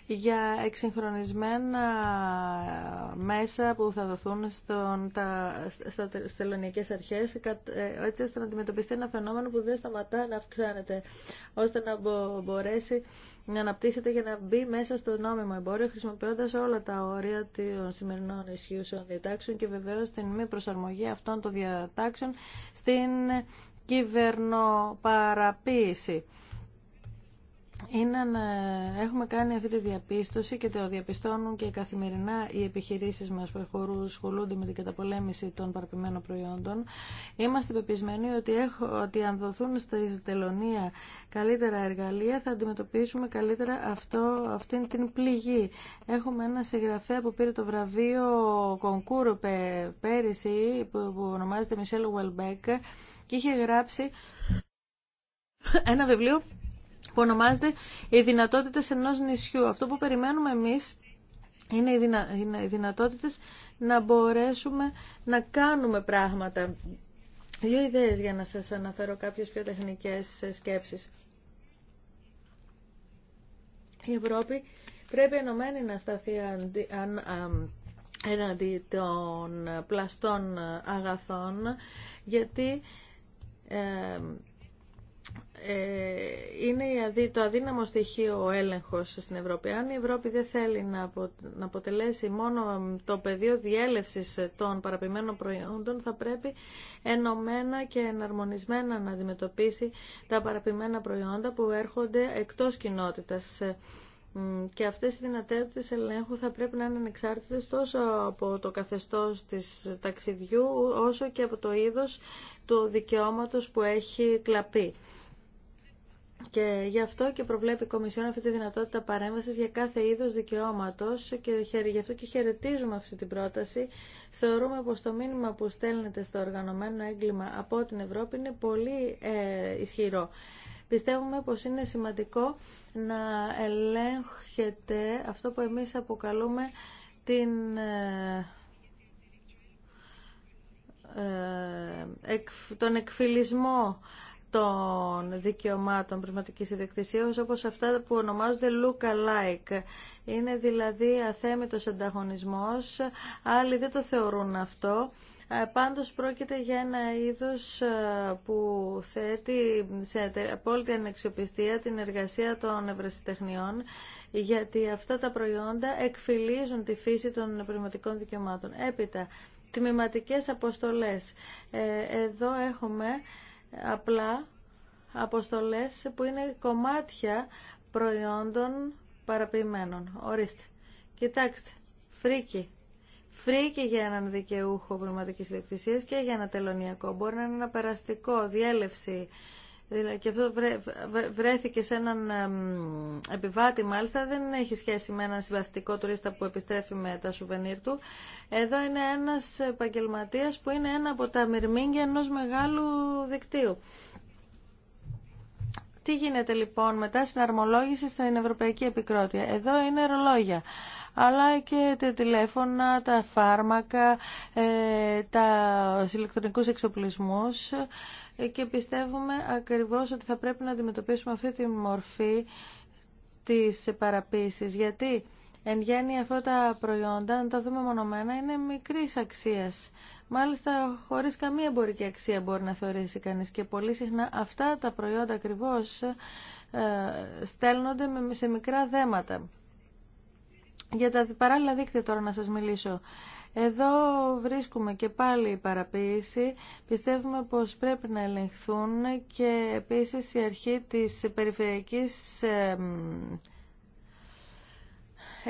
για εξυγχρονισμένα ε, μέσα που θα δοθούν στον, τα, στα τελωνιακές αρχές έτσι ώστε να αντιμετωπιστεί ένα φαινόμενο που δεν σταματά να αυξάνεται ώστε να μπορέσει να αναπτύσσεται για να μπει μέσα στο νόμιμο εμπόριο χρησιμοποιώντας όλα τα όρια των σημερινών ισχύουσεων διατάξεων και βεβαίως την μη προσαρμογή αυτών των διατάξεων στην κυβερνοπαραποίηση. Είναι έχουμε κάνει αυτή τη διαπίστωση και το διαπιστώνουν και καθημερινά οι επιχειρήσεις μας που ασχολούνται με την καταπολέμηση των παραπημένων προϊόντων. Είμαστε πεπισμένοι ότι, έχω, ότι αν δοθούν στα τελωνία καλύτερα εργαλεία θα αντιμετωπίσουμε καλύτερα αυτό, αυτήν την πληγή. Έχουμε ένα συγγραφέα που πήρε το βραβείο Κονκούρου πέρυσι που, ονομάζεται Μισελ Ουελμπέκ και είχε γράψει ένα βιβλίο που ονομάζεται «Οι δυνατότητες ενός νησιού». Αυτό που περιμένουμε εμείς είναι οι, δυνα... δυνατότητες να μπορέσουμε να κάνουμε πράγματα. Δύο ιδέες για να σας αναφέρω κάποιες πιο τεχνικές σκέψεις. Η Ευρώπη πρέπει ενωμένη να σταθεί αν... εναντί των πλαστών αγαθών, γιατί ε, ε, είναι το αδύναμο στοιχείο ο έλεγχος στην Ευρώπη. Αν η Ευρώπη δεν θέλει να, να αποτελέσει μόνο το πεδίο διέλευσης των παραπημένων προϊόντων, θα πρέπει ενωμένα και εναρμονισμένα να αντιμετωπίσει τα παραπημένα προϊόντα που έρχονται εκτός κοινότητας. Ε, και αυτές οι δυνατότητες ελέγχου θα πρέπει να είναι ανεξάρτητες τόσο από το καθεστώς της ταξιδιού όσο και από το είδος του δικαιώματος που έχει κλαπεί. Και γι' αυτό και προβλέπει η Κομισιόν αυτή τη δυνατότητα παρέμβασης για κάθε είδος δικαιώματος και γι' αυτό και χαιρετίζουμε αυτή την πρόταση. Θεωρούμε πως το μήνυμα που στέλνεται στο οργανωμένο έγκλημα από την Ευρώπη είναι πολύ ε, ισχυρό. Πιστεύουμε πως είναι σημαντικό να ελέγχεται αυτό που εμείς αποκαλούμε την ε, ε, τον εκφυλισμό των δικαιωμάτων πνευματικής ιδιοκτησίας όπως αυτά που ονομάζονται look-alike. Είναι δηλαδή αθέμητος ανταγωνισμός, άλλοι δεν το θεωρούν αυτό ε, πάντως πρόκειται για ένα είδος ε, που θέτει σε απόλυτη ανεξιοπιστία την εργασία των ευρεσιτεχνιών γιατί αυτά τα προϊόντα εκφυλίζουν τη φύση των πνευματικών δικαιωμάτων. Έπειτα, τμηματικές αποστολές. Ε, εδώ έχουμε απλά αποστολές που είναι κομμάτια προϊόντων παραποιημένων. Ορίστε. Κοιτάξτε. Φρίκι. Φρύ και για έναν δικαιούχο πνευματική ιδιοκτησία και για ένα τελωνιακό. Μπορεί να είναι ένα περαστικό, διέλευση. Δηλαδή, και αυτό βρέθηκε σε έναν επιβάτη μάλιστα, δεν έχει σχέση με έναν συμβατικό τουρίστα που επιστρέφει με τα σουβενίρ του. Εδώ είναι ένας επαγγελματία που είναι ένα από τα μυρμήγκια ενό μεγάλου δικτύου. Τι γίνεται λοιπόν μετά αρμολόγηση στην Ευρωπαϊκή Επικρότεια. Εδώ είναι ρολόγια αλλά και τα τηλέφωνα, τα φάρμακα, ε, τα ηλεκτρονικούς εξοπλισμούς ε, και πιστεύουμε ακριβώς ότι θα πρέπει να αντιμετωπίσουμε αυτή τη μορφή της παραποίησης, γιατί εν γέννη αυτά τα προϊόντα, αν τα δούμε μονομένα, είναι μικρής αξίας. Μάλιστα, χωρίς καμία εμπορική αξία μπορεί να θεωρήσει κανείς και πολύ συχνά αυτά τα προϊόντα ακριβώς ε, στέλνονται σε μικρά δέματα. Για τα παράλληλα δίκτυα τώρα να σας μιλήσω. Εδώ βρίσκουμε και πάλι η παραποίηση. Πιστεύουμε πως πρέπει να ελεγχθούν και επίσης η αρχή της περιφερειακής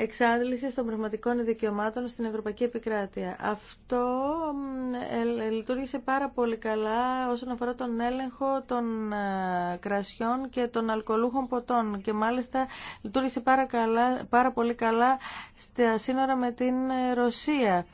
εξάντληση των πραγματικών δικαιωμάτων στην Ευρωπαϊκή Επικράτεια. Αυτό ε, λειτουργήσε πάρα πολύ καλά όσον αφορά τον έλεγχο των ε, κρασιών και των αλκοολούχων ποτών και μάλιστα λειτουργήσε πάρα, καλά, πάρα πολύ καλά στα σύνορα με την ε, Ρωσία.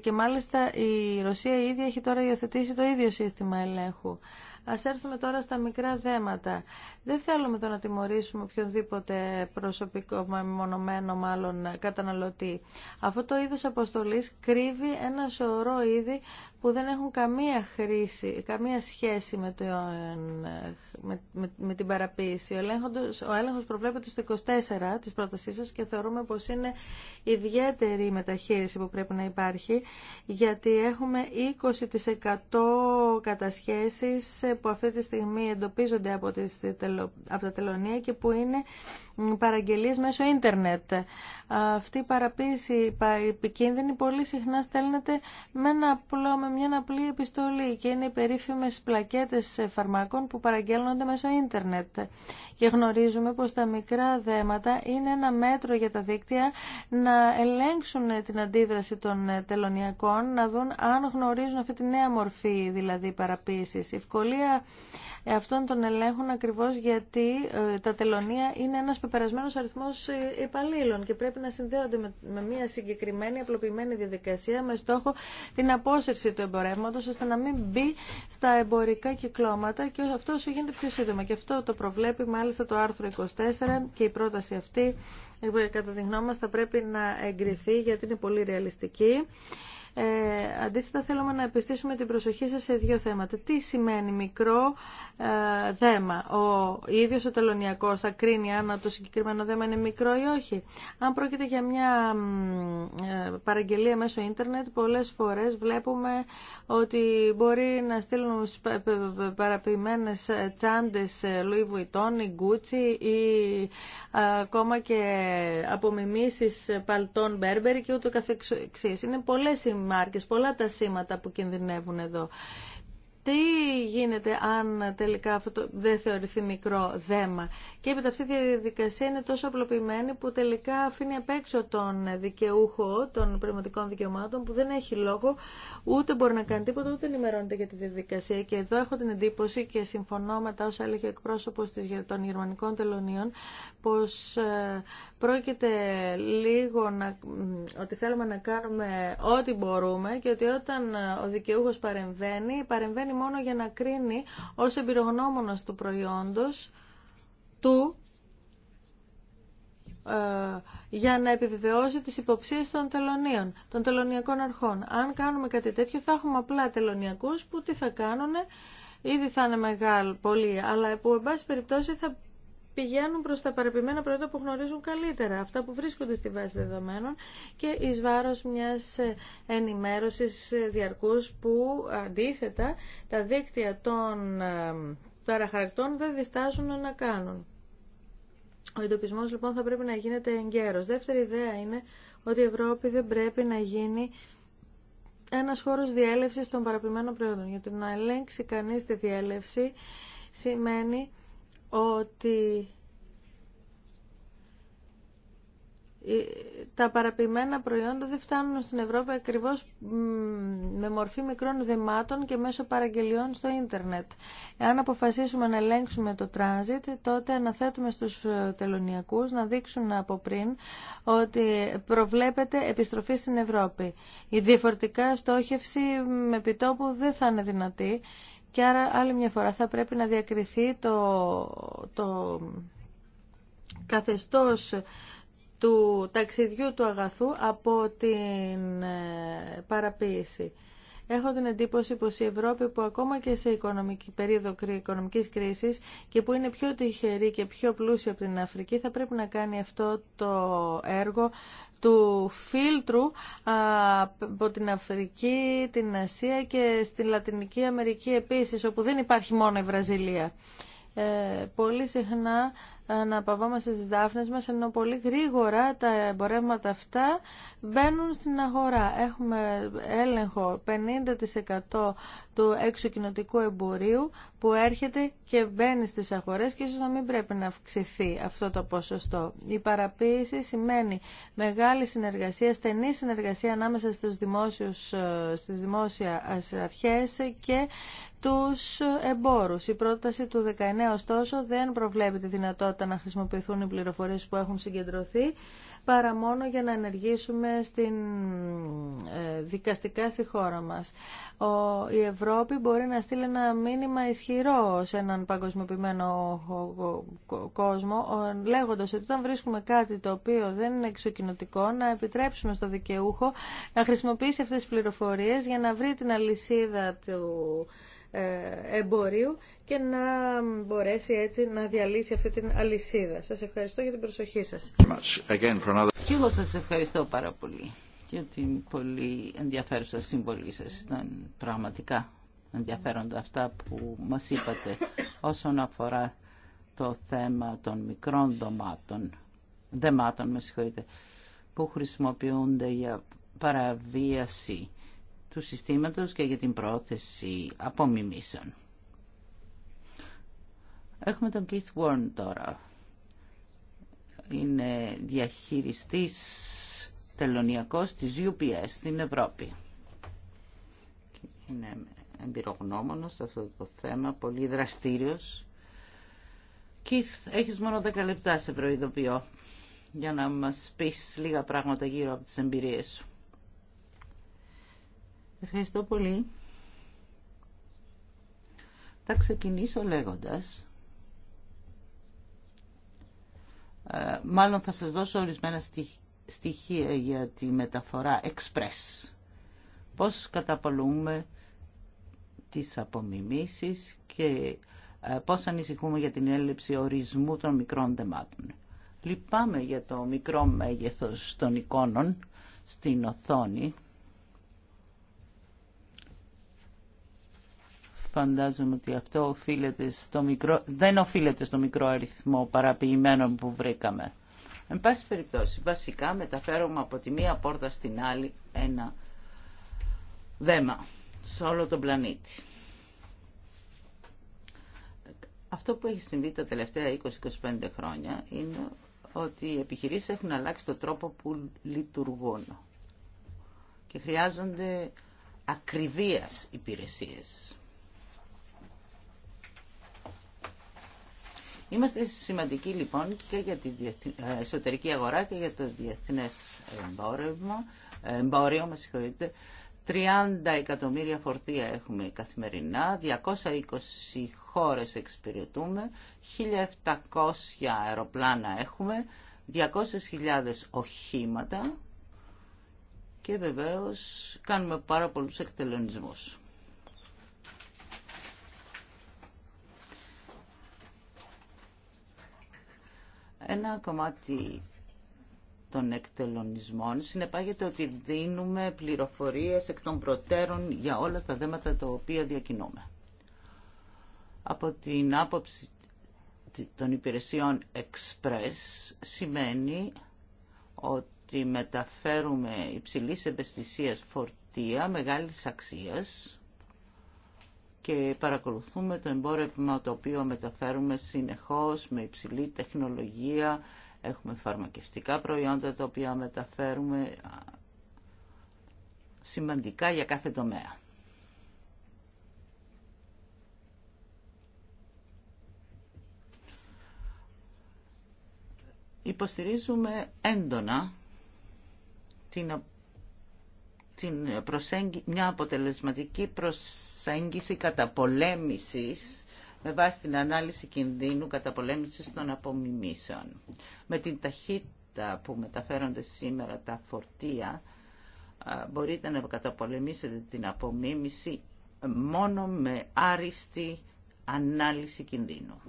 Και μάλιστα η Ρωσία η ίδια έχει τώρα υιοθετήσει το ίδιο σύστημα ελέγχου. Α έρθουμε τώρα στα μικρά θέματα. Δεν θέλουμε εδώ να τιμωρήσουμε οποιοδήποτε προσωπικό μεμονωμένο μάλλον καταναλωτή. Αυτό το είδο αποστολής κρύβει ένα σωρό είδη που δεν έχουν καμία χρήση, καμία σχέση με, το, με, με, με την παραποίηση. Ο, ο έλεγχος προβλέπεται στο 24 της πρότασής σας και θεωρούμε πως είναι ιδιαίτερη η μεταχείριση που πρέπει να υπάρχει γιατί έχουμε 20% κατασχέσεις που αυτή τη στιγμή εντοπίζονται από, τις, από τα τελωνία και που είναι παραγγελίες μέσω ίντερνετ. Αυτή η παραποίηση επικίνδυνη πολύ συχνά στέλνεται με ένα απλό μια απλή επιστολή και είναι οι περίφημες πλακέτες φαρμάκων που παραγγέλνονται μέσω ίντερνετ. Και γνωρίζουμε πως τα μικρά δέματα είναι ένα μέτρο για τα δίκτυα να ελέγξουν την αντίδραση των τελωνιακών, να δουν αν γνωρίζουν αυτή τη νέα μορφή δηλαδή παραποίησης. Η ευκολία Αυτόν τον ελέγχουν ακριβώς γιατί ε, τα τελωνία είναι ένας πεπερασμένος αριθμός ε, υπαλλήλων και πρέπει να συνδέονται με, μια συγκεκριμένη απλοποιημένη διαδικασία με στόχο την απόσυρση του εμπορεύματος ώστε να μην μπει στα εμπορικά κυκλώματα και αυτό όσο γίνεται πιο σύντομα. Και αυτό το προβλέπει μάλιστα το άρθρο 24 και η πρόταση αυτή ε, κατά τη γνώμη μας θα πρέπει να εγκριθεί γιατί είναι πολύ ρεαλιστική. Ε, αντίθετα θέλουμε να επιστήσουμε την προσοχή σας σε δύο θέματα. Τι σημαίνει μικρό ε, δέμα. Ο ίδιος ο τελωνιακός θα κρίνει αν το συγκεκριμένο δέμα είναι μικρό ή όχι. Αν πρόκειται για μια ε, παραγγελία μέσω ίντερνετ, πολλές φορές βλέπουμε ότι μπορεί να στείλουν παραποιημένες ε, τσάντες ε, Louis Vuitton ή Gucci ή ακόμα και απομιμήσεις παλτών Burberry και ούτω καθεξής. Είναι πολλές οι μάρκες, πολλά τα σήματα που κινδυνεύουν εδώ τι γίνεται αν τελικά αυτό το δεν θεωρηθεί μικρό δέμα. Και έπειτα αυτή η διαδικασία είναι τόσο απλοποιημένη που τελικά αφήνει απ' έξω τον δικαιούχο των πνευματικών δικαιωμάτων που δεν έχει λόγο, ούτε μπορεί να κάνει τίποτα, ούτε ενημερώνεται για τη διαδικασία. Και εδώ έχω την εντύπωση και συμφωνώ με τα όσα έλεγε ο εκπρόσωπο των Γερμανικών Τελωνίων, πω ε, πρόκειται λίγο να, ότι θέλουμε να κάνουμε ό,τι μπορούμε και ότι όταν ε, ο δικαιούχο παρεμβαίνει, παρεμβαίνει μόνο για να κρίνει ως εμπειρογνώμονας του προϊόντος του ε, για να επιβεβαιώσει τις υποψίες των τελωνίων, των τελωνιακών αρχών. Αν κάνουμε κάτι τέτοιο θα έχουμε απλά τελωνιακούς που τι θα κάνουν, ήδη θα είναι μεγάλο πολύ, αλλά που εν πάση περιπτώσει θα πηγαίνουν προς τα παραπημένα προϊόντα που γνωρίζουν καλύτερα, αυτά που βρίσκονται στη βάση δεδομένων και εις βάρος μιας ενημέρωσης διαρκούς που αντίθετα τα δίκτυα των ε, παραχαρακτών δεν διστάζουν να κάνουν. Ο εντοπισμός λοιπόν θα πρέπει να γίνεται εγκαίρος. Δεύτερη ιδέα είναι ότι η Ευρώπη δεν πρέπει να γίνει ένας χώρος διέλευσης των παραπημένων προϊόντων. Γιατί να ελέγξει κανείς τη διέλευση σημαίνει ότι τα παραποιημένα προϊόντα δεν φτάνουν στην Ευρώπη ακριβώς με μορφή μικρών δεμάτων και μέσω παραγγελιών στο ίντερνετ. Εάν αποφασίσουμε να ελέγξουμε το τράζιτ, τότε αναθέτουμε στους ε, τελωνιακούς να δείξουν από πριν ότι προβλέπεται επιστροφή στην Ευρώπη. Η διαφορετικά στόχευση με επιτόπου δεν θα είναι δυνατή και άρα άλλη μια φορά θα πρέπει να διακριθεί το, το καθεστώς του ταξιδιού του αγαθού από την ε, παραποίηση. Έχω την εντύπωση πως η Ευρώπη που ακόμα και σε οικονομική, περίοδο οικονομικής κρίσης και που είναι πιο τυχερή και πιο πλούσια από την Αφρική θα πρέπει να κάνει αυτό το έργο του φίλτρου από την Αφρική, την Ασία και στην Λατινική Αμερική επίσης, όπου δεν υπάρχει μόνο η Βραζιλία. Ε, πολύ συχνά να αναπαυόμαστε στις δάφνες μας, ενώ πολύ γρήγορα τα εμπορεύματα αυτά μπαίνουν στην αγορά. Έχουμε έλεγχο 50% του εξοκοινοτικού εμπορίου που έρχεται και μπαίνει στις αγορές και ίσως να μην πρέπει να αυξηθεί αυτό το ποσοστό. Η παραποίηση σημαίνει μεγάλη συνεργασία, στενή συνεργασία ανάμεσα στους δημόσιους, ε, στις δημόσια αρχές και τους εμπόρους. Η πρόταση του 19 ωστόσο δεν προβλέπει τη δυνατότητα να χρησιμοποιηθούν οι πληροφορίες που έχουν συγκεντρωθεί παρά μόνο για να ενεργήσουμε στην, ε, δικαστικά στη χώρα μας. Ο, η Ευρώπη μπορεί να στείλει ένα μήνυμα ισχυρό σε έναν παγκοσμιοποιημένο κόσμο λέγοντας ότι όταν βρίσκουμε κάτι το οποίο δεν είναι εξοκοινωτικό να επιτρέψουμε στο δικαιούχο να χρησιμοποιήσει αυτές τις πληροφορίες για να βρει την αλυσίδα του ε, εμπορίου και να μπορέσει έτσι να διαλύσει αυτή την αλυσίδα. Σας ευχαριστώ για την προσοχή σας. Και εγώ σας ευχαριστώ πάρα πολύ για την πολύ ενδιαφέρουσα συμβολή σας. Ήταν πραγματικά ενδιαφέροντα αυτά που μας είπατε όσον αφορά το θέμα των μικρών δωμάτων, δεμάτων με που χρησιμοποιούνται για παραβίαση του συστήματος και για την πρόθεση απομιμήσεων. Έχουμε τον Keith Warren τώρα. Είναι διαχειριστής τελωνιακός της UPS στην Ευρώπη. Είναι εμπειρογνώμονος σε αυτό το θέμα, πολύ δραστήριος. Keith, έχεις μόνο 10 λεπτά σε προειδοποιώ για να μας πεις λίγα πράγματα γύρω από τις εμπειρίες σου. Ευχαριστώ πολύ. Θα ξεκινήσω λέγοντας ε, μάλλον θα σας δώσω ορισμένα στοιχεία για τη μεταφορά express. Πώς καταπολούμε τις απομιμήσεις και ε, πώς ανησυχούμε για την έλλειψη ορισμού των μικρών δεμάτων. Λυπάμαι για το μικρό μέγεθος των εικόνων στην οθόνη. Φαντάζομαι ότι αυτό οφείλεται στο μικρό, δεν οφείλεται στο μικρό αριθμό παραποιημένων που βρήκαμε. Εν πάση περιπτώσει, βασικά μεταφέρουμε από τη μία πόρτα στην άλλη ένα δέμα σε όλο τον πλανήτη. Αυτό που έχει συμβεί τα τελευταία 20-25 χρόνια είναι ότι οι επιχειρήσεις έχουν αλλάξει τον τρόπο που λειτουργούν και χρειάζονται ακριβίας υπηρεσίες. Είμαστε σημαντικοί λοιπόν και για την ε, εσωτερική αγορά και για το διεθνές εμπόριο. εμπόριο 30 εκατομμύρια φορτία έχουμε καθημερινά, 220 χώρες εξυπηρετούμε, 1.700 αεροπλάνα έχουμε, 200.000 οχήματα και βεβαίως κάνουμε πάρα πολλούς εκτελονισμούς. Ένα κομμάτι των εκτελονισμών συνεπάγεται ότι δίνουμε πληροφορίες εκ των προτέρων για όλα τα θέματα τα οποία διακινούμε. Από την άποψη των υπηρεσιών Express σημαίνει ότι μεταφέρουμε υψηλής εμπεστησίας φορτία μεγάλης αξίας και παρακολουθούμε το εμπόρευμα το οποίο μεταφέρουμε συνεχώς με υψηλή τεχνολογία. Έχουμε φαρμακευτικά προϊόντα τα οποία μεταφέρουμε σημαντικά για κάθε τομέα. Υποστηρίζουμε έντονα την την προσέγγι... μια αποτελεσματική προσέγγιση καταπολέμησης με βάση την ανάλυση κινδύνου καταπολέμησης των απομιμήσεων. Με την ταχύτητα που μεταφέρονται σήμερα τα φορτία, μπορείτε να καταπολεμήσετε την απομίμηση μόνο με άριστη ανάλυση κινδύνου.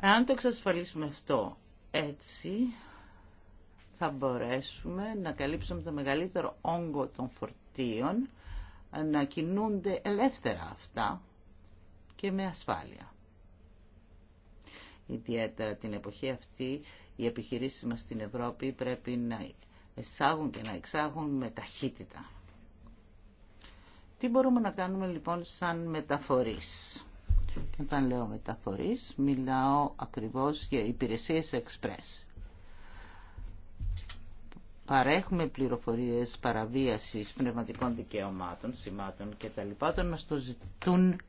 Αν το εξασφαλίσουμε αυτό έτσι, θα μπορέσουμε να καλύψουμε το μεγαλύτερο όγκο των φορτίων, να κινούνται ελεύθερα αυτά και με ασφάλεια. Ιδιαίτερα την εποχή αυτή οι επιχειρήσεις μας στην Ευρώπη πρέπει να εισάγουν και να εξάγουν με ταχύτητα. Τι μπορούμε να κάνουμε λοιπόν σαν μεταφορείς. Και όταν λέω μεταφορείς μιλάω ακριβώς για υπηρεσίες express παρέχουμε πληροφορίες παραβίασης πνευματικών δικαιωμάτων, σημάτων κτλ. Όταν μας το ζητούν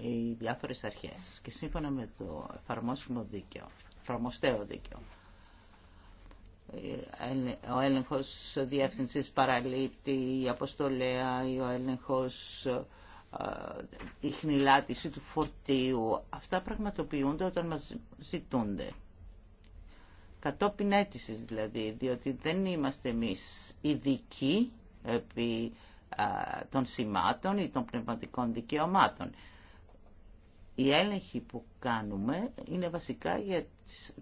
οι διάφορες αρχές και σύμφωνα με το εφαρμόσιμο δίκαιο, εφαρμοστέο δίκαιο. Ε, ο έλεγχος διεύθυνσης παραλήπτη, η αποστολέα ή ο έλεγχος ε, χνηλάτιση του φορτίου. Αυτά πραγματοποιούνται όταν μας ζητούνται κατόπιν αίτησης δηλαδή, διότι δεν είμαστε εμείς ειδικοί επί των σημάτων ή των πνευματικών δικαιωμάτων. Η έλεγχη που κάνουμε είναι βασικά για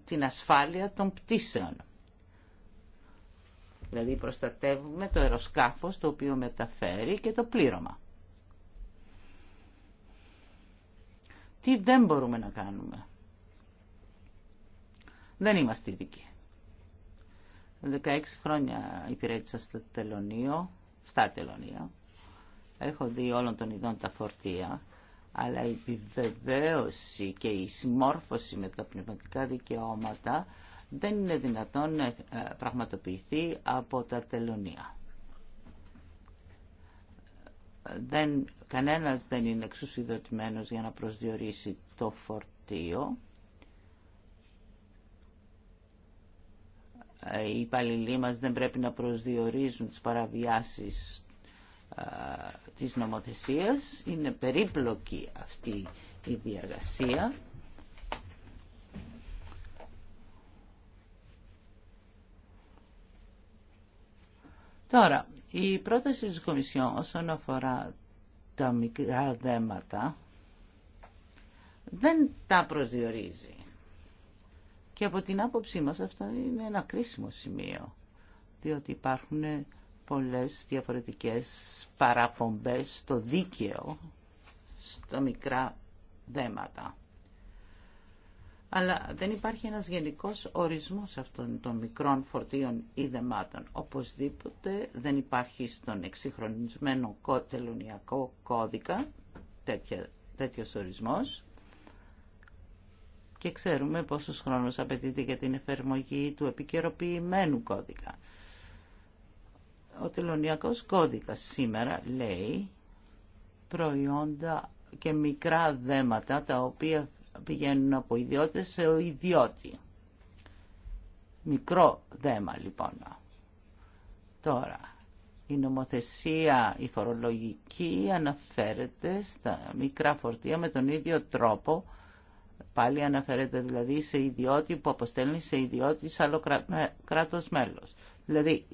την ασφάλεια των πτήσεων. Δηλαδή προστατεύουμε το αεροσκάφος το οποίο μεταφέρει και το πλήρωμα. Τι δεν μπορούμε να κάνουμε. Δεν είμαστε ειδικοί. 16 χρόνια υπηρέτησα στο τελωνίο, στα τελωνία. Έχω δει όλων των ειδών τα φορτία, αλλά η επιβεβαίωση και η συμμόρφωση με τα πνευματικά δικαιώματα δεν είναι δυνατόν να ε, πραγματοποιηθεί από τα τελωνία. Δεν, κανένας δεν είναι εξουσιοδοτημένος για να προσδιορίσει το φορτίο οι υπαλληλοί μας δεν πρέπει να προσδιορίζουν τις παραβιάσεις της νομοθεσίας. Είναι περίπλοκη αυτή η διαργασία. Τώρα, η πρόταση της Κομισιόν όσον αφορά τα μικρά δέματα δεν τα προσδιορίζει. Και από την άποψή μας αυτό είναι ένα κρίσιμο σημείο, διότι υπάρχουν πολλές διαφορετικές παραπομπές στο δίκαιο, στα μικρά δέματα. Αλλά δεν υπάρχει ένας γενικός ορισμός αυτών των μικρών φορτίων ή δεμάτων. Οπωσδήποτε δεν υπάρχει στον εξυγχρονισμένο τελωνιακό κώδικα τέτοια, τέτοιος ορισμός και ξέρουμε πόσος χρόνος απαιτείται για την εφαρμογή του επικαιροποιημένου κώδικα. Ο τελωνιακός κώδικας σήμερα λέει προϊόντα και μικρά δέματα τα οποία πηγαίνουν από ιδιώτες σε ο ιδιώτη. Μικρό δέμα λοιπόν. Τώρα, η νομοθεσία η φορολογική αναφέρεται στα μικρά φορτία με τον ίδιο τρόπο Πάλι αναφέρεται δηλαδή σε ιδιώτη που αποστέλνει σε ιδιώτη σε άλλο κράτος μέλος. Δηλαδή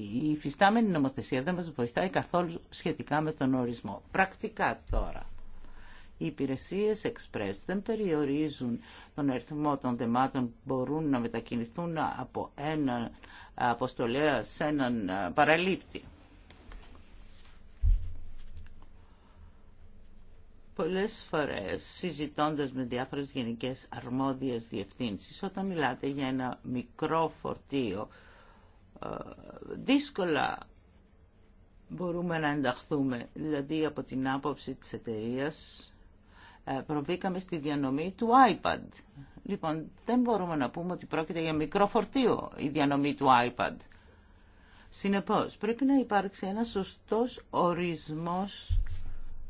η υφιστάμενη νομοθεσία δεν μας βοηθάει καθόλου σχετικά με τον ορισμό. Πρακτικά τώρα. Οι υπηρεσίε express δεν περιορίζουν τον αριθμό των θεμάτων που μπορούν να μετακινηθούν από ένα αποστολέα σε έναν ε, παραλήπτη. πολλές φορές συζητώντας με διάφορες γενικές αρμόδιες διευθύνσεις, όταν μιλάτε για ένα μικρό φορτίο, ε, δύσκολα μπορούμε να ενταχθούμε. Δηλαδή από την άποψη της εταιρεία ε, προβήκαμε στη διανομή του iPad. Λοιπόν, δεν μπορούμε να πούμε ότι πρόκειται για μικρό φορτίο η διανομή του iPad. Συνεπώς, πρέπει να υπάρξει ένα σωστός ορισμός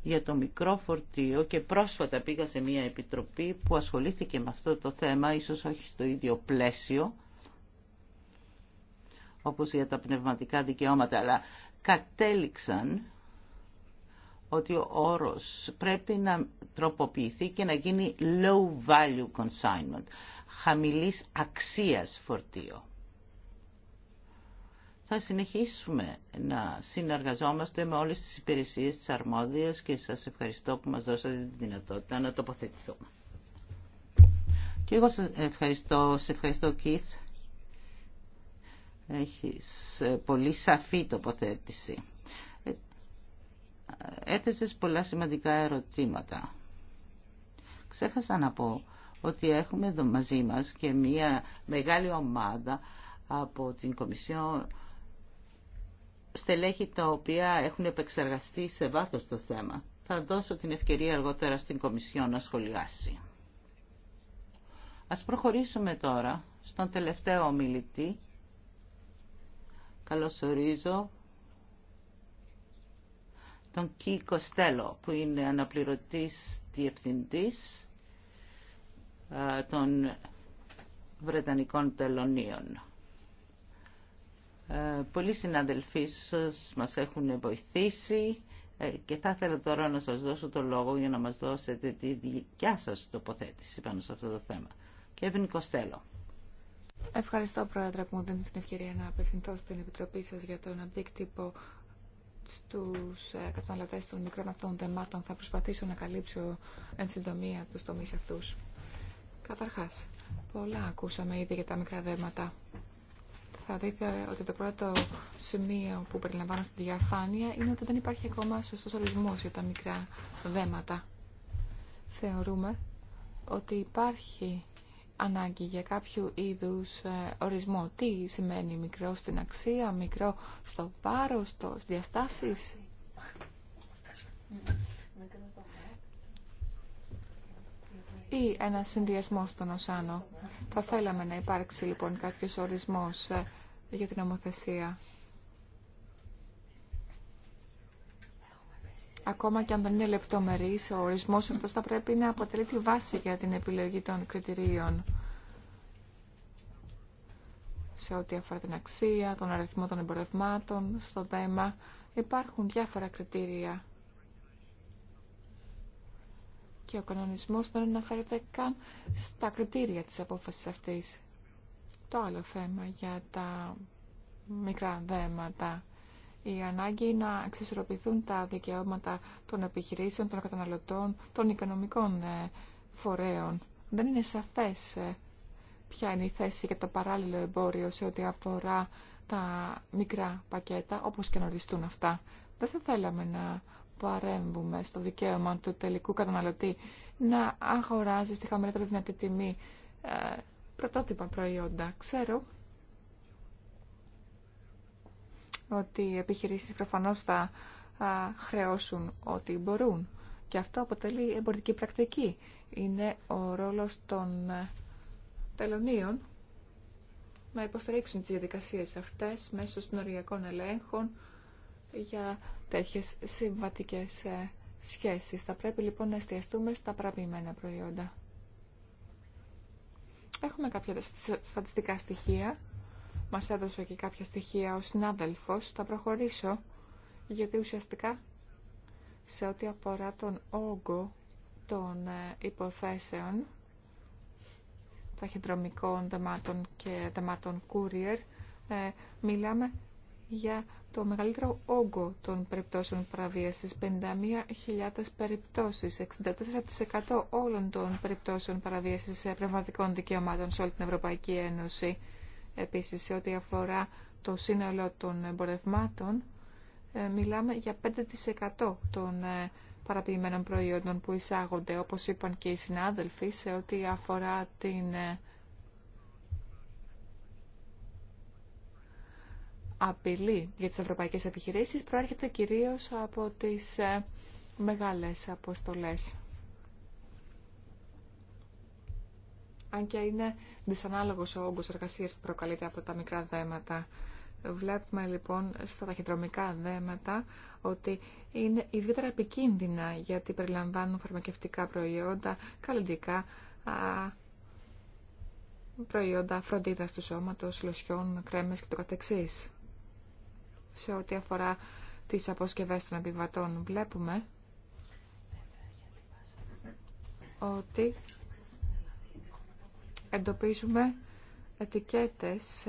για το μικρό φορτίο και πρόσφατα πήγα σε μια επιτροπή που ασχολήθηκε με αυτό το θέμα, ίσως όχι στο ίδιο πλαίσιο, όπως για τα πνευματικά δικαιώματα, αλλά κατέληξαν ότι ο όρος πρέπει να τροποποιηθεί και να γίνει low value consignment, χαμηλής αξίας φορτίο. Θα συνεχίσουμε να συνεργαζόμαστε με όλες τις υπηρεσίες της αρμόδιας και σας ευχαριστώ που μας δώσατε τη δυνατότητα να τοποθετηθούμε. Και εγώ σας ευχαριστώ, σε ευχαριστώ Κίθ. Έχεις ε, πολύ σαφή τοποθέτηση. Ε, έθεσες πολλά σημαντικά ερωτήματα. Ξέχασα να πω ότι έχουμε εδώ μαζί μας και μια μεγάλη ομάδα από την Κομισιόν στελέχη τα οποία έχουν επεξεργαστεί σε βάθος το θέμα. Θα δώσω την ευκαιρία αργότερα στην Κομισιό να σχολιάσει. Ας προχωρήσουμε τώρα στον τελευταίο ομιλητή. Καλωσορίζω τον Κι Κοστέλο, που είναι αναπληρωτής διευθυντής ε, των Βρετανικών Τελωνίων. Ε, πολλοί συναδελφοί σας μας έχουν βοηθήσει ε, και θα ήθελα τώρα να σας δώσω το λόγο για να μας δώσετε τη δικιά σας τοποθέτηση πάνω σε αυτό το θέμα. Κέβιν Κοστέλο. Ευχαριστώ Πρόεδρε που μου δίνετε την ευκαιρία να απευθυνθώ στην Επιτροπή σας για τον αντίκτυπο στους ε, καταναλωτές των μικρών αυτών θεμάτων. Θα προσπαθήσω να καλύψω εν συντομία τους τομείς αυτούς. Καταρχάς, πολλά ακούσαμε ήδη για τα μικρά δέματα θα δείτε ότι το πρώτο σημείο που περιλαμβάνω στη διαφάνεια είναι ότι δεν υπάρχει ακόμα σωστός ορισμός για τα μικρά δέματα. Θεωρούμε ότι υπάρχει ανάγκη για κάποιο είδους ε, ορισμό. Τι σημαίνει μικρό στην αξία, μικρό στο πάρο, στο, στις διαστάσεις. Ή ένα συνδυασμό στον Οσάνο. Θα θέλαμε να υπάρξει λοιπόν κάποιος ορισμός ε, για την νομοθεσία. Ακόμα και αν δεν είναι λεπτομερής, ο ορισμός αυτός θα πρέπει να αποτελεί τη βάση για την επιλογή των κριτηρίων σε ό,τι αφορά την αξία, τον αριθμό των εμπορευμάτων, στο θέμα. Υπάρχουν διάφορα κριτήρια. Και ο κανονισμός δεν αναφέρεται καν στα κριτήρια της απόφασης αυτής. Το άλλο θέμα για τα μικρά δέματα. Η ανάγκη να εξισορροπηθούν τα δικαιώματα των επιχειρήσεων, των καταναλωτών, των οικονομικών ε, φορέων. Δεν είναι σαφές ε, ποια είναι η θέση για το παράλληλο εμπόριο σε ό,τι αφορά τα μικρά πακέτα, όπως και να οριστούν αυτά. Δεν θα θέλαμε να παρέμβουμε στο δικαίωμα του τελικού καταναλωτή να αγοράζει στη χαμηλότερη δυνατή τιμή ε, πρωτότυπα προϊόντα. Ξέρω ότι οι επιχειρήσεις προφανώς θα χρεώσουν ό,τι μπορούν και αυτό αποτελεί εμπορική πρακτική. Είναι ο ρόλος των ε, τελωνίων να υποστηρίξουν τις διαδικασίες αυτές μέσω συνοριακών ελέγχων για τέτοιες συμβατικές ε, σχέσεις. Θα πρέπει λοιπόν να εστιαστούμε στα παραποιημένα προϊόντα. Έχουμε κάποια στατιστικά στοιχεία. Μας έδωσε και κάποια στοιχεία ο συνάδελφος. Θα προχωρήσω, γιατί ουσιαστικά σε ό,τι αφορά τον όγκο των ε, υποθέσεων ταχυδρομικών δεμάτων και δεμάτων courier ε, μιλάμε για το μεγαλύτερο όγκο των περιπτώσεων παραβίασης, 51.000 περιπτώσεις, 64% όλων των περιπτώσεων παραβίασης πνευματικών δικαιωμάτων σε όλη την Ευρωπαϊκή Ένωση. Επίσης, σε ό,τι αφορά το σύνολο των εμπορευμάτων, ε, μιλάμε για 5% των ε, παραποιημένων προϊόντων που εισάγονται, όπως είπαν και οι συνάδελφοι, σε ό,τι αφορά την ε, απειλή για τις ευρωπαϊκές επιχειρήσεις προέρχεται κυρίως από τις ε, μεγάλες αποστολές. Αν και είναι δυσανάλογος ο όγκος εργασίας που προκαλείται από τα μικρά δέματα. Βλέπουμε λοιπόν στα ταχυδρομικά δέματα ότι είναι ιδιαίτερα επικίνδυνα γιατί περιλαμβάνουν φαρμακευτικά προϊόντα, καλλιντικά, προϊόντα φροντίδας του σώματος, λοσιών, κρέμες και το καθεξής σε ό,τι αφορά τις αποσκευές των επιβατών. Βλέπουμε ότι εντοπίζουμε ετικέτες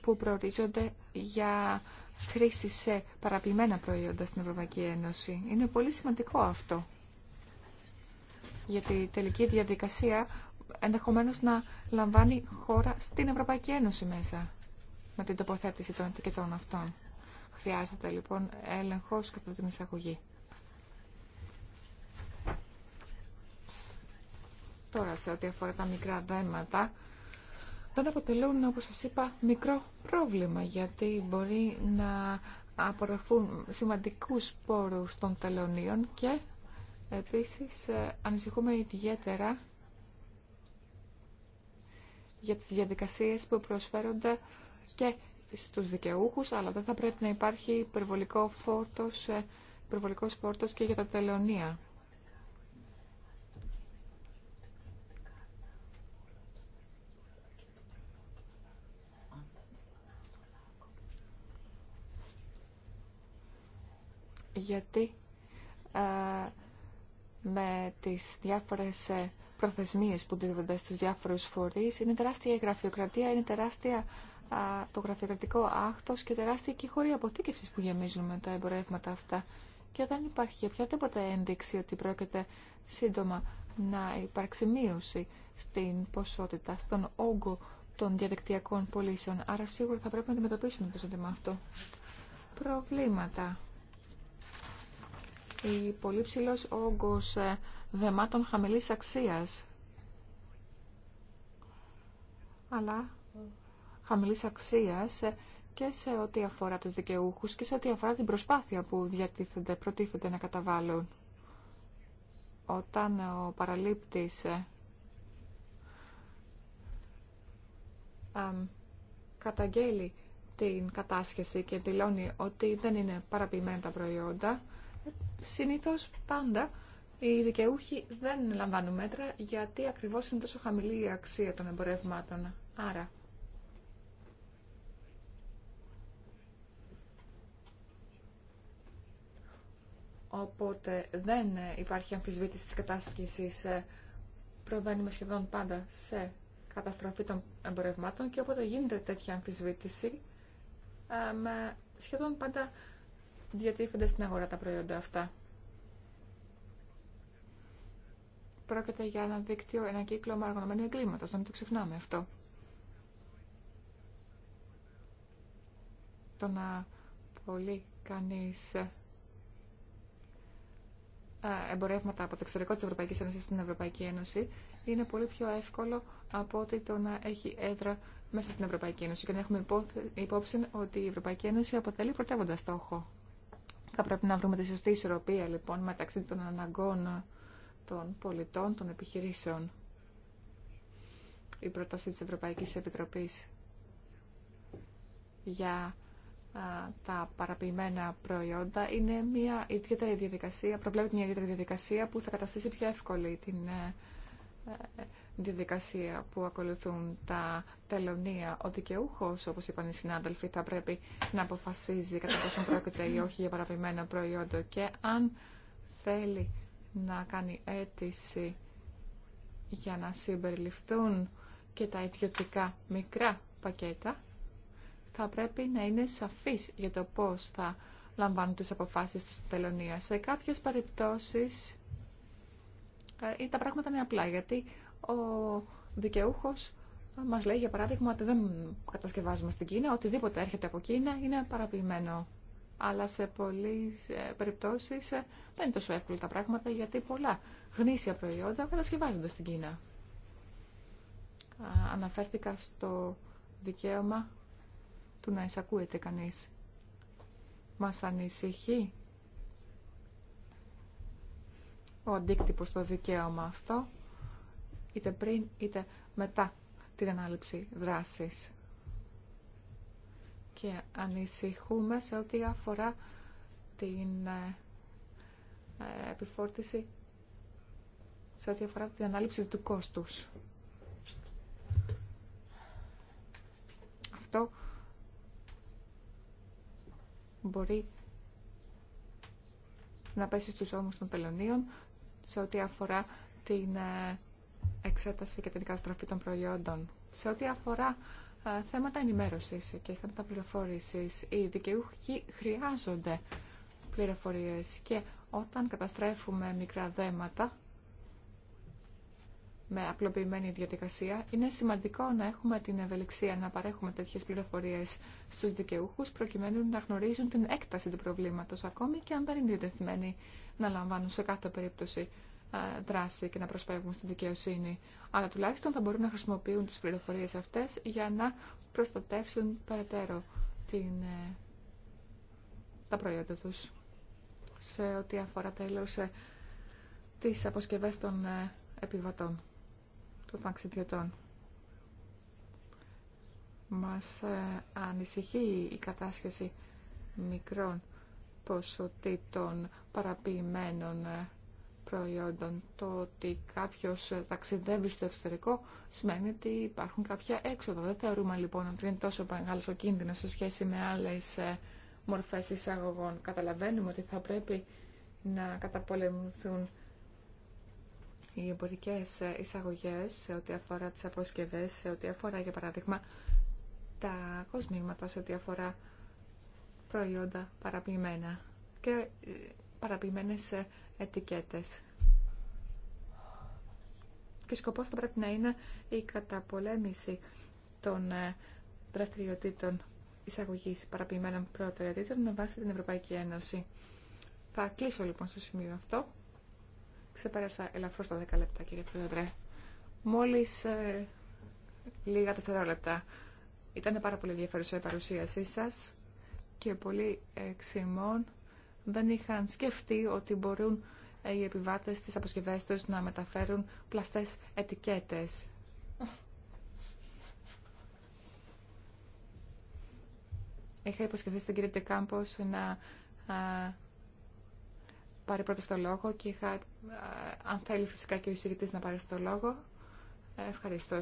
που προορίζονται για χρήση σε παραποιημένα προϊόντα στην Ευρωπαϊκή Ένωση. Είναι πολύ σημαντικό αυτό. Γιατί η τελική διαδικασία ενδεχομένως να λαμβάνει χώρα στην Ευρωπαϊκή Ένωση μέσα με την τοποθέτηση των ετικετών αυτών. Χρειάζεται λοιπόν έλεγχος κατά την εισαγωγή. Τώρα σε ό,τι αφορά τα μικρά δέματα, δεν αποτελούν όπως σας είπα μικρό πρόβλημα γιατί μπορεί να απορροφούν σημαντικούς πόρους των τελωνίων και επίσης ε, ανησυχούμε ιδιαίτερα για τις διαδικασίες που προσφέρονται και στους δικαιούχους, αλλά δεν θα πρέπει να υπάρχει υπερβολικό φόρτος, ε, υπερβολικός φόρτος και για τα τελωνία. γιατί ε, με τις διάφορες ε, προθεσμίες που δίδονται στους διάφορους φορείς είναι τεράστια η γραφειοκρατία, είναι τεράστια το γραφειοκρατικό άκτο και τεράστια κυχωρία αποθήκευση που γεμίζουν με τα εμπορεύματα αυτά. Και δεν υπάρχει οποιαδήποτε ένδειξη ότι πρόκειται σύντομα να υπάρξει μείωση στην ποσότητα, στον όγκο των διαδικτυακών πωλήσεων. Άρα σίγουρα θα πρέπει να αντιμετωπίσουμε το ζήτημα αυτό. Προβλήματα. Η πολύ ψηλό όγκο ε, δεμάτων χαμηλή αξία. Αλλά χαμηλής αξίας και σε ό,τι αφορά τους δικαιούχους και σε ό,τι αφορά την προσπάθεια που διατίθεται, προτίθεται να καταβάλουν. Όταν ο παραλήπτης ε, καταγγέλει την κατάσχεση και δηλώνει ότι δεν είναι παραποιημένα τα προϊόντα, συνήθως πάντα οι δικαιούχοι δεν λαμβάνουν μέτρα γιατί ακριβώς είναι τόσο χαμηλή η αξία των εμπορευμάτων. Άρα Οπότε δεν υπάρχει αμφισβήτηση της κατάσκησης. Ε, προβαίνουμε σχεδόν πάντα σε καταστροφή των εμπορευμάτων και όποτε γίνεται τέτοια αμφισβήτηση, ε, με σχεδόν πάντα διατίθενται στην αγορά τα προϊόντα αυτά. Πρόκειται για ένα δίκτυο, ένα κύκλο κλίματα εγκλήματος, να μην το ξεχνάμε αυτό. Το να πολύ κανείς ε, ε, εμπορεύματα από το εξωτερικό της Ευρωπαϊκής Ένωσης στην Ευρωπαϊκή Ένωση είναι πολύ πιο εύκολο από ότι το να έχει έδρα μέσα στην Ευρωπαϊκή Ένωση και να έχουμε υπόψη ότι η Ευρωπαϊκή Ένωση αποτελεί πρωτεύοντα στόχο. Θα πρέπει να βρούμε τη σωστή ισορροπία λοιπόν μεταξύ των αναγκών των πολιτών, των επιχειρήσεων. Η πρόταση της Ευρωπαϊκής Επιτροπής για τα παραποιημένα προϊόντα είναι μια ιδιαίτερη διαδικασία, προβλέπει μια ιδιαίτερη διαδικασία που θα καταστήσει πιο εύκολη την ε, ε, διαδικασία που ακολουθούν τα τελωνία. Ο δικαιούχο, όπω είπαν οι συνάδελφοι, θα πρέπει να αποφασίζει κατά πόσο πρόκειται ή όχι για παραποιημένα προϊόντα και αν θέλει να κάνει αίτηση για να συμπεριληφθούν και τα ιδιωτικά μικρά πακέτα, θα πρέπει να είναι σαφής για το πώς θα λαμβάνουν τις αποφάσεις τους στην τελωνία. Σε κάποιες περιπτώσεις ε, τα πράγματα είναι απλά, γιατί ο δικαιούχος μας λέει, για παράδειγμα, ότι δεν κατασκευάζουμε στην Κίνα, οτιδήποτε έρχεται από Κίνα είναι παραποιημένο. Αλλά σε πολλές ε, περιπτώσεις ε, δεν είναι τόσο εύκολα τα πράγματα, γιατί πολλά γνήσια προϊόντα κατασκευάζονται στην Κίνα. Αναφέρθηκα στο δικαίωμα του να εισακούεται κανείς. Μας ανησυχεί ο αντίκτυπος στο δικαίωμα αυτό, είτε πριν είτε μετά την ανάληψη δράσης. Και ανησυχούμε σε ό,τι αφορά την ε, ε, επιφόρτηση σε ό,τι αφορά την ανάληψη του κόστους. Αυτό μπορεί να πέσει στους ώμους των πελωνίων σε ό,τι αφορά την ε, εξέταση και την καταστροφή των προϊόντων. Σε ό,τι αφορά ε, θέματα ενημέρωσης και θέματα πληροφόρησης, οι δικαιούχοι χρειάζονται πληροφορίες και όταν καταστρέφουμε μικρά δέματα, με απλοποιημένη διαδικασία. Είναι σημαντικό να έχουμε την ευελιξία να παρέχουμε τέτοιες πληροφορίες στους δικαιούχους προκειμένου να γνωρίζουν την έκταση του προβλήματος ακόμη και αν δεν είναι διδεθμένοι να λαμβάνουν σε κάθε περίπτωση ε, δράση και να προσφεύγουν στη δικαιοσύνη. Αλλά τουλάχιστον θα μπορούν να χρησιμοποιούν τις πληροφορίες αυτές για να προστατεύσουν περαιτέρω την, ε, τα προϊόντα τους. Σε ό,τι αφορά τέλος ε, τις αποσκευές των επιβατών των ταξιδιωτών. Μας ε, ανησυχεί η κατάσχεση μικρών ποσοτήτων παραποιημένων ε, προϊόντων. Το ότι κάποιος ε, ταξιδεύει στο εξωτερικό σημαίνει ότι υπάρχουν κάποια έξοδα. Δεν θεωρούμε λοιπόν ότι είναι τόσο μεγάλο ο κίνδυνο σε σχέση με άλλες μορφές εισαγωγών. Καταλαβαίνουμε ότι θα πρέπει να καταπολεμηθούν οι εμπορικέ εισαγωγέ, σε ό,τι αφορά τι αποσκευέ, σε ό,τι αφορά για παράδειγμα τα κοσμήματα, σε ό,τι αφορά προϊόντα παραποιημένα και ε, παραποιημένες ετικέτες. Και σκοπό θα πρέπει να είναι η καταπολέμηση των ε, δραστηριοτήτων εισαγωγή παραποιημένων προτεραιοτήτων με βάση την Ευρωπαϊκή Ένωση. Θα κλείσω λοιπόν στο σημείο αυτό. Ξεπέρασα ελαφρώς τα 10 λεπτά, κύριε Πρόεδρε. Μόλις ε, λίγα τεσσερά λεπτά. Ήταν πάρα πολύ ενδιαφέρουσα η παρουσίασή σας και πολλοί εξημών δεν είχαν σκεφτεί ότι μπορούν ε, οι επιβάτες στις αποσκευές τους να μεταφέρουν πλαστές ετικέτες. Είχα υποσχεθεί στον κύριο Τεκάμπος να πάρει πρώτα στο λόγο και είχα, ε, αν θέλει φυσικά και ο εισηγητής να πάρει στο λόγο, ε, ευχαριστώ.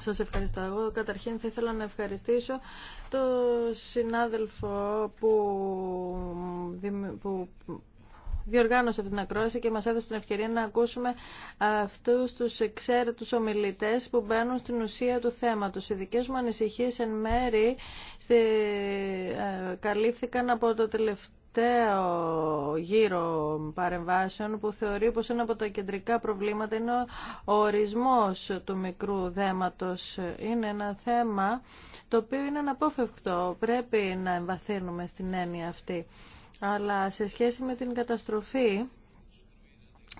Σας ευχαριστώ. Εγώ καταρχήν θα ήθελα να ευχαριστήσω το συνάδελφο που, που διοργάνωσε αυτή την ακρόαση και μας έδωσε την ευκαιρία να ακούσουμε αυτούς τους εξαίρετους ομιλητές που μπαίνουν στην ουσία του θέματος. Οι δικές μου ανησυχίες εν μέρη ε, καλύφθηκαν από το τελευταίο τελευταίο γύρο παρεμβάσεων που θεωρεί πως ένα από τα κεντρικά προβλήματα είναι ο ορισμός του μικρού δέματος. Είναι ένα θέμα το οποίο είναι αναπόφευκτο. Πρέπει να εμβαθύνουμε στην έννοια αυτή. Αλλά σε σχέση με την καταστροφή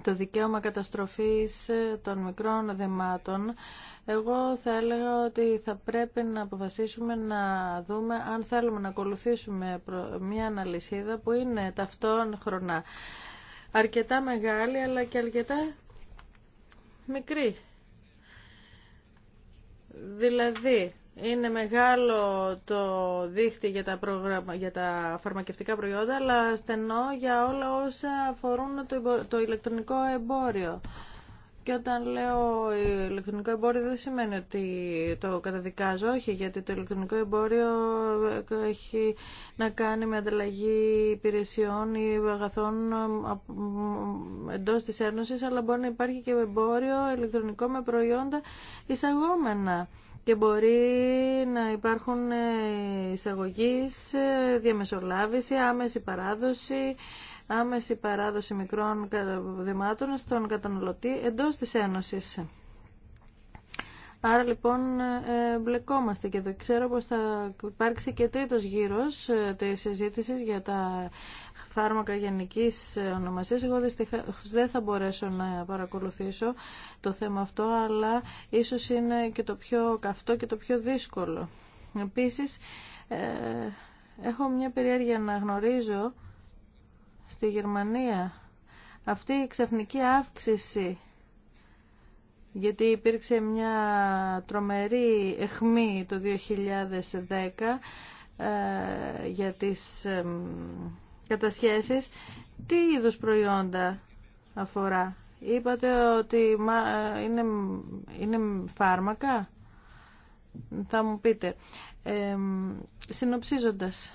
το δικαίωμα καταστροφής ε, των μικρών δεμάτων, εγώ θα έλεγα ότι θα πρέπει να αποφασίσουμε να δούμε αν θέλουμε να ακολουθήσουμε μια αναλυσίδα που είναι ταυτόχρονα αρκετά μεγάλη αλλά και αρκετά μικρή. Δηλαδή, είναι μεγάλο το δίχτυ για τα, φαρμακευτικά προϊόντα, αλλά στενό για όλα όσα αφορούν το, το ηλεκτρονικό εμπόριο. Και όταν λέω ηλεκτρονικό εμπόριο δεν σημαίνει ότι το καταδικάζω, όχι, γιατί το ηλεκτρονικό εμπόριο έχει να κάνει με ανταλλαγή υπηρεσιών ή αγαθών εντός της Ένωσης, αλλά μπορεί να υπάρχει και εμπόριο ηλεκτρονικό με προϊόντα εισαγόμενα και μπορεί να υπάρχουν ε, εισαγωγής, ε, διαμεσολάβηση, άμεση παράδοση, άμεση παράδοση μικρών δεμάτων στον καταναλωτή εντός της Ένωσης. Άρα λοιπόν ε, μπλεκόμαστε και εδώ ξέρω πως θα υπάρξει και τρίτος γύρος της συζήτηση για τα φάρμακα γενικής ε, ονομασίας. Εγώ δεν θα μπορέσω να παρακολουθήσω το θέμα αυτό, αλλά ίσως είναι και το πιο καυτό και το πιο δύσκολο. Επίσης, ε, έχω μια περιέργεια να γνωρίζω στη Γερμανία αυτή η ξαφνική αύξηση γιατί υπήρξε μια τρομερή εχμή το 2010 ε, για τις κατασχέσεις, τι είδους προϊόντα αφορά. Είπατε ότι είναι, είναι φάρμακα. Θα μου πείτε. Ε, συνοψίζοντας,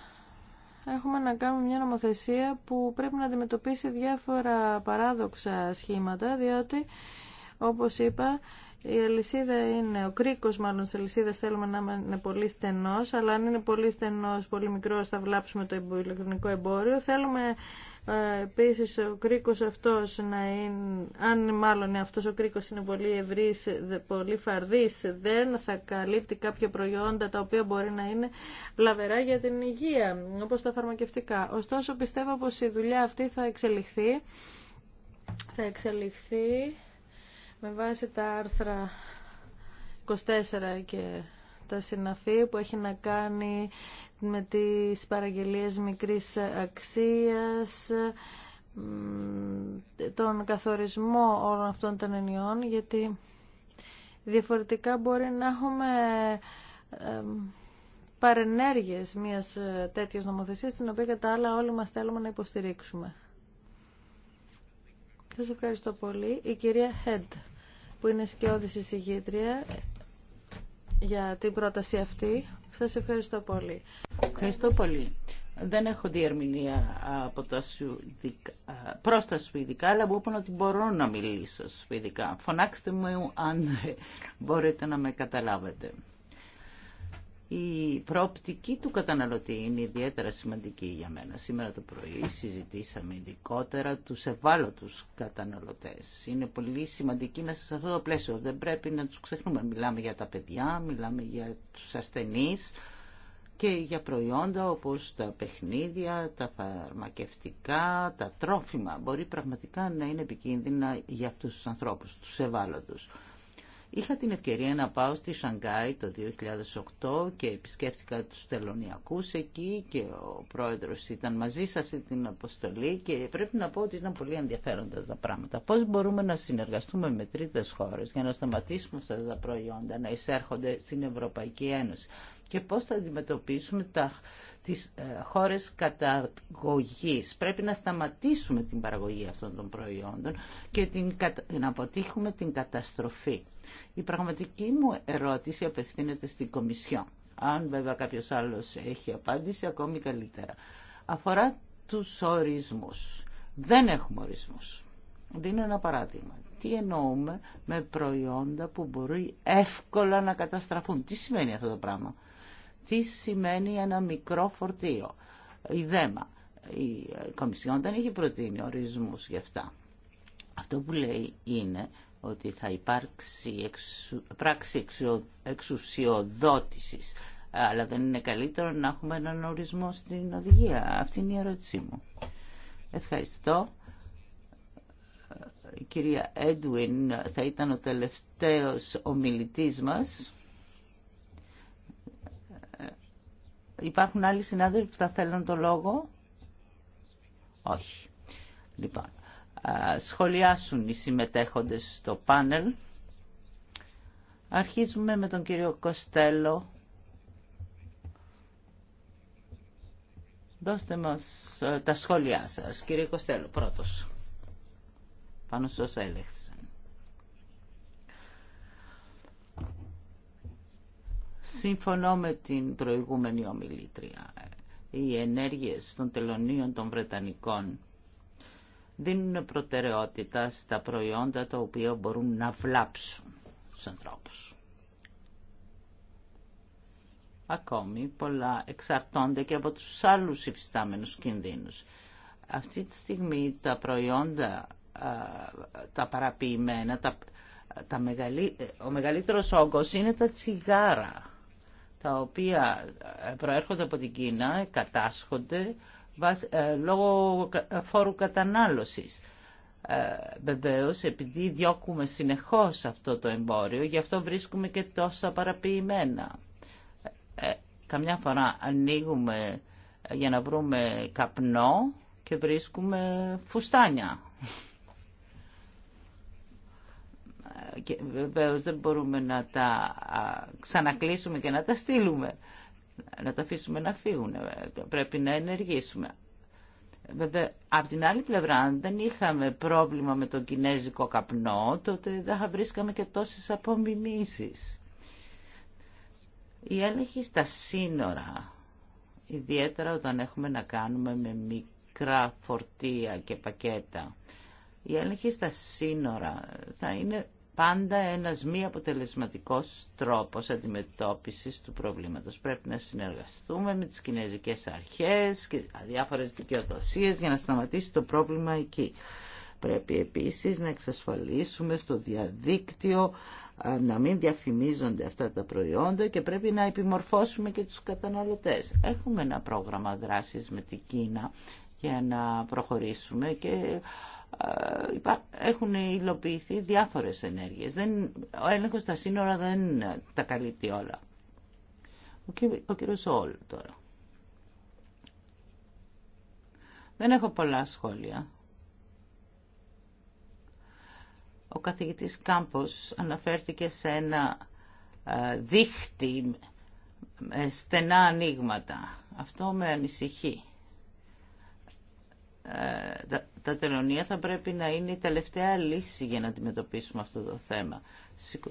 έχουμε να κάνουμε μια νομοθεσία που πρέπει να αντιμετωπίσει διάφορα παράδοξα σχήματα, διότι, όπως είπα, η αλυσίδα είναι, ο κρίκος μάλλον σε αλυσίδα θέλουμε να είναι πολύ στενός, αλλά αν είναι πολύ στενός, πολύ μικρό, θα βλάψουμε το ηλεκτρονικό εμπόριο. Θέλουμε ε, επίσης ο κρίκος αυτός να είναι, αν μάλλον αυτός ο κρίκος είναι πολύ ευρύς, πολύ φαρδής, δεν θα καλύπτει κάποια προϊόντα τα οποία μπορεί να είναι βλαβερά για την υγεία, όπω τα φαρμακευτικά. Ωστόσο πιστεύω πω η δουλειά αυτή θα εξελιχθεί, θα εξελιχθεί με βάση τα άρθρα 24 και τα συναφή που έχει να κάνει με τις παραγγελίες μικρής αξίας, τον καθορισμό όλων αυτών των ενιών, γιατί διαφορετικά μπορεί να έχουμε παρενέργειες μιας ε, τέτοιας νομοθεσίας, την οποία κατά άλλα όλοι μας θέλουμε να υποστηρίξουμε. Σας ευχαριστώ πολύ. Η κυρία Χέντ που είναι σκιώδης εισηγήτρια για την πρόταση αυτή. Σας ευχαριστώ πολύ. Ευχαριστώ πολύ. Δεν έχω διερμηνία από τα Σουηδικα, προς τα Σουηδικά, αλλά μου είπαν ότι μπορώ να μιλήσω Σουηδικά. Φωνάξτε μου αν (laughs) μπορείτε να με καταλάβετε η πρόπτικη του καταναλωτή είναι ιδιαίτερα σημαντική για μένα. Σήμερα το πρωί συζητήσαμε ειδικότερα τους ευάλωτους καταναλωτές. Είναι πολύ σημαντική μέσα σε αυτό το πλαίσιο. Δεν πρέπει να τους ξεχνούμε. Μιλάμε για τα παιδιά, μιλάμε για τους ασθενείς και για προϊόντα όπως τα παιχνίδια, τα φαρμακευτικά, τα τρόφιμα. Μπορεί πραγματικά να είναι επικίνδυνα για τους ανθρώπους, τους ευάλωτους. Είχα την ευκαιρία να πάω στη Σανγκάη το 2008 και επισκέφθηκα τους τελωνιακούς εκεί και ο πρόεδρος ήταν μαζί σε αυτή την αποστολή και πρέπει να πω ότι ήταν πολύ ενδιαφέροντα τα πράγματα. Πώς μπορούμε να συνεργαστούμε με τρίτες χώρες για να σταματήσουμε αυτά τα προϊόντα να εισέρχονται στην Ευρωπαϊκή Ένωση και πώς θα αντιμετωπίσουμε τα, τις ε, χώρες καταγωγής. Πρέπει να σταματήσουμε την παραγωγή αυτών των προϊόντων και την, να αποτύχουμε την καταστροφή. Η πραγματική μου ερώτηση απευθύνεται στην Κομισιό. Αν βέβαια κάποιος άλλος έχει απάντηση, ακόμη καλύτερα. Αφορά τους ορισμούς. Δεν έχουμε ορισμούς. Δίνω ένα παράδειγμα. Τι εννοούμε με προϊόντα που μπορεί εύκολα να καταστραφούν. Τι σημαίνει αυτό το πράγμα τι σημαίνει ένα μικρό φορτίο, η δέμα. Η Κομισιόν δεν έχει προτείνει ορισμούς γι' αυτά. Αυτό που λέει είναι ότι θα υπάρξει πράξη εξουσιοδότησης, αλλά δεν είναι καλύτερο να έχουμε έναν ορισμό στην οδηγία. Αυτή είναι η ερώτησή μου. Ευχαριστώ. Η ε, κυρία Έντουιν θα ήταν ο τελευταίος ομιλητής μας. Υπάρχουν άλλοι συνάδελφοι που θα θέλουν το λόγο. Όχι. Λοιπόν, σχολιάσουν οι συμμετέχοντες στο πάνελ. Αρχίζουμε με τον κύριο Κοστέλο. Δώστε μας τα σχόλιά σας. Κύριε Κοστέλο, πρώτος. Πάνω όσα έλεγχτε. Σύμφωνο με την προηγούμενη ομιλήτρια. Οι ενέργειες των τελωνίων των Βρετανικών δίνουν προτεραιότητα στα προϊόντα τα οποία μπορούν να βλάψουν τους ανθρώπους. Ακόμη πολλά εξαρτώνται και από τους άλλους υφιστάμενους κινδύνους. Αυτή τη στιγμή τα προϊόντα, τα παραποιημένα, τα, ο μεγαλύτερος όγκος είναι τα τσιγάρα τα οποία ε, προέρχονται από την Κίνα κατάσχονται ε, λόγω φόρου κατανάλωσης. Ε, Βεβαίω, επειδή διώκουμε συνεχώς αυτό το εμπόριο, γι' αυτό βρίσκουμε και τόσα παραποιημένα. Καμιά φορά ανοίγουμε για να βρούμε καπνό και βρίσκουμε φουστάνια και βεβαίω δεν μπορούμε να τα ξανακλείσουμε και να τα στείλουμε, να τα αφήσουμε να φύγουν. Πρέπει να ενεργήσουμε. Βέβαια, από την άλλη πλευρά, αν δεν είχαμε πρόβλημα με τον κινέζικο καπνό, τότε δεν θα βρίσκαμε και τόσες απομιμήσεις. Η έλεγχη στα σύνορα, ιδιαίτερα όταν έχουμε να κάνουμε με μικρά φορτία και πακέτα, η έλεγχη στα σύνορα θα είναι πάντα ένας μη αποτελεσματικός τρόπος αντιμετώπισης του προβλήματος. Πρέπει να συνεργαστούμε με τις κινέζικες αρχές και διάφορες δικαιοδοσίες για να σταματήσει το πρόβλημα εκεί. Πρέπει επίσης να εξασφαλίσουμε στο διαδίκτυο να μην διαφημίζονται αυτά τα προϊόντα και πρέπει να επιμορφώσουμε και τους καταναλωτές. Έχουμε ένα πρόγραμμα δράσης με την Κίνα για να προχωρήσουμε και ε, έχουν υλοποιηθεί διάφορες ενέργειες. Δεν, ο έλεγχος στα σύνορα δεν τα καλύπτει όλα. Ο, κύριο, ο κύριος Όλ τώρα. Δεν έχω πολλά σχόλια. Ο καθηγητής Κάμπος αναφέρθηκε σε ένα ε, δίχτυ στενά ανοίγματα. Αυτό με ανησυχεί. Ε, τα τελωνία θα πρέπει να είναι η τελευταία λύση για να αντιμετωπίσουμε αυτό το θέμα.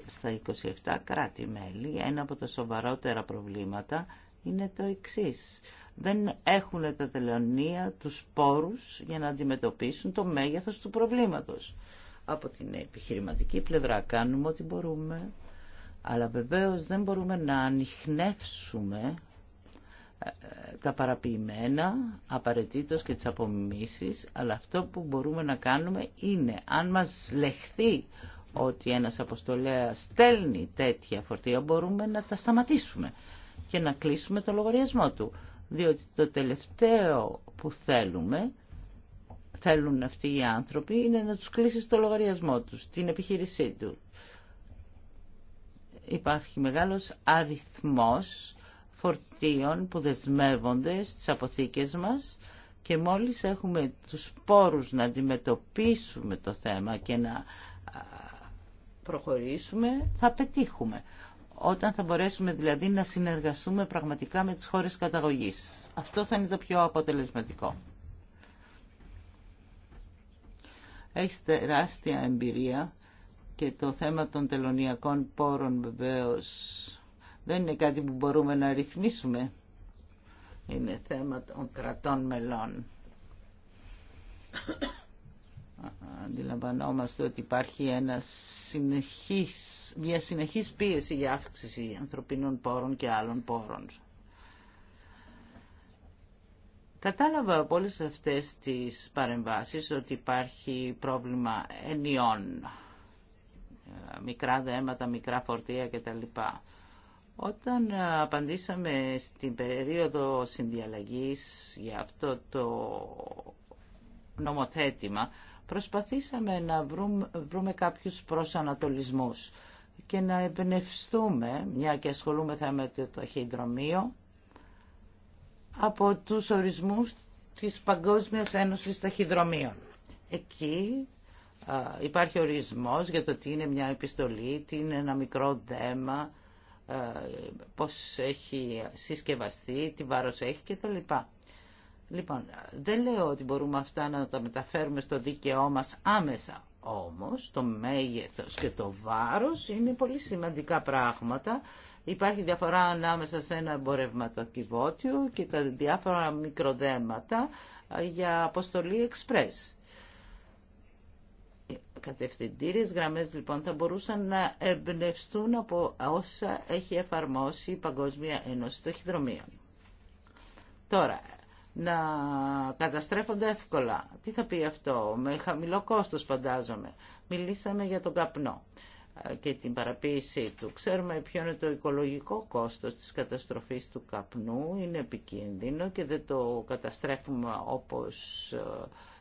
Στα 27 κράτη-μέλη ένα από τα σοβαρότερα προβλήματα είναι το εξής. Δεν έχουν τα τελωνία τους πόρους για να αντιμετωπίσουν το μέγεθος του προβλήματος. Από την επιχειρηματική πλευρά κάνουμε ό,τι μπορούμε, αλλά βεβαίως δεν μπορούμε να ανοιχνεύσουμε τα παραποιημένα, απαραίτητο και τις απομιμήσεις, αλλά αυτό που μπορούμε να κάνουμε είναι, αν μας λεχθεί ότι ένας αποστολέας στέλνει τέτοια φορτία, μπορούμε να τα σταματήσουμε και να κλείσουμε το λογαριασμό του. Διότι το τελευταίο που θέλουμε, θέλουν αυτοί οι άνθρωποι, είναι να τους κλείσει το λογαριασμό τους, την επιχείρησή του. Υπάρχει μεγάλος αριθμός φορτίων που δεσμεύονται στις αποθήκες μας και μόλις έχουμε τους πόρους να αντιμετωπίσουμε το θέμα και να προχωρήσουμε, θα πετύχουμε. Όταν θα μπορέσουμε δηλαδή να συνεργαστούμε πραγματικά με τις χώρες καταγωγής. Αυτό θα είναι το πιο αποτελεσματικό. Έχει τεράστια εμπειρία και το θέμα των τελωνιακών πόρων βεβαίως δεν είναι κάτι που μπορούμε να ρυθμίσουμε. Είναι θέμα των κρατών μελών. Αντιλαμβανόμαστε ότι υπάρχει συνεχής, μια συνεχής πίεση για αύξηση ανθρωπίνων πόρων και άλλων πόρων. Κατάλαβα από όλες αυτές τις παρεμβάσεις ότι υπάρχει πρόβλημα ενιών, μικρά δέματα, μικρά φορτία κτλ. Όταν απαντήσαμε στην περίοδο συνδιαλλαγής για αυτό το νομοθέτημα, προσπαθήσαμε να βρούμε, βρούμε κάποιους προσανατολισμούς και να εμπνευστούμε, μια και ασχολούμεθα με το ταχυδρομείο, από τους ορισμούς της Παγκόσμιας Ένωσης Ταχυδρομείων. Εκεί υπάρχει ορισμός για το τι είναι μια επιστολή, τι είναι ένα μικρό δέμα, ε, πώς έχει συσκευαστεί, τι βάρος έχει λοιπά. Λοιπόν, δεν λέω ότι μπορούμε αυτά να τα μεταφέρουμε στο δίκαιό μας άμεσα. Όμως, το μέγεθος και το βάρος είναι πολύ σημαντικά πράγματα. Υπάρχει διαφορά ανάμεσα σε ένα εμπορευματοκιβώτιο και τα διάφορα μικροδέματα για αποστολή εξπρές κατευθυντήριες γραμμές λοιπόν θα μπορούσαν να εμπνευστούν από όσα έχει εφαρμόσει η Παγκόσμια Ένωση Τοχυδρομείων. Τώρα, να καταστρέφονται εύκολα. Τι θα πει αυτό, με χαμηλό κόστος φαντάζομαι. Μιλήσαμε για τον καπνό και την παραποίησή του. Ξέρουμε ποιο είναι το οικολογικό κόστος της καταστροφής του καπνού, είναι επικίνδυνο και δεν το καταστρέφουμε όπως ε,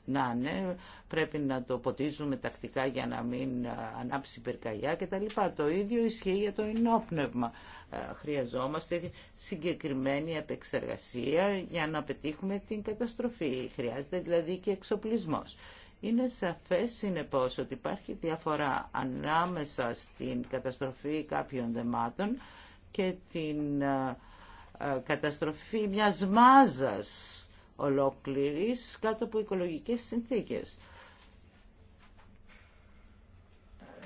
να είναι, πρέπει να το ποτίζουμε τακτικά για να μην ανάψει πυρκαγιά κτλ. Το ίδιο ισχύει για το ενόπνευμα. Ε, χρειαζόμαστε συγκεκριμένη επεξεργασία για να πετύχουμε την καταστροφή. Χρειάζεται δηλαδή και εξοπλισμός. Είναι σαφές συνεπώς ότι υπάρχει διαφορά ανάμεσα στην καταστροφή κάποιων δεμάτων και την καταστροφή μιας μάζας ολόκληρης κάτω από οικολογικές συνθήκες.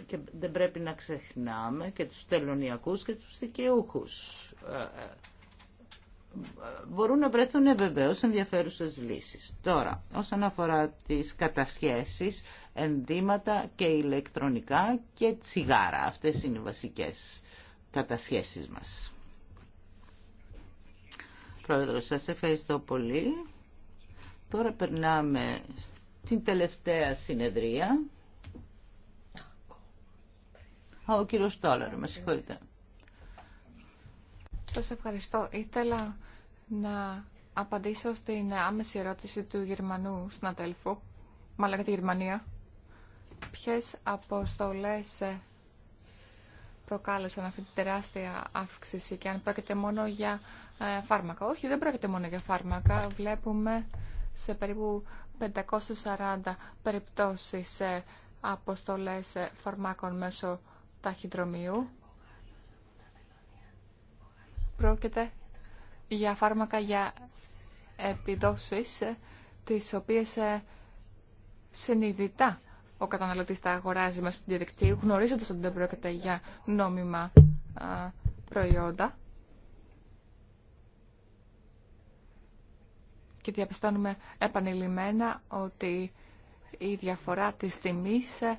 Και δεν πρέπει να ξεχνάμε και τους τελωνιακούς και τους δικαιούχους. Ε, ε, μπορούν να βρεθούν ε, βεβαίω ενδιαφέρουσε λύσεις. Τώρα, όσον αφορά τις κατασχέσεις, ενδύματα και ηλεκτρονικά και τσιγάρα. Αυτέ είναι οι βασικές κατασχέσεις μας. Πρόεδρο, σας ευχαριστώ πολύ. Τώρα περνάμε στην τελευταία συνεδρία. Α, ο κύριος Τόλαρ, με συγχωρείτε. Σας ευχαριστώ. Ήθελα να απαντήσω στην άμεση ερώτηση του Γερμανού συναδέλφου, μάλλον για τη Γερμανία. Ποιες αποστολές προκάλεσαν αυτή τη τεράστια αύξηση και αν πρόκειται μόνο για ε, φάρμακα. Όχι, δεν πρόκειται μόνο για φάρμακα. Βλέπουμε σε περίπου 540 περιπτώσεις αποστολές φαρμάκων μέσω ταχυδρομείου. Πρόκειται για φάρμακα για επιδόσεις τις οποίες ε, συνειδητά ο καταναλωτής τα αγοράζει μέσω του διαδικτύου γνωρίζοντας ότι δεν πρόκειται για νόμιμα προϊόντα και διαπιστώνουμε επανειλημμένα ότι η διαφορά της τιμής ε,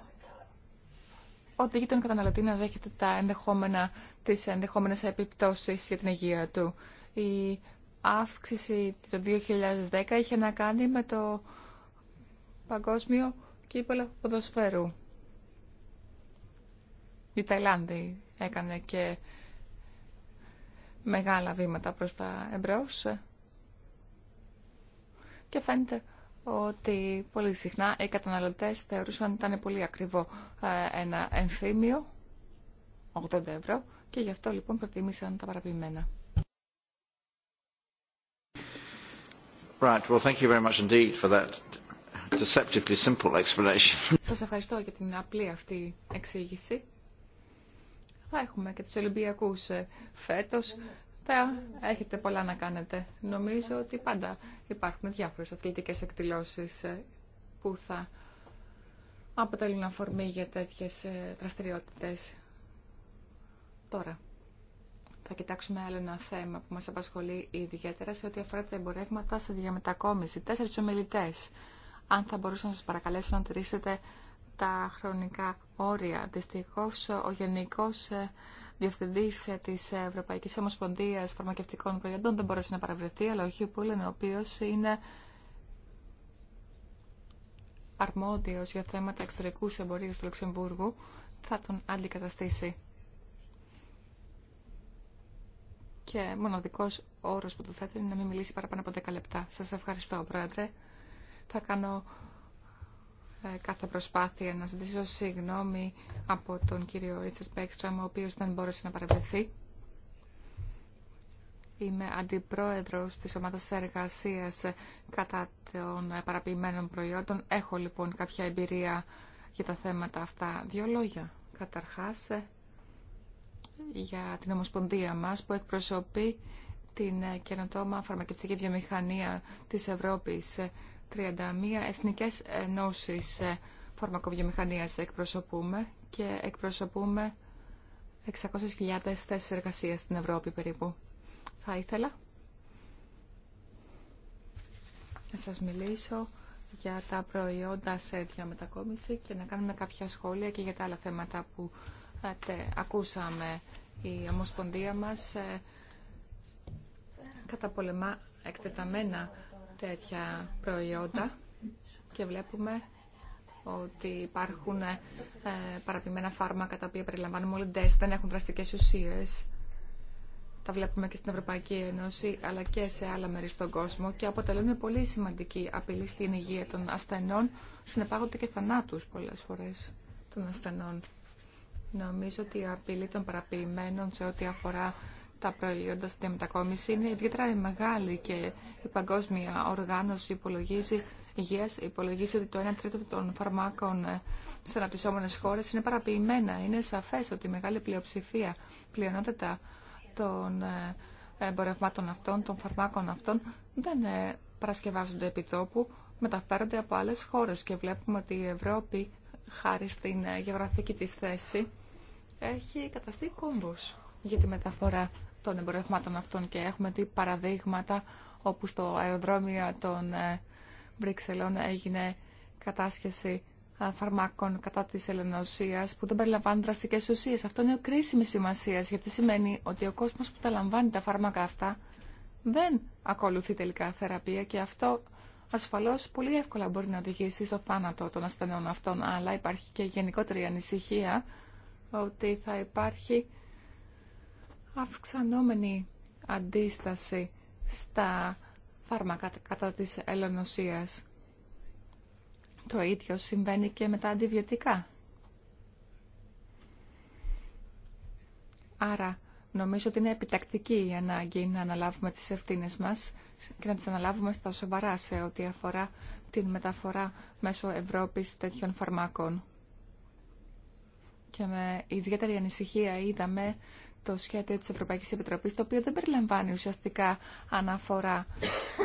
οδηγεί τον καταναλωτή να δέχεται τα ενδεχόμενα, τις ενδεχόμενες επιπτώσεις για την υγεία του. Η αύξηση το 2010 είχε να κάνει με το παγκόσμιο κύπελο ποδοσφαίρου. Η Ταϊλάνδη έκανε και μεγάλα βήματα προς τα εμπρός και φαίνεται ότι πολύ συχνά οι καταναλωτές θεωρούσαν ότι ήταν πολύ ακριβό ε, ένα ενθύμιο, 80 ευρώ, και γι' αυτό λοιπόν προτίμησαν τα παραποιημένα. Right. Well, thank you very much indeed for that deceptively simple explanation. (laughs) Σας ευχαριστώ για την απλή αυτή εξήγηση. Θα έχουμε και τους Ολυμπιακούς ε, φέτος θα έχετε πολλά να κάνετε. Νομίζω ότι πάντα υπάρχουν διάφορες αθλητικές εκδηλώσεις ε, που θα αποτελούν αφορμή για τέτοιες ε, δραστηριότητες. Τώρα, θα κοιτάξουμε άλλο ένα θέμα που μας απασχολεί ιδιαίτερα σε ό,τι αφορά τα εμπορεύματα σε διαμετακόμιση. Τέσσερις ομιλητές. Αν θα μπορούσα να σας παρακαλέσω να τηρήσετε τα χρονικά όρια. Δυστυχώς, ο Γενικός ε, διευθυντή ε, τη Ευρωπαϊκή Ομοσπονδία Φαρμακευτικών Προϊόντων δεν μπορέσει να παραβρεθεί, αλλά ο Χιου Πούλεν, ο οποίο είναι αρμόδιο για θέματα εξωτερικού εμπορίου του Λουξεμβούργου, θα τον αντικαταστήσει. Και μοναδικό όρο που του θέτει είναι να μην μιλήσει παραπάνω από 10 λεπτά. Σα ευχαριστώ, Πρόεδρε. Ε, κάθε προσπάθεια να ζητήσω συγγνώμη από τον κύριο Ρίτσαρτ Μπέκστραμ, ο οποίος δεν μπόρεσε να παρευρεθεί. Είμαι αντιπρόεδρος της ομάδας εργασίας κατά των παραποιημένων προϊόντων. Έχω λοιπόν κάποια εμπειρία για τα θέματα αυτά. Δύο λόγια. Καταρχάς, για την Ομοσπονδία μας που εκπροσωπεί την καινοτόμα φαρμακευτική βιομηχανία της Ευρώπης 31 εθνικές ενώσεις ε, φαρμακοβιομηχανίας εκπροσωπούμε και εκπροσωπούμε 600.000 θέσεις εργασίας στην Ευρώπη περίπου. Θα ήθελα να σας μιλήσω για τα προϊόντα σε διαμετακόμιση και να κάνουμε κάποια σχόλια και για τα άλλα θέματα που ε, ακούσαμε. Η Ομοσπονδία μας ε, καταπολεμά εκτεταμένα τέτοια προϊόντα και βλέπουμε ότι υπάρχουν ε, παραπημένα φάρμακα τα οποία περιλαμβάνουν τεστ, δεν έχουν δραστικές ουσίες. Τα βλέπουμε και στην Ευρωπαϊκή Ένωση αλλά και σε άλλα μέρη στον κόσμο και αποτελούν πολύ σημαντική απειλή στην υγεία των ασθενών. Συνεπάγονται και θανάτους πολλές φορές των ασθενών. Νομίζω ότι η απειλή των παραποιημένων σε ό,τι αφορά τα προϊόντα στη μετακόμιση είναι ιδιαίτερα μεγάλη και η Παγκόσμια Οργάνωση υπολογίζει υγείας υπολογίζει ότι το 1 τρίτο των φαρμάκων στις αναπτυσσόμενες χώρες είναι παραποιημένα. Είναι σαφές ότι η μεγάλη πλειοψηφία, πλειονότητα των ε, εμπορευμάτων αυτών, των φαρμάκων αυτών δεν ε, παρασκευάζονται επί τόπου, μεταφέρονται από άλλες χώρες και βλέπουμε ότι η Ευρώπη χάρη στην ε, γεωγραφική της θέση έχει καταστεί κόμβος για τη μεταφορά των εμπορευμάτων αυτών και έχουμε δει παραδείγματα όπου στο αεροδρόμιο των ε, Βρυξελών έγινε κατάσχεση ε, φαρμάκων κατά της Ελληνοσίας που δεν περιλαμβάνουν δραστικές ουσίες. Αυτό είναι κρίσιμη σημασία γιατί σημαίνει ότι ο κόσμος που τα λαμβάνει τα φάρμακα αυτά δεν ακολουθεί τελικά θεραπεία και αυτό ασφαλώς πολύ εύκολα μπορεί να οδηγήσει στο θάνατο των ασθενών αυτών αλλά υπάρχει και γενικότερη ανησυχία ότι θα υπάρχει αυξανόμενη αντίσταση στα φάρμακα κατά της ελονοσίας. Το ίδιο συμβαίνει και με τα αντιβιωτικά. Άρα, νομίζω ότι είναι επιτακτική η ανάγκη να αναλάβουμε τις ευθύνες μας και να τις αναλάβουμε στα σοβαρά σε ό,τι αφορά την μεταφορά μέσω Ευρώπης τέτοιων φαρμάκων. Και με ιδιαίτερη ανησυχία είδαμε το σχέδιο της Ευρωπαϊκής Επιτροπής, το οποίο δεν περιλαμβάνει ουσιαστικά αναφορά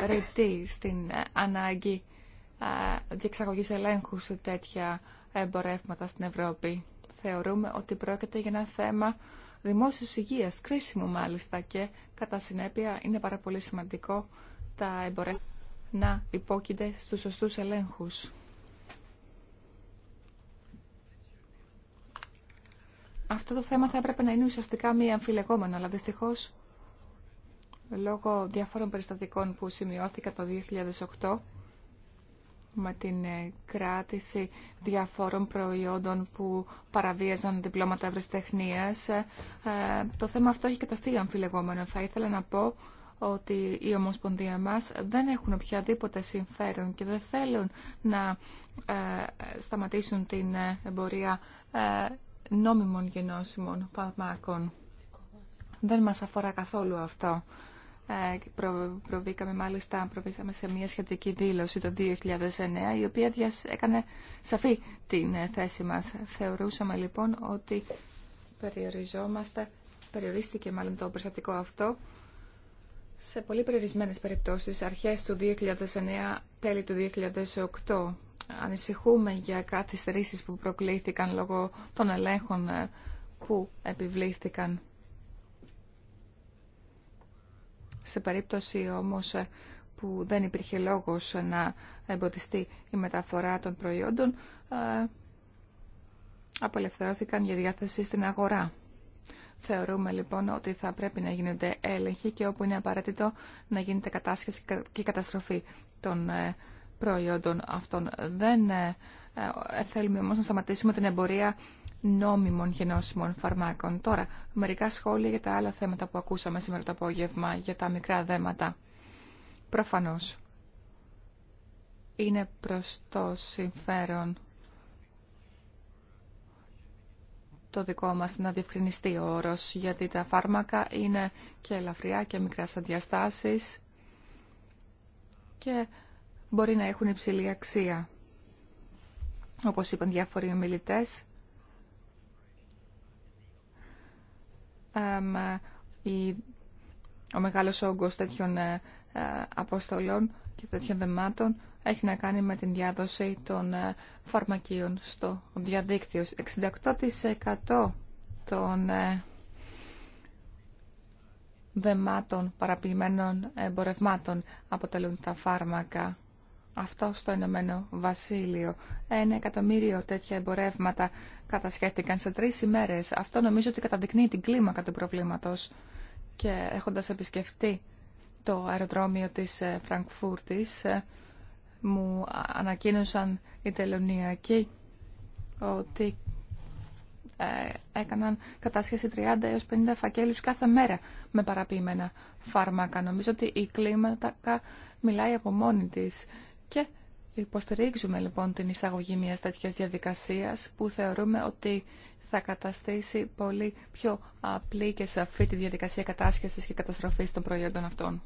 ρητή στην ε, ανάγκη ε, διεξαγωγής ελέγχου σε τέτοια εμπορεύματα στην Ευρώπη. Θεωρούμε ότι πρόκειται για ένα θέμα δημόσιας υγείας, κρίσιμο μάλιστα και κατά συνέπεια είναι πάρα πολύ σημαντικό τα εμπορεύματα να υπόκεινται στους σωστούς ελέγχους. Αυτό το θέμα θα έπρεπε να είναι ουσιαστικά μη αμφιλεγόμενο, αλλά δυστυχώς λόγω διαφόρων περιστατικών που σημειώθηκα το 2008 με την ε, κράτηση διαφόρων προϊόντων που παραβίαζαν διπλώματα ευρεσιτεχνίας. Ε, το θέμα αυτό έχει καταστεί αμφιλεγόμενο. Θα ήθελα να πω ότι η Ομοσπονδία μας δεν έχουν οποιαδήποτε συμφέρον και δεν θέλουν να ε, σταματήσουν την εμπορία νόμιμων νόσιμων φαρμάκων. Δεν μας αφορά καθόλου αυτό. Ε, προβήκαμε μάλιστα προβήκαμε σε μια σχετική δήλωση το 2009 η οποία διασ... έκανε σαφή την ε, θέση μας. Θεωρούσαμε λοιπόν ότι περιοριζόμαστε, περιορίστηκε μάλλον το περιστατικό αυτό σε πολύ περιορισμένες περιπτώσεις, αρχές του 2009, τέλη του 2008, ανησυχούμε για καθυστερήσεις που προκλήθηκαν λόγω των ελέγχων ε, που επιβλήθηκαν. Σε περίπτωση όμως ε, που δεν υπήρχε λόγος να εμποδιστεί η μεταφορά των προϊόντων, ε, απελευθερώθηκαν για διάθεση στην αγορά. Θεωρούμε λοιπόν ότι θα πρέπει να γίνονται έλεγχοι και όπου είναι απαραίτητο να γίνεται κατάσχεση και καταστροφή των ε, προϊόντων αυτών. Δεν ε, ε, θέλουμε όμως να σταματήσουμε την εμπορία νόμιμων γεννόσιμων φαρμάκων. Τώρα, μερικά σχόλια για τα άλλα θέματα που ακούσαμε σήμερα το απόγευμα, για τα μικρά δέματα. Προφανώς, είναι προς το συμφέρον το δικό μας να διευκρινιστεί ο όρος, γιατί τα φάρμακα είναι και ελαφριά και μικρά σαν διαστάσεις και μπορεί να έχουν υψηλή αξία. Όπως είπαν διάφοροι ομιλητές, ο μεγάλος όγκος τέτοιων ε, αποστολών και τέτοιων δεμάτων έχει να κάνει με την διάδοση των ε, φαρμακείων στο διαδίκτυο. 68% των ε, δεμάτων παραποιημένων εμπορευμάτων αποτελούν τα φάρμακα. Αυτό στο Ηνωμένο Βασίλειο. Ένα εκατομμύριο τέτοια εμπορεύματα κατασχέθηκαν σε τρεις ημέρες. Αυτό νομίζω ότι καταδεικνύει την κλίμακα του προβλήματος. Και έχοντας επισκεφτεί το αεροδρόμιο της ε, Φραγκφούρτης, μου ανακοίνωσαν οι τελωνιακοί ότι ε, έκαναν κατάσχεση 30 έως 50 φακέλους κάθε μέρα με παραποιημένα φάρμακα. Νομίζω ότι η κλίμακα μιλάει από μόνη της και υποστηρίζουμε λοιπόν την εισαγωγή μιας τέτοια διαδικασίας που θεωρούμε ότι θα καταστήσει πολύ πιο απλή και σαφή τη διαδικασία κατάσχεσης και καταστροφής των προϊόντων αυτών.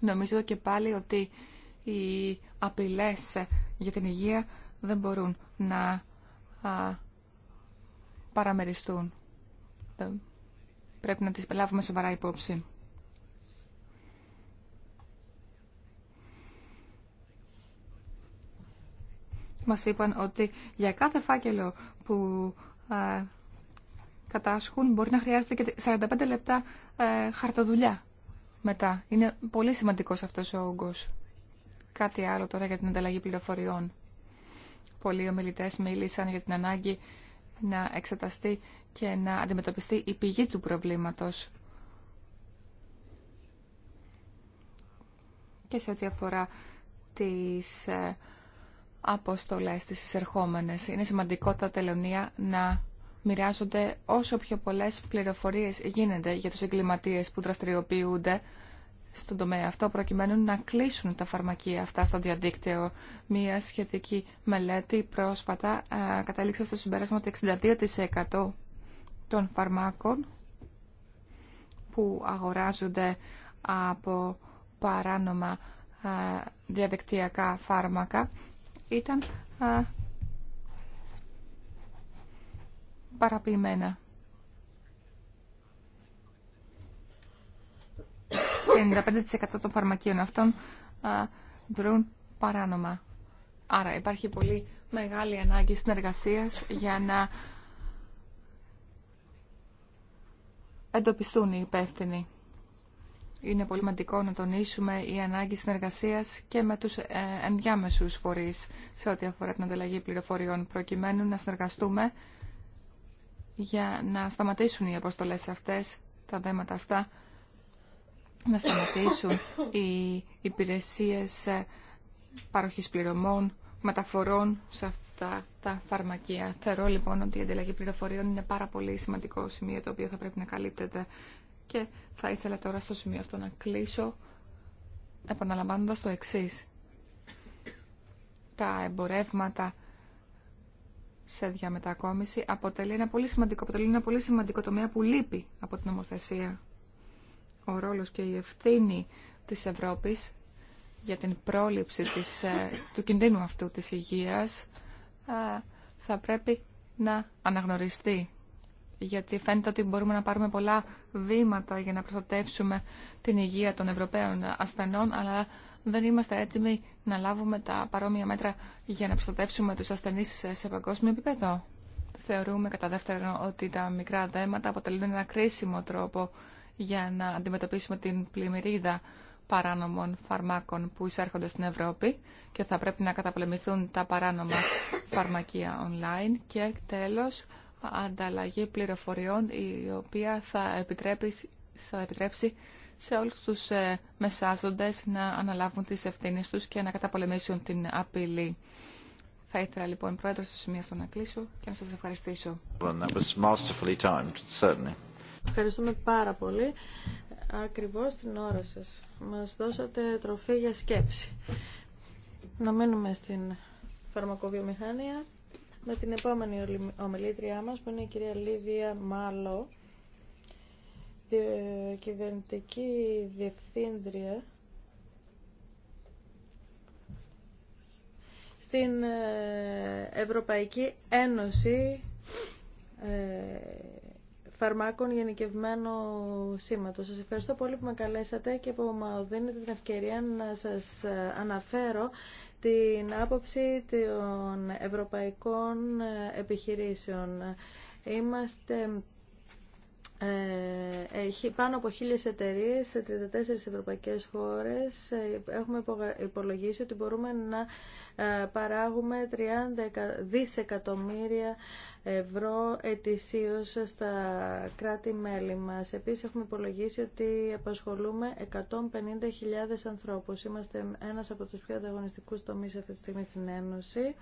Νομίζω και πάλι ότι οι απειλές για την υγεία δεν μπορούν να παραμεριστούν. Ε, πρέπει να τις λάβουμε σοβαρά υπόψη. Μας είπαν ότι για κάθε φάκελο που κατάσχουν μπορεί να χρειάζεται και 45 λεπτά ε, χαρτοδουλιά μετά. Είναι πολύ σημαντικός αυτός ο όγκος. Κάτι άλλο τώρα για την ανταλλαγή πληροφοριών. Πολλοί ομιλητέ μίλησαν για την ανάγκη να εξεταστεί και να αντιμετωπιστεί η πηγή του προβλήματος. Και σε ό,τι αφορά τις ε, αποστολές, τις εισερχόμενες. Είναι σημαντικό τα τελωνία να μοιράζονται όσο πιο πολλές πληροφορίες γίνεται για τους εγκληματίες που δραστηριοποιούνται στον τομέα αυτό προκειμένου να κλείσουν τα φαρμακεία αυτά στο διαδίκτυο. Μία σχετική μελέτη πρόσφατα κατέληξε στο συμπέρασμα ότι 62% των φαρμάκων που αγοράζονται από παράνομα διαδικτυακά φάρμακα ήταν παραποιημένα. 95% των φαρμακείων αυτών δρούν παράνομα. Άρα υπάρχει πολύ μεγάλη ανάγκη συνεργασίας για να εντοπιστούν οι υπεύθυνοι. Είναι πολύ σημαντικό να τονίσουμε η ανάγκη συνεργασίας και με τους ε, ενδιάμεσους φορείς σε ό,τι αφορά την ανταλλαγή πληροφοριών, προκειμένου να συνεργαστούμε για να σταματήσουν οι αποστολές αυτές, τα δέματα αυτά, να σταματήσουν οι υπηρεσίες παροχής πληρωμών, μεταφορών σε αυτά τα φαρμακεία. Θεωρώ λοιπόν ότι η ανταλλαγή πληροφοριών είναι πάρα πολύ σημαντικό σημείο το οποίο θα πρέπει να καλύπτεται και θα ήθελα τώρα στο σημείο αυτό να κλείσω επαναλαμβάνοντας το εξής. Τα εμπορεύματα σε διαμετακόμιση αποτελεί σημαντικό, αποτελεί ένα πολύ σημαντικό τομέα που λείπει από την νομοθεσία ο ρόλος και η ευθύνη της Ευρώπης για την πρόληψη ε, του κινδύνου αυτού της υγείας ε, θα πρέπει να αναγνωριστεί. Γιατί φαίνεται ότι μπορούμε να πάρουμε πολλά βήματα για να προστατεύσουμε την υγεία των Ευρωπαίων ασθενών, αλλά δεν είμαστε έτοιμοι να λάβουμε τα παρόμοια μέτρα για να προστατεύσουμε τους ασθενείς σε παγκόσμιο επίπεδο. Θεωρούμε κατά δεύτερον ότι τα μικρά δέματα αποτελούν ένα κρίσιμο τρόπο για να αντιμετωπίσουμε την πλημμυρίδα παράνομων φαρμάκων που εισέρχονται στην Ευρώπη και θα πρέπει να καταπολεμηθούν τα παράνομα φαρμακεία online και τέλος ανταλλαγή πληροφοριών η οποία θα επιτρέψει, θα επιτρέψει σε όλους τους ε, μεσάζοντες να αναλάβουν τις ευθύνες τους και να καταπολεμήσουν την απειλή. Θα ήθελα λοιπόν πρόεδρος στο σημείο αυτό να κλείσω και να σας ευχαριστήσω. Ευχαριστούμε πάρα πολύ. Ακριβώς την ώρα σας. Μας δώσατε τροφή για σκέψη. Να μείνουμε στην φαρμακοβιομηχανία με την επόμενη ομιλήτριά μας που είναι η κυρία Λίβια Μάλο, κυβερνητική διευθύντρια στην ε, Ευρωπαϊκή Ένωση ε, φαρμάκων γενικευμένου σήματος. Σας ευχαριστώ πολύ που με καλέσατε και που μου δίνετε την ευκαιρία να σας αναφέρω την άποψη των ευρωπαϊκών επιχειρήσεων. Είμαστε ε, έχει πάνω από χίλιες εταιρείε σε 34 ευρωπαϊκές χώρες. Ε, έχουμε υπολογίσει ότι μπορούμε να ε, παράγουμε 30 δισεκατομμύρια ευρώ ετησίως στα κράτη-μέλη μας. Επίσης έχουμε υπολογίσει ότι απασχολούμε 150.000 ανθρώπους. Είμαστε ένας από τους πιο ανταγωνιστικούς τομείς αυτή τη στιγμή στην Ένωση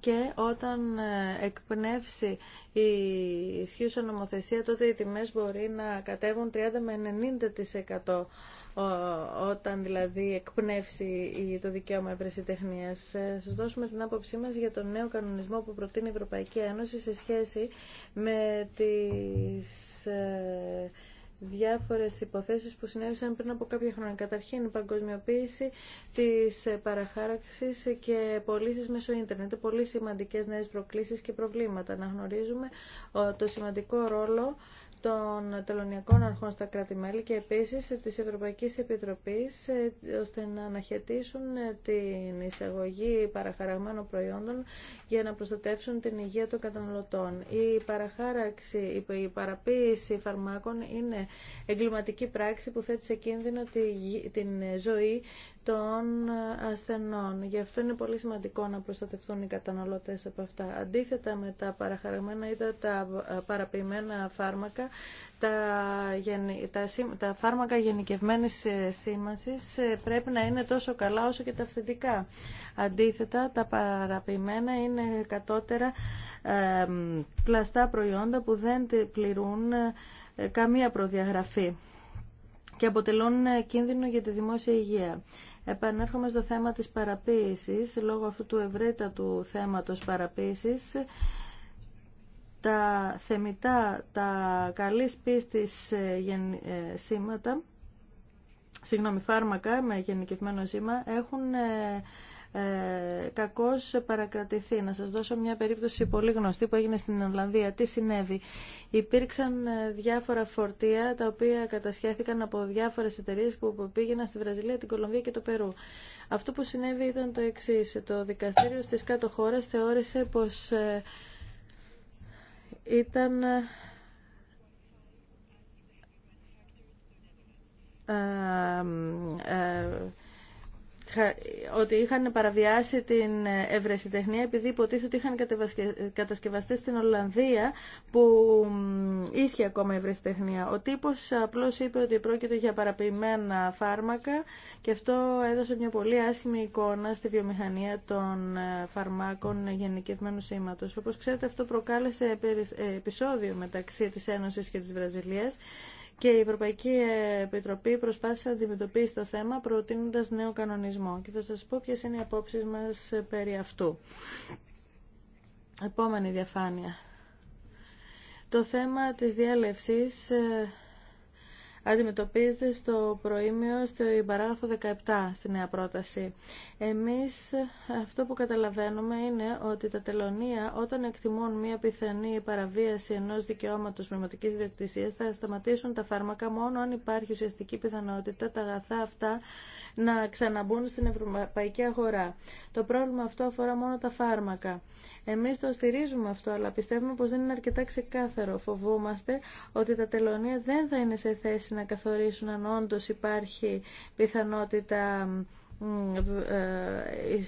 και όταν ε, εκπνεύσει η ισχύουσα νομοθεσία τότε οι τιμές μπορεί να κατέβουν 30 με 90% όταν δηλαδή εκπνεύσει το δικαίωμα ευρεσιτεχνία. Ε, σας δώσουμε την άποψή μα για τον νέο κανονισμό που προτείνει η Ευρωπαϊκή Ένωση σε σχέση με τις ε, διάφορες υποθέσεις που συνέβησαν πριν από κάποια χρόνια. Καταρχήν, η παγκοσμιοποίηση της παραχάραξης και πωλήσει μέσω ίντερνετ, πολύ σημαντικές νέες προκλήσεις και προβλήματα. Να γνωρίζουμε ε, το σημαντικό ρόλο των τελωνιακών αρχών στα κράτη-μέλη και επίσης της Ευρωπαϊκής Επιτροπής ε, ώστε να αναχαιτήσουν ε, την εισαγωγή παραχαραγμένων προϊόντων για να προστατεύσουν την υγεία των καταναλωτών. Η παραχάραξη, η παραποίηση φαρμάκων είναι εγκληματική πράξη που θέτει σε κίνδυνο την ζωή των ασθενών. Γι' αυτό είναι πολύ σημαντικό να προστατευτούν οι καταναλωτέ από αυτά. Αντίθετα με τα παραχαραγμένα ή τα παραποιημένα φάρμακα, τα, τα, τα φάρμακα γενικευμένης ε, σήμασης ε, πρέπει να είναι τόσο καλά όσο και τα αυθεντικά. Αντίθετα, τα παραποιημένα είναι κατώτερα ε, πλαστά προϊόντα που δεν πληρούν καμία προδιαγραφή και αποτελούν κίνδυνο για τη δημόσια υγεία. Επανέρχομαι στο θέμα της παραποίησης. Λόγω αυτού του ευρύτατου θέματος παραποίησης, τα θεμητά, τα καλή πίστης ε, ε, σήματα, συγγνώμη, φάρμακα με γενικευμένο σήμα έχουν ε, ε, κακώς παρακρατηθεί. Να σας δώσω μια περίπτωση πολύ γνωστή που έγινε στην Ολλανδία. Τι συνέβη. Υπήρξαν ε, διάφορα φορτία τα οποία κατασχέθηκαν από διάφορες εταιρείες που πήγαιναν στη Βραζιλία, την Κολομβία και το Περού. Αυτό που συνέβη ήταν το εξή. Το δικαστήριο στις κάτω χώρες θεώρησε πως ε, ήταν ότι είχαν παραβιάσει την ευρεσιτεχνία επειδή υποτίθεται ότι είχαν κατασκευαστεί στην Ολλανδία που ίσχυε ακόμα η ευρεσιτεχνία. Ο τύπος απλώς είπε ότι πρόκειται για παραποιημένα φάρμακα και αυτό έδωσε μια πολύ άσχημη εικόνα στη βιομηχανία των ε, φαρμάκων γενικευμένου σήματος. Όπως ξέρετε αυτό προκάλεσε ε, επεισόδιο μεταξύ της Ένωσης και της Βραζιλίας και η Ευρωπαϊκή Επιτροπή προσπάθησε να αντιμετωπίσει το θέμα προτείνοντας νέο κανονισμό. Και θα σας πω ποιες είναι οι απόψεις μας περί αυτού. Επόμενη διαφάνεια. Το θέμα της διάλευσης ε, αντιμετωπίζεται στο προήμιο στην παράγραφο 17 στη νέα πρόταση. Εμείς αυτό που καταλαβαίνουμε είναι ότι τα τελωνία όταν εκτιμούν μια πιθανή παραβίαση ενός δικαιώματος πνευματικής διοκτησίας θα σταματήσουν τα φάρμακα μόνο αν υπάρχει ουσιαστική πιθανότητα τα αγαθά αυτά να ξαναμπούν στην ευρωπαϊκή αγορά. Το πρόβλημα αυτό αφορά μόνο τα φάρμακα. Εμείς το στηρίζουμε αυτό, αλλά πιστεύουμε πως δεν είναι αρκετά ξεκάθαρο. Φοβούμαστε ότι τα τελωνία δεν θα είναι σε θέση να καθορίσουν αν όντω υπάρχει πιθανότητα ε,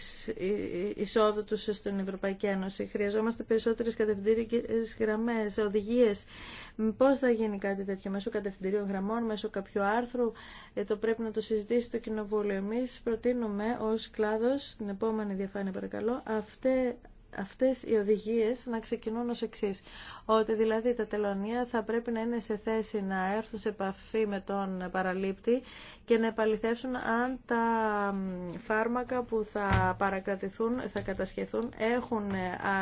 εισόδου τους στην Ευρωπαϊκή Ένωση. Χρειαζόμαστε περισσότερες κατευθυντήριες γραμμές, οδηγίες. Πώς θα γίνει κάτι τέτοιο μέσω κατευθυντηρίων γραμμών, μέσω κάποιου άρθρου. Ε, το πρέπει να το συζητήσει το Κοινοβούλιο. Εμείς προτείνουμε ως κλάδος, την επόμενη διαφάνεια παρακαλώ, αυτέ, αυτές οι οδηγίες να ξεκινούν ως εξή. Ότι δηλαδή τα τελωνία θα πρέπει να είναι σε θέση να έρθουν σε επαφή με τον παραλήπτη και να επαληθεύσουν αν τα φάρμακα που θα παρακρατηθούν, θα κατασχεθούν, έχουν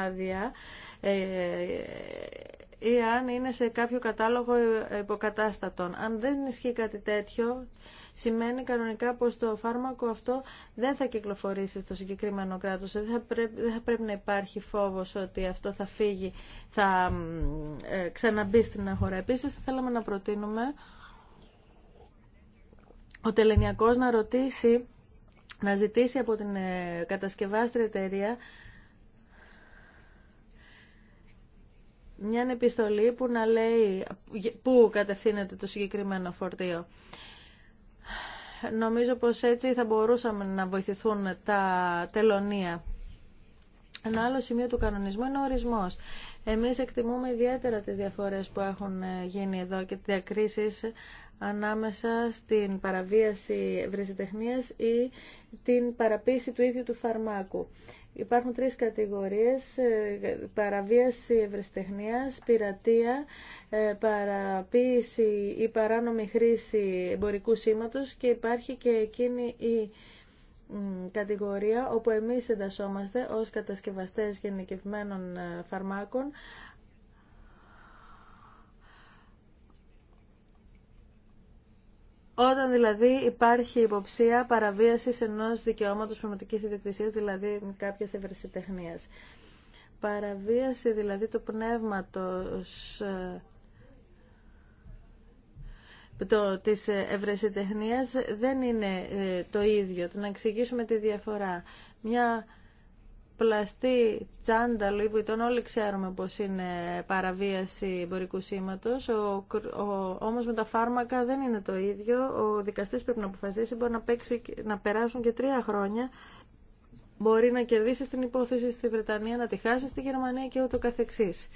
άδεια ε, ή αν είναι σε κάποιο κατάλογο υποκατάστατων. Αν δεν ισχύει κάτι τέτοιο, σημαίνει κανονικά πως το φάρμακο αυτό δεν θα κυκλοφορήσει στο συγκεκριμένο κράτος. Δεν θα πρέπει, να υπάρχει φόβος ότι αυτό θα φύγει, θα ε, ξαναμπεί στην αγορά. Επίσης, θέλαμε να προτείνουμε ο τελενιακός να ρωτήσει να ζητήσει από την ε, κατασκευάστρια εταιρεία μια επιστολή που να λέει πού κατευθύνεται το συγκεκριμένο φορτίο. Νομίζω πως έτσι θα μπορούσαμε να βοηθηθούν τα τελωνία. Ένα άλλο σημείο του κανονισμού είναι ο ορισμός. Εμείς εκτιμούμε ιδιαίτερα τις διαφορές που έχουν γίνει εδώ και τις διακρίσεις ανάμεσα στην παραβίαση ευρεσιτεχνία ή την παραποίηση του ίδιου του φαρμάκου. Υπάρχουν τρεις κατηγορίες, ε, παραβίαση ευρεσιτεχνίας, πειρατεία, ε, παραποίηση ή παράνομη χρήση εμπορικού σήματος και υπάρχει και εκείνη η κατηγορία όπου εμείς εντασσόμαστε ως κατασκευαστές γενικευμένων ε, φαρμάκων Όταν δηλαδή υπάρχει υποψία παραβίασης ενός δικαιώματος πνευματικής ιδιοκτησίας, δηλαδή κάποιας ευρεσιτεχνίας. Παραβίαση δηλαδή το πνεύματος ε, το, της ευρεσιτεχνίας δεν είναι ε, το ίδιο. Το να εξηγήσουμε τη διαφορά. Μια πλαστή τσάντα ή όλοι ξέρουμε πως είναι παραβίαση εμπορικού σήματος ο, όμως με τα φάρμακα δεν είναι το ίδιο ο δικαστής πρέπει να αποφασίσει μπορεί να, να περάσουν και τρία χρόνια μπορεί να κερδίσει την υπόθεση στη Βρετανία να τη χάσει στη Γερμανία και ούτω καθεξής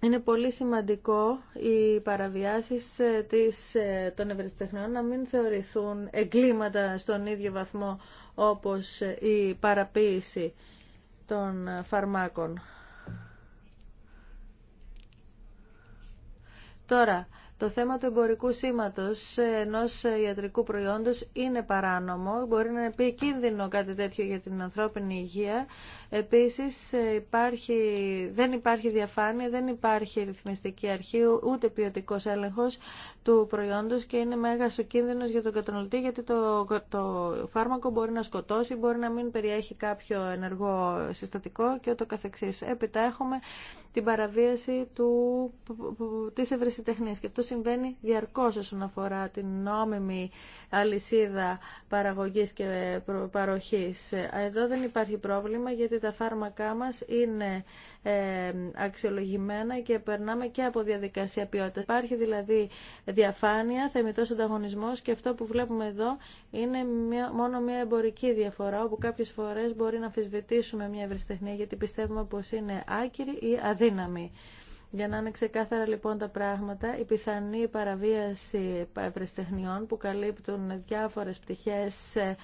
είναι πολύ σημαντικό οι παραβιάσεις ε, της, ε, των ευρεσιτεχνών να μην θεωρηθούν εγκλήματα στον ίδιο βαθμό όπως η παραποίηση των φαρμάκων. Τώρα, το θέμα του εμπορικού σήματος ενός ιατρικού προϊόντος είναι παράνομο, μπορεί να είναι κίνδυνο κάτι τέτοιο για την ανθρώπινη υγεία. Επίσης υπάρχει, δεν υπάρχει διαφάνεια, δεν υπάρχει ρυθμιστική αρχή, ούτε ποιοτικό έλεγχος του προϊόντος και είναι μέγας ο κίνδυνος για τον καταναλωτή γιατί το, το φάρμακο μπορεί να σκοτώσει, μπορεί να μην περιέχει κάποιο ενεργό συστατικό και ούτω καθεξής. Έπειτα έχουμε την παραβίαση του, της ευρεσιτεχνίας συμβαίνει διαρκώς όσον αφορά την νόμιμη αλυσίδα παραγωγής και παροχής. Εδώ δεν υπάρχει πρόβλημα γιατί τα φάρμακά μας είναι ε, αξιολογημένα και περνάμε και από διαδικασία ποιότητας. Υπάρχει δηλαδή διαφάνεια, θεμητός ανταγωνισμός και αυτό που βλέπουμε εδώ είναι μόνο μια εμπορική διαφορά όπου κάποιες φορές μπορεί να αμφισβητήσουμε μια ευρεσιτεχνία γιατί πιστεύουμε πως είναι άκυρη ή αδύναμη. Για να είναι ξεκάθαρα λοιπόν τα πράγματα, η πιθανή παραβίαση ευρεστεχνιών που καλύπτουν διάφορες πτυχές ε,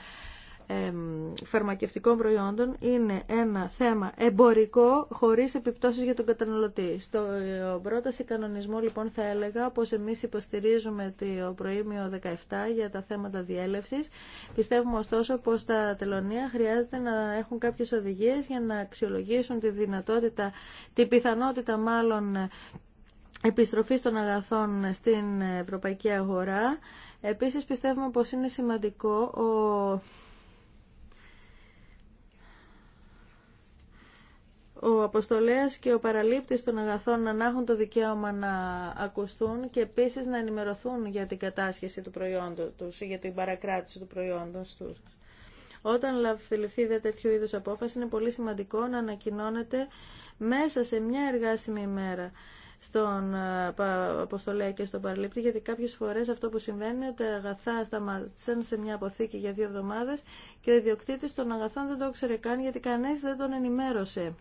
φαρμακευτικών προϊόντων είναι ένα θέμα εμπορικό χωρίς επιπτώσεις για τον καταναλωτή. Στο ε, πρόταση κανονισμού λοιπόν θα έλεγα πως εμείς υποστηρίζουμε το προήμιο 17 για τα θέματα διέλευσης. Πιστεύουμε ωστόσο πως τα τελωνία χρειάζεται να έχουν κάποιες οδηγίες για να αξιολογήσουν τη δυνατότητα, την πιθανότητα μάλλον επιστροφής των αγαθών στην ευρωπαϊκή αγορά. Επίσης πιστεύουμε πως είναι σημαντικό ο αποστολέας και ο παραλήπτης των αγαθών να έχουν το δικαίωμα να ακουστούν και επίσης να ενημερωθούν για την κατάσχεση του προϊόντος τους ή για την παρακράτηση του προϊόντος τους. Όταν θεληφθεί δε τέτοιου είδους απόφαση είναι πολύ σημαντικό να ανακοινώνεται μέσα σε μια εργάσιμη ημέρα στον ε, αποστολέα και στον παραλήπτη, γιατί κάποιες φορές αυτό που συμβαίνει είναι ότι αγαθά σταματήσαν σε μια αποθήκη για δύο εβδομάδες και ο ιδιοκτήτης των αγαθών δεν το ξέρει καν γιατί κανείς δεν τον ενημέρωσε.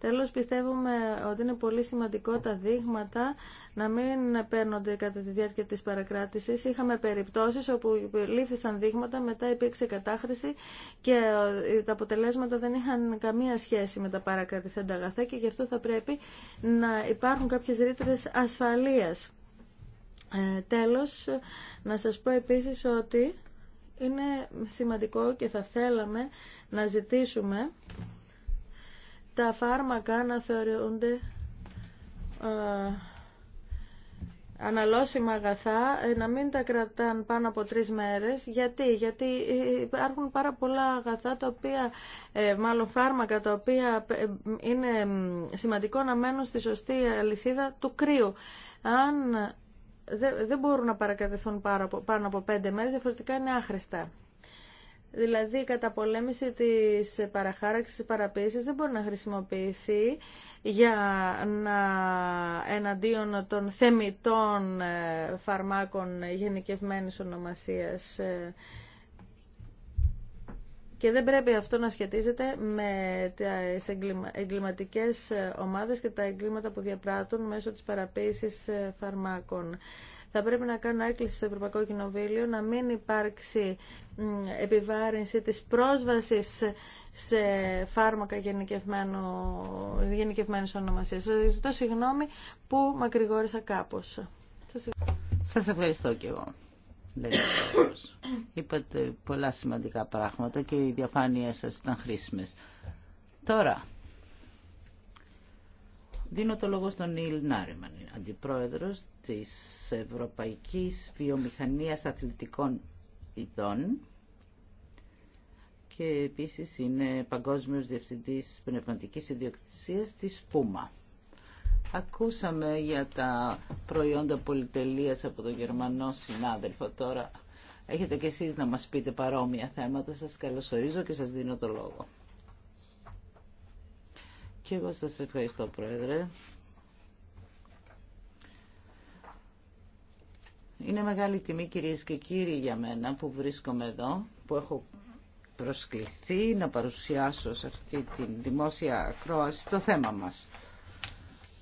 Τέλος, πιστεύουμε ότι είναι πολύ σημαντικό τα δείγματα να μην παίρνονται κατά τη διάρκεια της παρακράτησης. Είχαμε περιπτώσεις όπου λήφθησαν δείγματα, μετά υπήρξε κατάχρηση και ε, τα αποτελέσματα δεν είχαν καμία σχέση με τα παρακρατηθέντα αγαθά και γι' αυτό θα πρέπει να υπάρχουν κάποιες ρήτρες ασφαλείας. Ε, τέλος, να σας πω επίσης ότι είναι σημαντικό και θα θέλαμε να ζητήσουμε τα φάρμακα να θεωρούνται αναλώσιμα αγαθά, ε, να μην τα κρατάνε πάνω από τρεις μέρες. Γιατί, γιατί ε, υπάρχουν πάρα πολλά αγαθά, τα οποία, ε, μάλλον φάρμακα, τα οποία είναι σημαντικό να μένουν στη σωστή αλυσίδα του κρύου. Αν δεν μπορούν να παρακατευθούν πάνω από πέντε μέρες, διαφορετικά είναι άχρηστα. Δηλαδή η καταπολέμηση της παραχάραξη, της παραποίησης δεν μπορεί να χρησιμοποιηθεί για να εναντίον των θεμητών ε, φαρμάκων γενικευμένης ονομασίας. Ε, και δεν πρέπει αυτό να σχετίζεται με τι εγκληματικές ομάδες και τα εγκλήματα που διαπράττουν μέσω της παραποίηση ε, φαρμάκων θα πρέπει να κάνω έκκληση στο Ευρωπαϊκό Κοινοβούλιο να μην υπάρξει επιβάρυνση της πρόσβασης σε φάρμακα γενικευμένης ονομασίας. Σας ζητώ συγγνώμη που μακρηγόρησα κάπως. Σας ευχαριστώ και εγώ. Είπατε πολλά σημαντικά πράγματα και οι διαφάνεια σας ήταν χρήσιμες. Τώρα, δίνω το λόγο στον Νίλ Νάριμαν αντιπρόεδρος της Ευρωπαϊκής Βιομηχανίας Αθλητικών Ιδών και επίσης είναι παγκόσμιος διευθυντής πνευματικής ιδιοκτησίας της Πούμα. Ακούσαμε για τα προϊόντα πολυτελείας από τον Γερμανό συνάδελφο τώρα. Έχετε και εσείς να μας πείτε παρόμοια θέματα. Σας καλωσορίζω και σας δίνω το λόγο. Και εγώ σας ευχαριστώ, Πρόεδρε. Είναι μεγάλη τιμή κυρίες και κύριοι για μένα που βρίσκομαι εδώ, που έχω προσκληθεί να παρουσιάσω σε αυτή τη δημόσια ακρόαση το θέμα μας.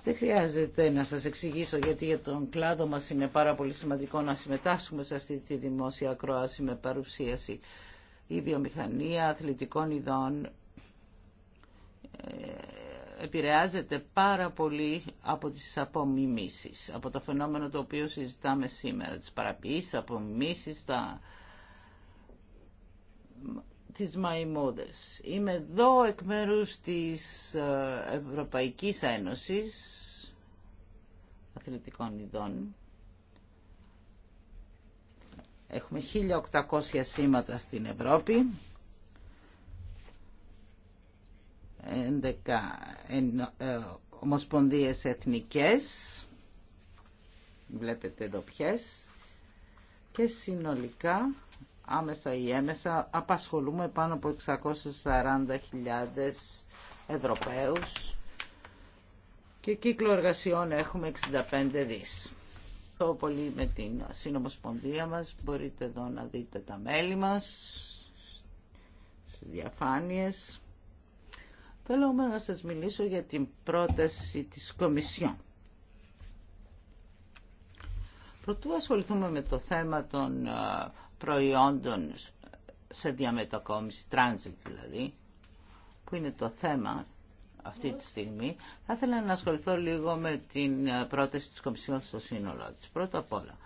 Δεν χρειάζεται να σας εξηγήσω γιατί για τον κλάδο μας είναι πάρα πολύ σημαντικό να συμμετάσχουμε σε αυτή τη δημόσια ακρόαση με παρουσίαση. Η βιομηχανία αθλητικών ειδών ε, επηρεάζεται πάρα πολύ από τις απομιμήσεις, από το φαινόμενο το οποίο συζητάμε σήμερα, τις παραποιήσεις, απομιμήσεις, τα... τις μαϊμόδες. Είμαι εδώ εκ μέρους της ε, Ευρωπαϊκής Ένωσης Αθλητικών Ειδών. Έχουμε 1.800 σήματα στην Ευρώπη. 11 ε, ομοσπονδίες εθνικές, βλέπετε εδώ ποιες, και συνολικά άμεσα ή έμεσα απασχολούμε πάνω από 640.000 Ευρωπαίους και κύκλο εργασιών έχουμε 65 δις. Το πολύ με την συνομοσπονδία μας μπορείτε εδώ να δείτε τα μέλη μας στις διαφάνειες. Θέλω όμως να σας μιλήσω για την πρόταση της Κομισιόν. Προτού ασχοληθούμε με το θέμα των προϊόντων σε διαμετακόμιση, transit δηλαδή, που είναι το θέμα αυτή τη στιγμή, θα ήθελα να ασχοληθώ λίγο με την πρόταση της Κομισιόν στο σύνολό της. Πρώτα απ' όλα,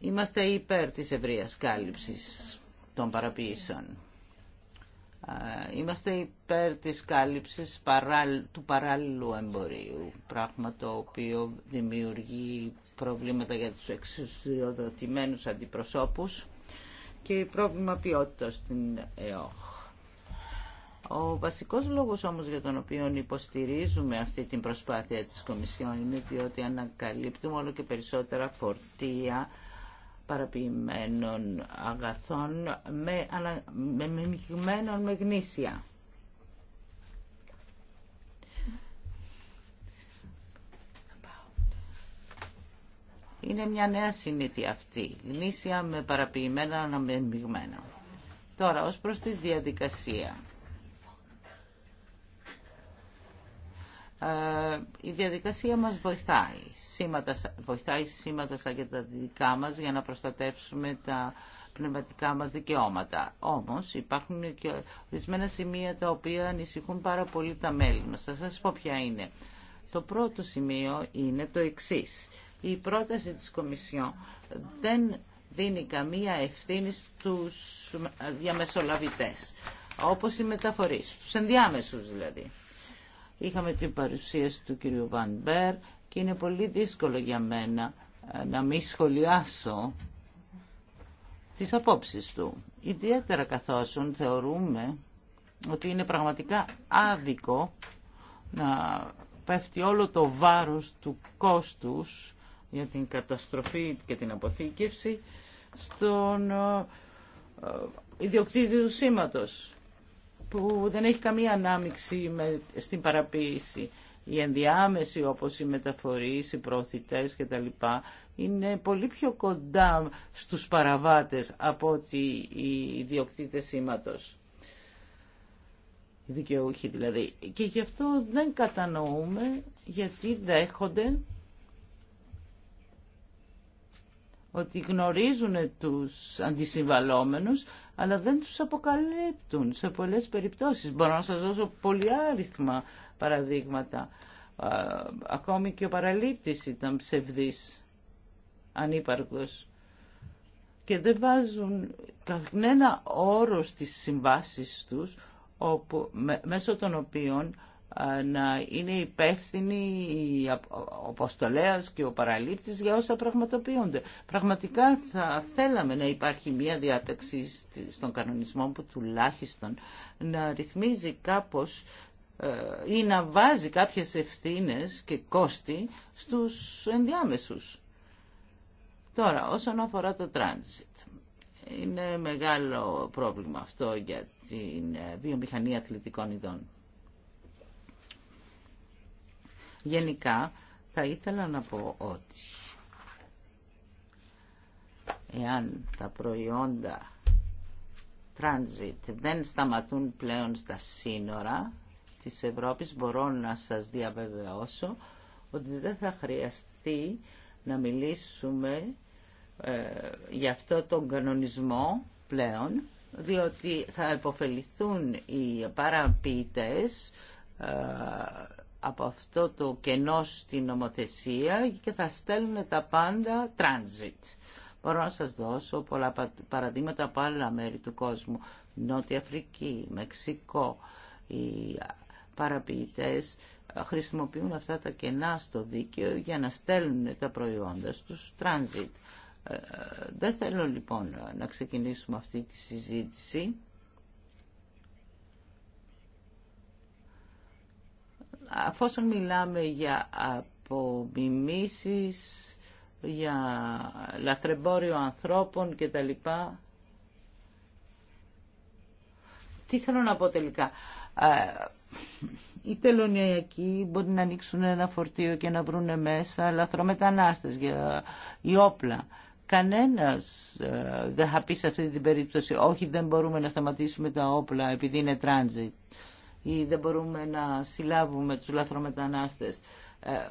είμαστε υπέρ της ευρείας κάλυψης των παραποιήσεων. Είμαστε υπέρ της κάλυψης του παράλληλου εμπορίου, πράγμα το οποίο δημιουργεί προβλήματα για τους εξουσιοδοτημένους αντιπροσώπους και πρόβλημα ποιότητας στην ΕΟΧ. Ο βασικός λόγος όμως για τον οποίο υποστηρίζουμε αυτή την προσπάθεια της Κομισιόν είναι διότι ανακαλύπτουμε όλο και περισσότερα φορτία παραποιημένων αγαθών με, ανα... με με γνήσια. Είναι μια νέα συνήθεια αυτή, γνήσια με παραποιημένα αναμειγμένα. Τώρα, ως προς τη διαδικασία. Ε, η διαδικασία μας βοηθάει. Σήματα, βοηθάει σήματα σαν και τα δικά μας για να προστατεύσουμε τα πνευματικά μας δικαιώματα. Όμως υπάρχουν και ορισμένα σημεία τα οποία ανησυχούν πάρα πολύ τα μέλη μας. Θα σας πω ποια είναι. Το πρώτο σημείο είναι το εξής. Η πρόταση της Κομισιόν δεν δίνει καμία ευθύνη στους διαμεσολαβητές, όπως οι μεταφορείς, στους ενδιάμεσους δηλαδή. Είχαμε την παρουσίαση του κυρίου Βαν Μπέρ και είναι πολύ δύσκολο για μένα ε, να μην σχολιάσω τις απόψεις του. Ιδιαίτερα καθώς θεωρούμε ότι είναι πραγματικά άδικο να πέφτει όλο το βάρος του κόστους για την καταστροφή και την αποθήκευση στον ε, ε, ιδιοκτήτη του σήματος που δεν έχει καμία ανάμειξη στην παραποίηση. η ενδιάμεση όπως οι μεταφορείς, οι προωθητές κτλ. είναι πολύ πιο κοντά στους παραβάτες από ότι οι διοκτήτες σήματος. Οι δικαιούχοι δηλαδή. Και γι' αυτό δεν κατανοούμε γιατί δέχονται ότι γνωρίζουν τους αντισυμβαλόμενους αλλά δεν τους αποκαλύπτουν σε πολλές περιπτώσεις. Μπορώ να σας δώσω πολύ άριθμα παραδείγματα. Ακόμη και ο παραλήπτης ήταν ψευδής, ανύπαρκτος. Και δεν βάζουν κανένα όρο στις συμβάσεις τους, όπου, μέσω των οποίων να είναι υπεύθυνοι ο αποστολέας και ο παραλήπτης για όσα πραγματοποιούνται. Πραγματικά θα θέλαμε να υπάρχει μια διάταξη στον κανονισμό που τουλάχιστον να ρυθμίζει κάπως ε, ή να βάζει κάποιες ευθύνες και κόστη στους ενδιάμεσους. Τώρα, όσον αφορά το transit, είναι μεγάλο πρόβλημα αυτό για την ε, βιομηχανία αθλητικών ειδών. Γενικά θα ήθελα να πω ότι εάν τα προϊόντα transit δεν σταματούν πλέον στα σύνορα της Ευρώπης μπορώ να σας διαβεβαιώσω ότι δεν θα χρειαστεί να μιλήσουμε ε, για αυτό τον κανονισμό πλέον διότι θα υποφεληθούν οι παραποιητές ε, από αυτό το κενό στην νομοθεσία και θα στέλνουν τα πάντα transit. Μπορώ να σας δώσω πολλά παραδείγματα από άλλα μέρη του κόσμου. Νότια Αφρική, Μεξικό, οι παραποιητές χρησιμοποιούν αυτά τα κενά στο δίκαιο για να στέλνουν τα προϊόντα στους transit. Ε, ε, δεν θέλω λοιπόν να ξεκινήσουμε αυτή τη συζήτηση. αφόσον μιλάμε για απομιμήσεις, για λαθρεμπόριο ανθρώπων κτλ. Τι θέλω να πω τελικά. Ε, οι τελωνιακοί μπορεί να ανοίξουν ένα φορτίο και να βρουν μέσα λαθρομετανάστες για οι όπλα. Κανένας ε, δεν θα πει σε αυτή την περίπτωση όχι δεν μπορούμε να σταματήσουμε τα όπλα επειδή είναι τράνζιτ ή δεν μπορούμε να συλλάβουμε τους λαθρομετανάστες. Ε,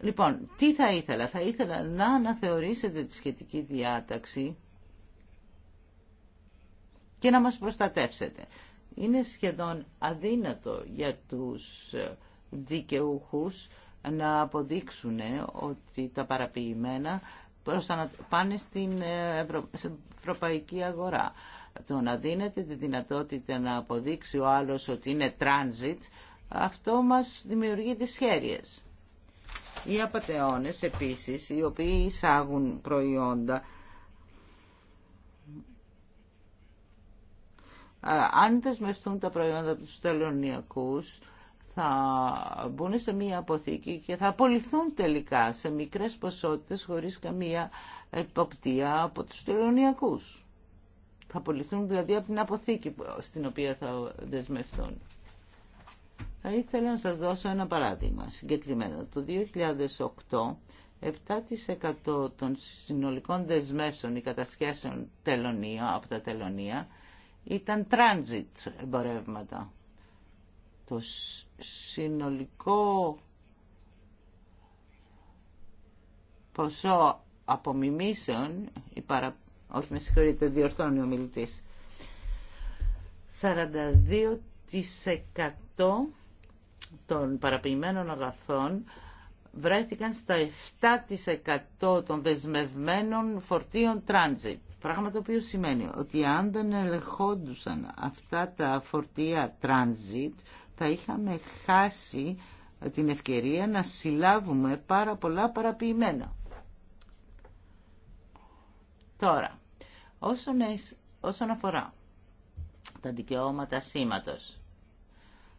λοιπόν, τι θα ήθελα. Θα ήθελα να αναθεωρήσετε τη σχετική διάταξη και να μας προστατεύσετε. Είναι σχεδόν αδύνατο για τους ε, δικαιούχους να αποδείξουν ε, ότι τα παραποιημένα πάνε στην ευρωπαϊκή αγορά το να δίνεται τη δυνατότητα να αποδείξει ο άλλος ότι είναι transit, αυτό μας δημιουργεί δυσχέρειες. Οι απαταιώνες επίσης, οι οποίοι εισάγουν προϊόντα, αν δεσμευτούν τα προϊόντα από τους τελωνιακούς, θα μπουν σε μία αποθήκη και θα απολυθούν τελικά σε μικρές ποσότητες χωρίς καμία εποπτεία από τους τελωνιακούς. Θα απολυθούν δηλαδή από την αποθήκη στην οποία θα δεσμευθούν. Θα ήθελα να σας δώσω ένα παράδειγμα συγκεκριμένο. Το 2008, 7% των συνολικών δεσμεύσεων ή κατασχέσεων τελωνία, από τα τελωνία ήταν transit εμπορεύματα. Το συνολικό ποσό απομιμήσεων ή παραπάνω, όχι με συγχωρείτε, διορθώνει ο μιλητής. 42% των παραποιημένων αγαθών βρέθηκαν στα 7% των δεσμευμένων φορτίων transit. Πράγμα το οποίο σημαίνει ότι αν δεν ελεγχόντουσαν αυτά τα φορτία transit, θα είχαμε χάσει την ευκαιρία να συλλάβουμε πάρα πολλά παραποιημένα. Τώρα, Όσον, αφορά τα δικαιώματα σήματος,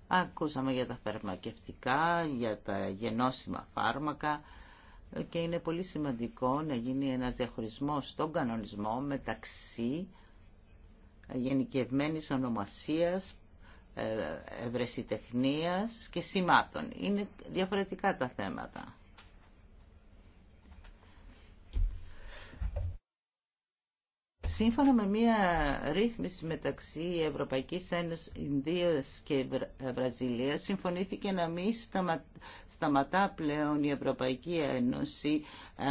ακούσαμε για τα φαρμακευτικά, για τα γενώσιμα φάρμακα και είναι πολύ σημαντικό να γίνει ένας διαχωρισμός στον κανονισμό μεταξύ γενικευμένης ονομασίας, ε, ευρεσιτεχνίας και σημάτων. Είναι διαφορετικά τα θέματα. Σύμφωνα με μία ρύθμιση μεταξύ Ευρωπαϊκής Ένωσης, Ινδίας και Βραζιλίας, συμφωνήθηκε να μην σταματά πλέον η Ευρωπαϊκή Ένωση ε,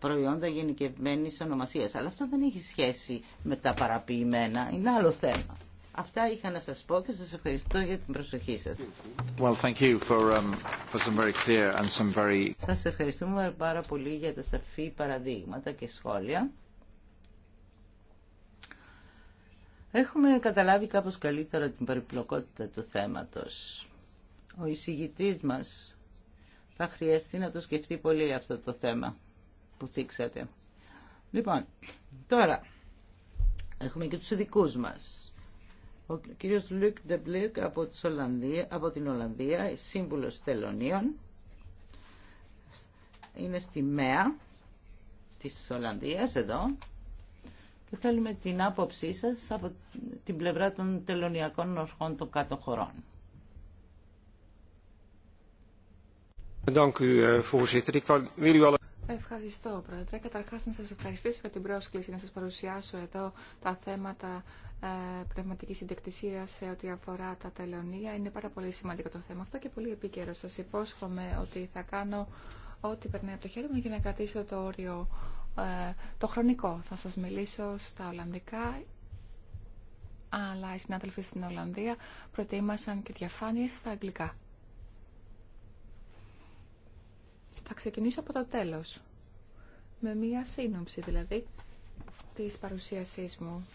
προϊόντα γενικευμένης ονομασίας. Αλλά αυτό δεν έχει σχέση με τα παραποιημένα. Είναι άλλο θέμα. Αυτά είχα να σας πω και σας ευχαριστώ για την προσοχή σας. Well, thank you for, um, for some very clear and some very... Σας ευχαριστούμε πάρα πολύ για τα σαφή παραδείγματα και σχόλια. Έχουμε καταλάβει κάπως καλύτερα την περιπλοκότητα του θέματος. Ο εισηγητής μας θα χρειαστεί να το σκεφτεί πολύ αυτό το θέμα που θίξατε. Λοιπόν, τώρα έχουμε και τους ειδικού μας. Ο κύριος Λουκ Ντεμπλίκ από, από την Ολλανδία, σύμβουλος τελωνίων, είναι στη ΜΕΑ της Ολλανδίας εδώ θέλουμε την άποψή σας από την πλευρά των τελωνιακών ορχών των κάτω χωρών. Eh, Ευχαριστώ, Πρόεδρε. Καταρχάς, να σας ευχαριστήσω για την πρόσκληση να σας παρουσιάσω εδώ τα θέματα ε, πνευματικής συντεκτησίας σε ό,τι αφορά τα τελωνία. Είναι πάρα πολύ σημαντικό το θέμα αυτό και πολύ επίκαιρο. Σας υπόσχομαι ότι θα κάνω ό,τι περνάει από το χέρι μου για να κρατήσω το όριο ε, το χρονικό. Θα σας μιλήσω στα Ολλανδικά, αλλά οι συνάδελφοι στην Ολλανδία προτίμασαν και διαφάνειες στα Αγγλικά. Θα ξεκινήσω από το τέλος, με μία σύνοψη δηλαδή της παρουσίασής μου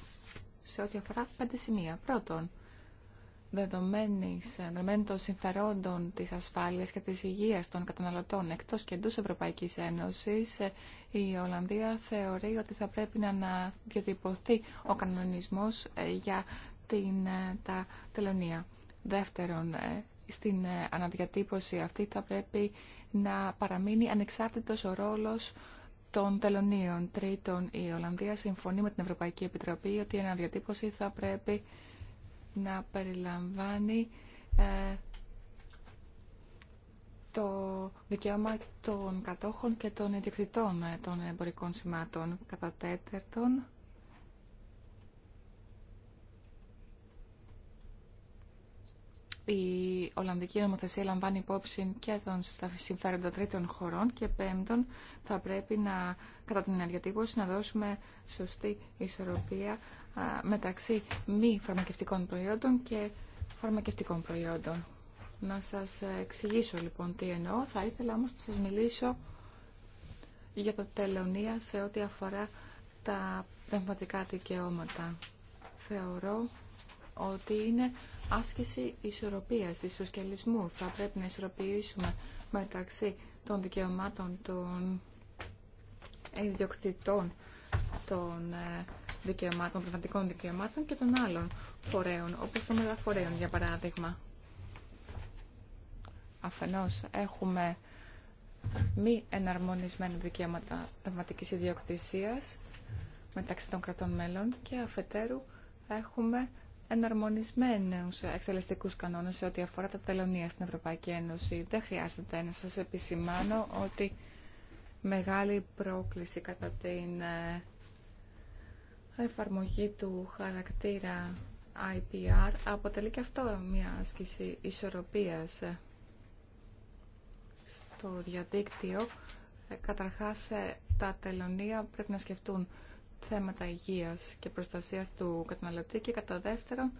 σε ό,τι αφορά πέντε σημεία. Πρώτον, δεδομένης, δεδομένων των συμφερόντων της ασφάλειας και της υγείας των καταναλωτών εκτός και εντός Ευρωπαϊκής Ένωσης, η Ολλανδία θεωρεί ότι θα πρέπει να διατυπωθεί ο κανονισμός ε, για την, ε, τα τελωνία. Δεύτερον, ε, στην αναδιατύπωση αυτή θα πρέπει να παραμείνει ανεξάρτητος ο ρόλος των τελωνίων. Τρίτον, η Ολλανδία συμφωνεί με την Ευρωπαϊκή Επιτροπή ότι η αναδιατύπωση θα πρέπει να περιλαμβάνει ε, το δικαίωμα των κατόχων και των ιδιοκτητών ε, των εμπορικών σημάτων. Κατά τέταρτον, η Ολλανδική νομοθεσία λαμβάνει υπόψη και των συμφέροντα τρίτων χωρών και πέμπτον θα πρέπει να, κατά την αδιατύπωση να δώσουμε σωστή ισορροπία μεταξύ μη φαρμακευτικών προϊόντων και φαρμακευτικών προϊόντων. Να σας εξηγήσω λοιπόν τι εννοώ. Θα ήθελα όμως να σας μιλήσω για τα τελωνία σε ό,τι αφορά τα πνευματικά δικαιώματα. Θεωρώ ότι είναι άσκηση ισορροπίας, ισοσκελισμού. Θα πρέπει να ισορροπήσουμε μεταξύ των δικαιωμάτων των ιδιοκτητών των ε, δικαιωμάτων, πνευματικών δικαιωμάτων και των άλλων φορέων, όπως των μεταφορέων, για παράδειγμα. Αφενός, έχουμε μη εναρμονισμένα δικαιώματα πνευματικής ιδιοκτησίας μεταξύ των κρατών μέλων και αφετέρου έχουμε εναρμονισμένους εκτελεστικούς κανόνες σε ό,τι αφορά τα τελωνία στην Ευρωπαϊκή Ένωση. Δεν χρειάζεται να σας επισημάνω ότι μεγάλη πρόκληση κατά την ε, εφαρμογή του χαρακτήρα IPR αποτελεί και αυτό μια άσκηση ισορροπίας ε, στο διαδίκτυο. Ε, καταρχάς, τα τελωνία πρέπει να σκεφτούν θέματα υγείας και προστασίας του καταναλωτή και κατά δεύτερον,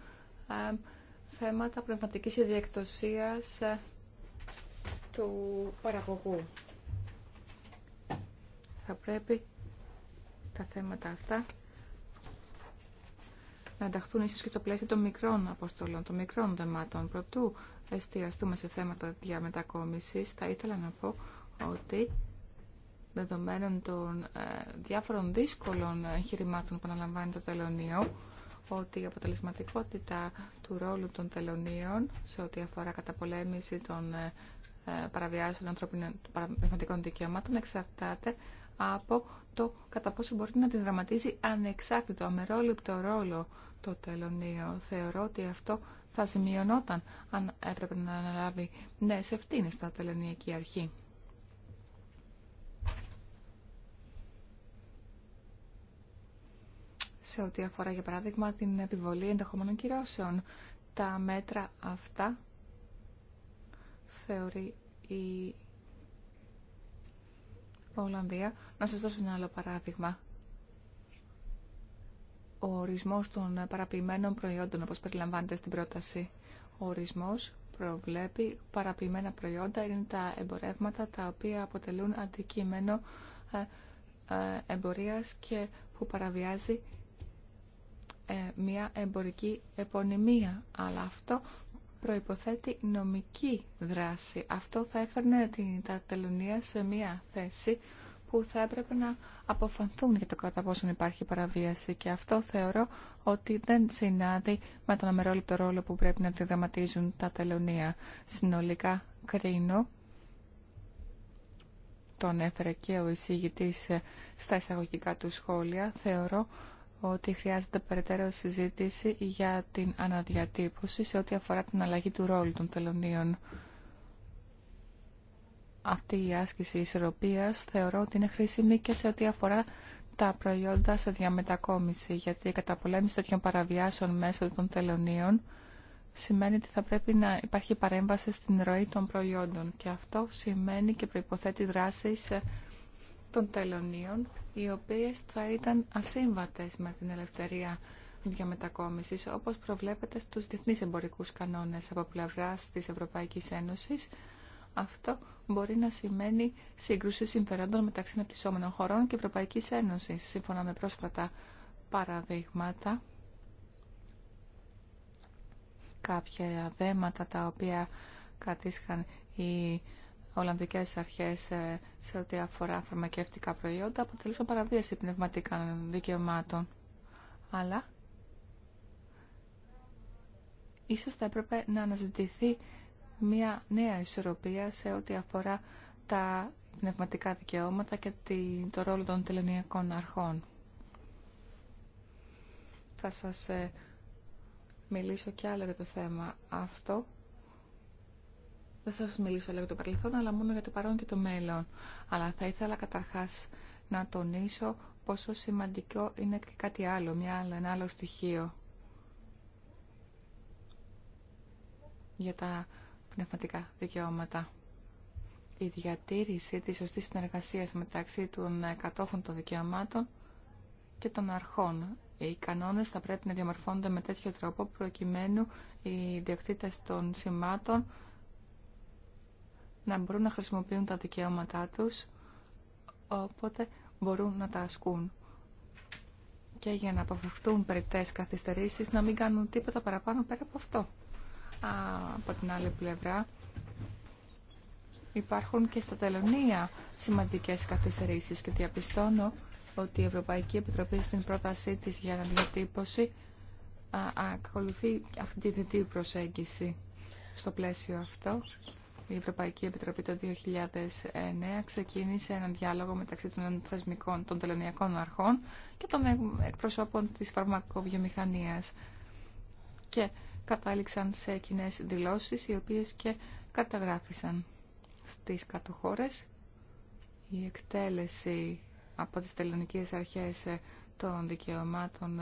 θέματα πνευματικής ιδιεκτοσίας του παραγωγού θα πρέπει τα θέματα αυτά να ενταχθούν ίσως και στο πλαίσιο των μικρών αποστολών, των μικρών δεμάτων. Προτού εστιαστούμε σε θέματα διαμετακόμισης, θα ήθελα να πω ότι δεδομένων των ε, διάφορων δύσκολων εγχειρημάτων που αναλαμβάνει το τελωνίο, ότι η αποτελεσματικότητα του ρόλου των τελωνίων σε ό,τι αφορά καταπολέμηση των ε, ε, παραβιάσεων ανθρωπινών δικαιωμάτων εξαρτάται από το κατά πόσο μπορεί να την δραματίζει ανεξάρτητο, αμερόληπτο ρόλο το τελωνίο. Θεωρώ ότι αυτό θα σημειωνόταν αν έπρεπε να αναλάβει νέες ευθύνες στα τελωνιακή αρχή. σε ό,τι αφορά για παράδειγμα την επιβολή ενδεχομένων κυρώσεων. Τα μέτρα αυτά θεωρεί η Ολλανδία. Να σας δώσω ένα άλλο παράδειγμα. Ο ορισμός των παραποιημένων προϊόντων, όπως περιλαμβάνεται στην πρόταση. Ο ορισμός προβλέπει παραποιημένα προϊόντα είναι τα εμπορεύματα τα οποία αποτελούν αντικείμενο ε, ε, εμπορίας και που παραβιάζει ε, μια εμπορική επωνυμία. Αλλά αυτό προϋποθέτει νομική δράση. Αυτό θα έφερνε την, τα τελωνία σε μια θέση που θα έπρεπε να αποφανθούν για το κατά πόσον υπάρχει παραβίαση και αυτό θεωρώ ότι δεν συνάδει με τον αμερόληπτο ρόλο που πρέπει να διδραματίζουν τα τελωνία. Συνολικά κρίνω, τον έφερε και ο εισηγητής ε, στα εισαγωγικά του σχόλια, θεωρώ ότι χρειάζεται περαιτέρω συζήτηση για την αναδιατύπωση σε ό,τι αφορά την αλλαγή του ρόλου των τελωνίων. Αυτή η άσκηση ισορροπίας θεωρώ ότι είναι χρήσιμη και σε ό,τι αφορά τα προϊόντα σε διαμετακόμιση, γιατί η καταπολέμηση τέτοιων παραβιάσεων μέσω των τελωνίων σημαίνει ότι θα πρέπει να υπάρχει παρέμβαση στην ροή των προϊόντων και αυτό σημαίνει και προϋποθέτει δράσεις των τελωνίων, οι οποίες θα ήταν ασύμβατες με την ελευθερία διαμετακόμισης, όπως προβλέπεται στους διεθνείς εμπορικούς κανόνες από πλευρά της Ευρωπαϊκής Ένωσης. Αυτό μπορεί να σημαίνει σύγκρουση συμφερόντων μεταξύ αναπτυσσόμενων χωρών και Ευρωπαϊκής Ένωσης, σύμφωνα με πρόσφατα παραδείγματα. Κάποια δέματα τα οποία κατήσχαν οι Ολλανδικές αρχές ε, σε ό,τι αφορά φαρμακευτικά προϊόντα αποτελούσαν παραβίαση πνευματικών δικαιωμάτων. Αλλά ίσως θα έπρεπε να αναζητηθεί μια νέα ισορροπία σε ό,τι αφορά τα πνευματικά δικαιώματα και το ρόλο των τελωνιακών αρχών. Θα σας ε, μιλήσω κι άλλο για το θέμα αυτό δεν θα σα μιλήσω για το παρελθόν, αλλά μόνο για το παρόν και το μέλλον. Αλλά θα ήθελα καταρχάς να τονίσω πόσο σημαντικό είναι και κάτι άλλο, μια, ένα άλλο στοιχείο για τα πνευματικά δικαιώματα. Η διατήρηση της σωστής συνεργασίας μεταξύ των κατόχων των δικαιωμάτων και των αρχών. Οι κανόνες θα πρέπει να διαμορφώνονται με τέτοιο τρόπο προκειμένου οι διοκτήτες των σημάτων να μπορούν να χρησιμοποιούν τα δικαιώματά τους, οπότε μπορούν να τα ασκούν. Και για να αποφευχθούν περιπτές καθυστερήσεις, να μην κάνουν τίποτα παραπάνω πέρα από αυτό. από την άλλη πλευρά, υπάρχουν και στα τελωνία σημαντικές καθυστερήσεις και διαπιστώνω ότι η Ευρωπαϊκή Επιτροπή στην πρότασή της για να ακολουθεί αυτή τη διτή προσέγγιση στο πλαίσιο αυτό η Ευρωπαϊκή Επιτροπή το 2009 ξεκίνησε έναν διάλογο μεταξύ των θεσμικών των τελωνιακών αρχών και των εκπροσώπων της φαρμακοβιομηχανίας και κατάληξαν σε κοινέ δηλώσεις οι οποίες και καταγράφησαν στις κατοχώρες Η εκτέλεση από τις τελωνικές αρχές των δικαιωμάτων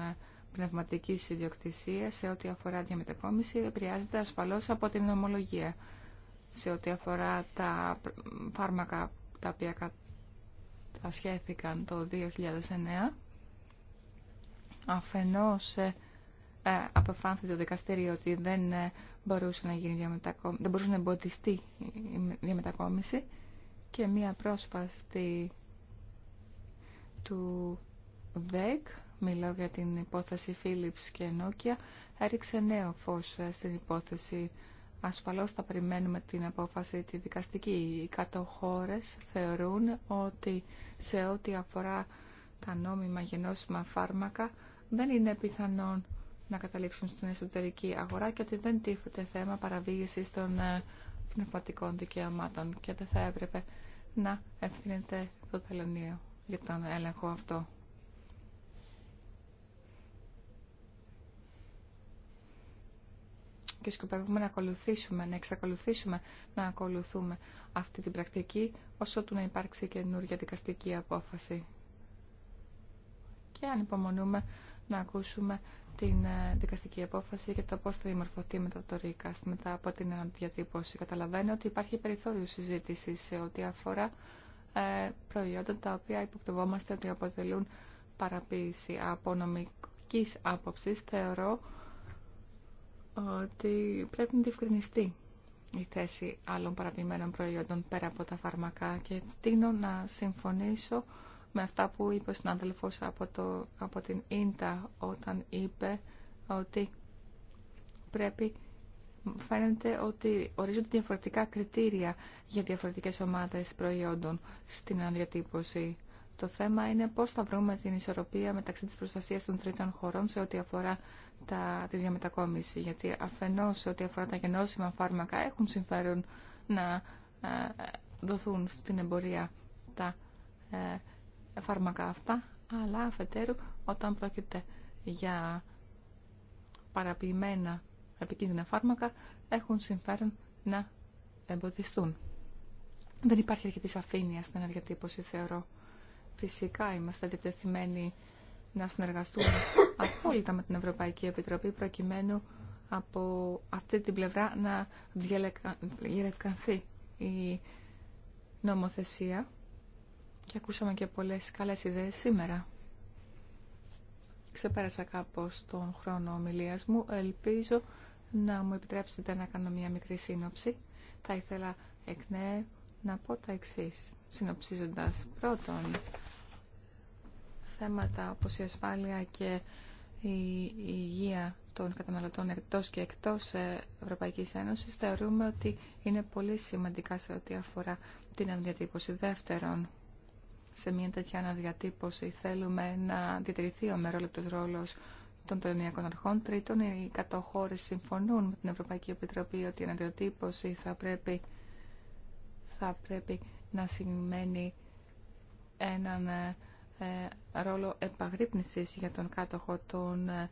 πνευματικής ιδιοκτησίας σε ό,τι αφορά διαμετεκόμιση επηρεάζεται ασφαλώς από την ομολογία σε ό,τι αφορά τα φάρμακα τα οποία κατασχέθηκαν το 2009. Αφενός ε, ε το δικαστήριο ότι δεν ε, μπορούσε να γίνει διαμετακόμιση, δεν μπορούσε να η διαμετακόμιση και μία πρόσφατη του ΔΕΚ, μιλάω για την υπόθεση Philips και Nokia, έριξε νέο φως ε, στην υπόθεση Ασφαλώς θα περιμένουμε την απόφαση τη δικαστική. Οι κατοχώρες θεωρούν ότι σε ό,τι αφορά τα νόμιμα γενώσιμα φάρμακα δεν είναι πιθανόν να καταλήξουν στην εσωτερική αγορά και ότι δεν τίθεται θέμα παραβίασης των ε, πνευματικών δικαιωμάτων και δεν θα έπρεπε να ευθύνεται το τελωνίο για τον έλεγχο αυτό. και σκοπεύουμε να ακολουθήσουμε, να εξακολουθήσουμε να ακολουθούμε αυτή την πρακτική όσο του να υπάρξει καινούργια δικαστική απόφαση. Και αν υπομονούμε να ακούσουμε την ε, δικαστική απόφαση και το πώς θα δημορφωθεί μετά το ΡΙΚΑΣ, μετά από την αναδιατύπωση. Καταλαβαίνω ότι υπάρχει περιθώριο συζήτηση σε ό,τι αφορά ε, προϊόντα τα οποία υποπτευόμαστε ότι αποτελούν παραποίηση από νομικής άποψης. Θεωρώ ότι πρέπει να διευκρινιστεί η θέση άλλων παραπημένων προϊόντων πέρα από τα φάρμακα και τίνω να συμφωνήσω με αυτά που είπε ο συνάδελφος από, το, από την Ίντα όταν είπε ότι πρέπει φαίνεται ότι ορίζονται διαφορετικά κριτήρια για διαφορετικές ομάδες προϊόντων στην αναδιατύπωση. Το θέμα είναι πώς θα βρούμε την ισορροπία μεταξύ της προστασίας των τρίτων χωρών σε ό,τι αφορά τα, τη διαμετακόμιση, γιατί αφενός ό,τι αφορά τα γενώσιμα φάρμακα έχουν συμφέρον να ε, δοθούν στην εμπορία τα ε, φάρμακα αυτά, αλλά αφετέρου όταν πρόκειται για παραποιημένα επικίνδυνα φάρμακα έχουν συμφέρον να εμποδιστούν. Δεν υπάρχει αρκετή σαφήνεια στην αναδιατύπωση, θεωρώ. Φυσικά είμαστε διατεθειμένοι να συνεργαστούμε απόλυτα με την Ευρωπαϊκή Επιτροπή προκειμένου από αυτή την πλευρά να διαλευκανθεί η νομοθεσία και ακούσαμε και πολλές καλές ιδέες σήμερα. Ξεπέρασα κάπως τον χρόνο ομιλίας μου. Ελπίζω να μου επιτρέψετε να κάνω μια μικρή σύνοψη. Θα ήθελα εκ νέου να πω τα εξής, συνοψίζοντας πρώτον θέματα όπως η ασφάλεια και η υγεία των καταναλωτών εκτός και εκτός ε, Ευρωπαϊκής Ένωσης θεωρούμε ότι είναι πολύ σημαντικά σε ό,τι αφορά την αναδιατύπωση. Δεύτερον, σε μια τέτοια αναδιατύπωση θέλουμε να διατηρηθεί ο μερόλεπτος ρόλος των τελωνιακών αρχών. Τρίτον, οι κατοχώρε συμφωνούν με την Ευρωπαϊκή Επιτροπή ότι η αναδιατύπωση θα πρέπει, θα πρέπει να σημαίνει έναν ε, ε, ρόλο επαγρύπνησης για τον κάτοχο των ε,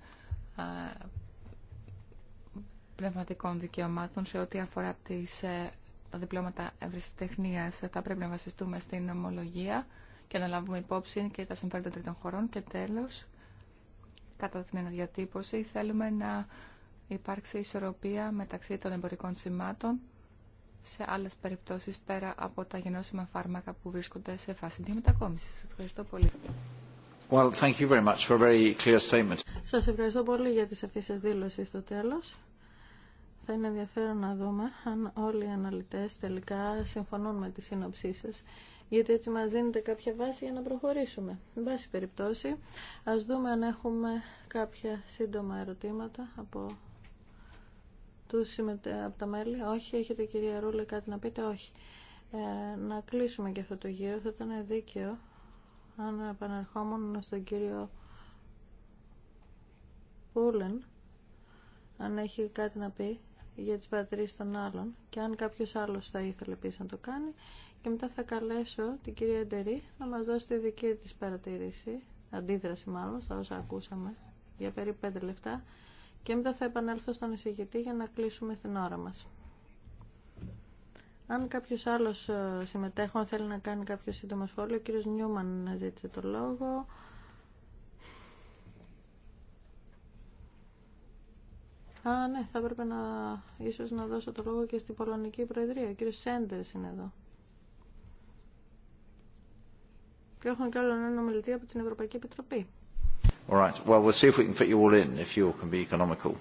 πνευματικών δικαιωμάτων σε ό,τι αφορά τις, ε, τα διπλώματα ευρεσιτεχνίας. Θα πρέπει να βασιστούμε στην ομολογία και να λάβουμε υπόψη και τα συμφέροντα τρίτων χωρών. Και τέλος, κατά την αναδιατύπωση, θέλουμε να υπάρξει ισορροπία μεταξύ των εμπορικών σημάτων σε άλλες περιπτώσεις πέρα από τα γενώσιμα φάρμακα που βρίσκονται σε φάση διαμετακόμισης. Σας ευχαριστώ πολύ. Well, thank you very much for a very clear statement. Σας ευχαριστώ πολύ για τις αυτές σας δήλωση στο τέλος. Θα είναι ενδιαφέρον να δούμε αν όλοι οι αναλυτές τελικά συμφωνούν με τη σύνοψή σας, γιατί έτσι μας δίνεται κάποια βάση για να προχωρήσουμε. Με βάση περιπτώσει, ας δούμε αν έχουμε κάποια σύντομα ερωτήματα από του από τα μέλη. Όχι, έχετε κυρία Ρούλε κάτι να πείτε. Όχι. Ε, να κλείσουμε και αυτό το γύρο. Θα ήταν δίκαιο αν επαναρχόμουν στον κύριο Πούλεν αν έχει κάτι να πει για τις παρατηρήσει των άλλων και αν κάποιος άλλος θα ήθελε επίσης να το κάνει και μετά θα καλέσω την κυρία Ντερή να μας δώσει τη δική της παρατήρηση αντίδραση μάλλον στα όσα ακούσαμε για περίπου 5 λεπτά και μετά θα επανέλθω στον εισηγητή για να κλείσουμε την ώρα μας. Αν κάποιος άλλος ε, συμμετέχων θέλει να κάνει κάποιο σύντομο σχόλιο, ο κύριος Νιούμαν ζήτησε το λόγο. Α, ναι, θα έπρεπε να, ίσως να δώσω το λόγο και στην Πολωνική Προεδρία. Ο κύριος Σέντερς είναι εδώ. Και έχουν και άλλον ένα ομιλητή από την Ευρωπαϊκή Επιτροπή. All right. Well, we'll see if we can fit you all in, if you all can be economical.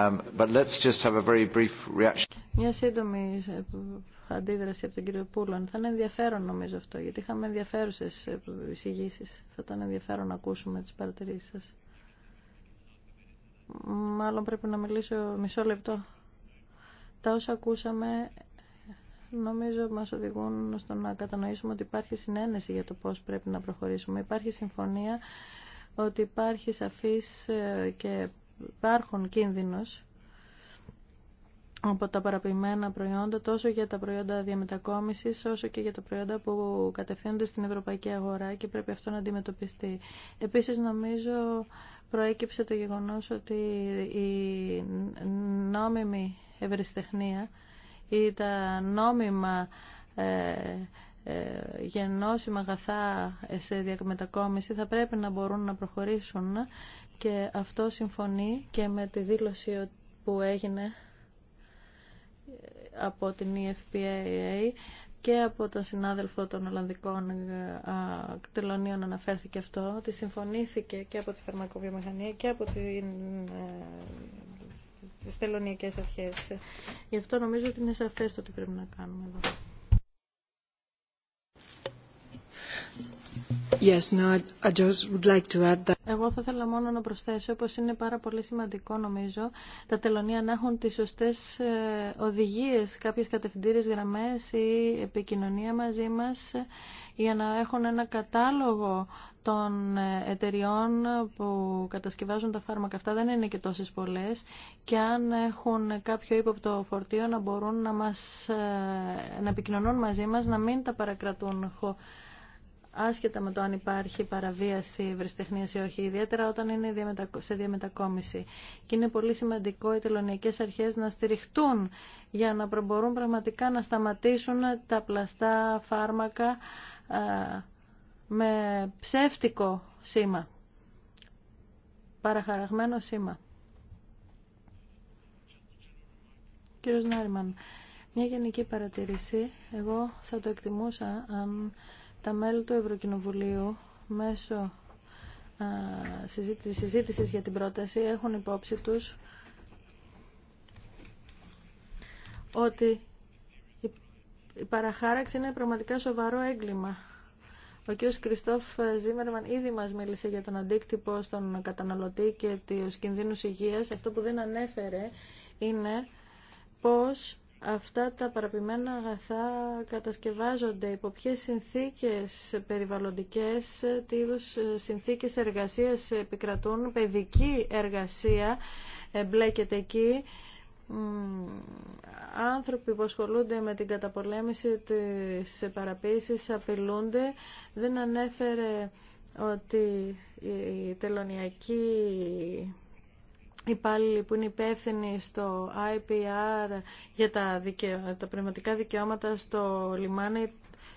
Um, but let's just have a very brief reaction. Μια σύντομη αντίδραση από τον κύριο Πούλαν. Θα είναι ενδιαφέρον νομίζω αυτό, γιατί είχαμε ενδιαφέρουσε εισηγήσει. Θα ήταν ενδιαφέρον να ακούσουμε τι παρατηρήσει σα. Μάλλον πρέπει να μιλήσω μισό λεπτό. Τα όσα ακούσαμε νομίζω μας οδηγούν στο να κατανοήσουμε ότι υπάρχει συνένεση για το πώ πρέπει να προχωρήσουμε. Υπάρχει συμφωνία ότι υπάρχει σαφής ε, και υπάρχουν κίνδυνος από τα παραποιημένα προϊόντα, τόσο για τα προϊόντα διαμετακόμισης, όσο και για τα προϊόντα που κατευθύνονται στην ευρωπαϊκή αγορά και πρέπει αυτό να αντιμετωπιστεί. Επίσης, νομίζω προέκυψε το γεγονός ότι η νόμιμη ευρεσιτεχνία ή τα νόμιμα ε, ε, γενώσιμα αγαθά σε διακμετακόμιση θα πρέπει να μπορούν να προχωρήσουν και αυτό συμφωνεί και με τη δήλωση που έγινε από την EFPAA και από τον συνάδελφο των Ολλανδικών ε, Τελωνίων αναφέρθηκε αυτό, ότι συμφωνήθηκε και από τη φαρμακοβιομηχανία και από την ε, τις τελωνιακές αρχές. Γι' αυτό νομίζω ότι είναι σαφές το τι πρέπει να κάνουμε εδώ. Εγώ θα ήθελα μόνο να προσθέσω πως είναι πάρα πολύ σημαντικό νομίζω τα τελωνία να έχουν τις σωστές ε, οδηγίες, κάποιες κατευθυντήριες γραμμές ή επικοινωνία μαζί μας για να έχουν ένα κατάλογο των ε, εταιριών που κατασκευάζουν τα φάρμακα αυτά δεν είναι και τόσες πολλές και αν έχουν κάποιο ύποπτο φορτίο να μπορούν να, μας, ε, να επικοινωνούν μαζί μας, να μην τα παρακρατούν άσχετα με το αν υπάρχει παραβίαση ευρεσιτεχνία ή όχι, ιδιαίτερα όταν είναι σε διαμετακόμιση. Και είναι πολύ σημαντικό οι τελωνιακέ αρχέ να στηριχτούν για να μπορούν πραγματικά να σταματήσουν τα πλαστά φάρμακα με ψεύτικο σήμα, παραχαραγμένο σήμα. Κύριος Νάριμαν, μια γενική παρατηρήση. Εγώ θα το εκτιμούσα αν τα μέλη του Ευρωκοινοβουλίου μέσω συζήτησης για την πρόταση έχουν υπόψη τους ότι η παραχάραξη είναι πραγματικά σοβαρό έγκλημα. Ο κ. Κριστόφ Ζήμερμαν ήδη μας μίλησε για τον αντίκτυπο στον καταναλωτή και του κινδύνου υγεία. Αυτό που δεν ανέφερε είναι πώς αυτά τα παραπημένα αγαθά κατασκευάζονται υπό ποιες συνθήκες περιβαλλοντικές, τι είδου συνθήκες εργασίας επικρατούν, παιδική εργασία εμπλέκεται εκεί, άνθρωποι που ασχολούνται με την καταπολέμηση της παραποίησης απειλούνται, δεν ανέφερε ότι η τελωνιακή υπάλληλοι που είναι υπεύθυνοι στο IPR για τα, δικαιω... τα πνευματικά δικαιώματα στο λιμάνι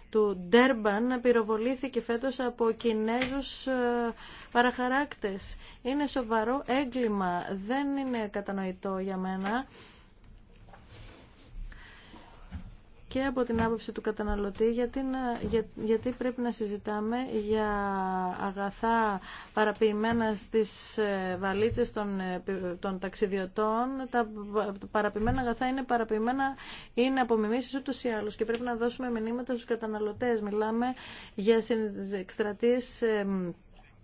του Ντέρμπαν πυροβολήθηκε φέτος από Κινέζους ε, παραχαράκτες. Είναι σοβαρό έγκλημα. Δεν είναι κατανοητό για μένα και από την άποψη του καταναλωτή γιατί, να, γιατί πρέπει να συζητάμε για αγαθά παραποιημένα στις ε, βαλίτσες ε, των, ταξιδιωτών. Τα παραποιημένα αγαθά είναι παραποιημένα, είναι από μιμήσεις ούτως ή άλλως και πρέπει να δώσουμε μηνύματα στους καταναλωτές. Μιλάμε για εκστρατείες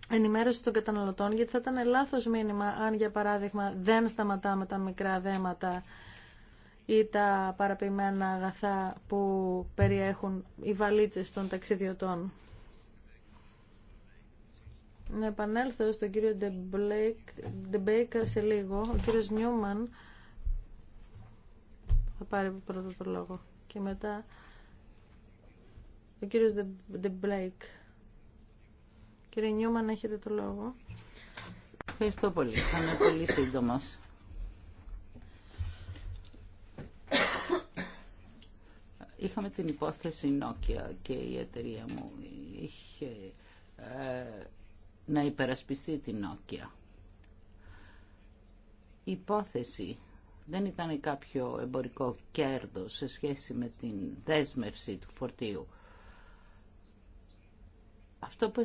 ενημέρωση των καταναλωτών γιατί θα ήταν λάθος μήνυμα αν για παράδειγμα δεν σταματάμε τα μικρά δέματα ή τα παραποιημένα αγαθά που περιέχουν οι βαλίτσες των ταξιδιωτών. Να επανέλθω στον κύριο Ντεμπέικα σε λίγο. Ο κύριος Νιούμαν θα πάρει πρώτο το λόγο και μετά ο κύριος Ντεμπλέικ. Κύριε Νιούμαν, έχετε το λόγο. Ευχαριστώ πολύ. Θα είμαι πολύ σύντομος. Είχαμε την υπόθεση Nokia και η εταιρεία μου είχε ε, να υπερασπιστεί την Νόκια. Η υπόθεση δεν ήταν κάποιο εμπορικό κέρδος σε σχέση με την δέσμευση του φορτίου. Αυτό που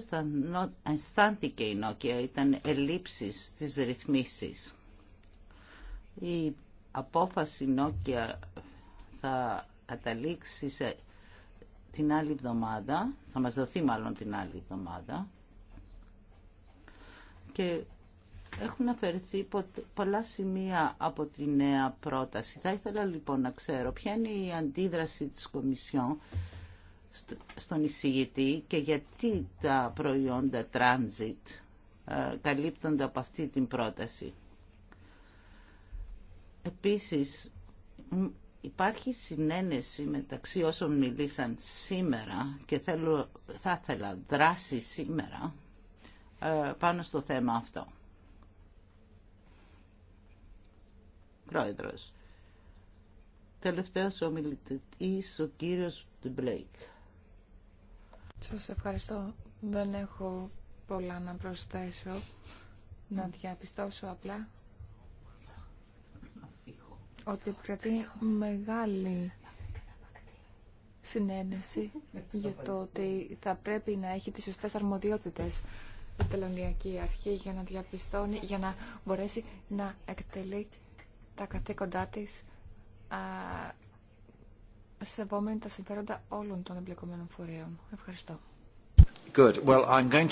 αισθάνθηκε η Νόκια ήταν ελλείψεις της ρυθμίσης. Η απόφαση Νόκια θα καταλήξει την άλλη εβδομάδα, θα μας δοθεί μάλλον την άλλη εβδομάδα και έχουν αφαιρεθεί πολλά σημεία από τη νέα πρόταση. Θα ήθελα λοιπόν να ξέρω ποια είναι η αντίδραση της Κομισιόν στον εισηγητή και γιατί τα προϊόντα transit ε, καλύπτονται από αυτή την πρόταση. Επίσης, Υπάρχει συνένεση μεταξύ όσων μιλήσαν σήμερα και θέλω, θα ήθελα δράση σήμερα ε, πάνω στο θέμα αυτό. Πρόεδρος. Τελευταίος ομιλητής ο κύριος Μπλέικ. Σας ευχαριστώ. Δεν έχω πολλά να προσθέσω. Να διαπιστώσω απλά ότι επικρατεί μεγάλη συνένεση για το ότι θα πρέπει να έχει τις σωστές αρμοδιότητες η τελωνιακή αρχή για να διαπιστώνει, για να μπορέσει να εκτελεί τα καθήκοντά της α, σεβόμενη τα συμφέροντα όλων των εμπλεκομένων φορέων. Ευχαριστώ. Good. Well, I'm going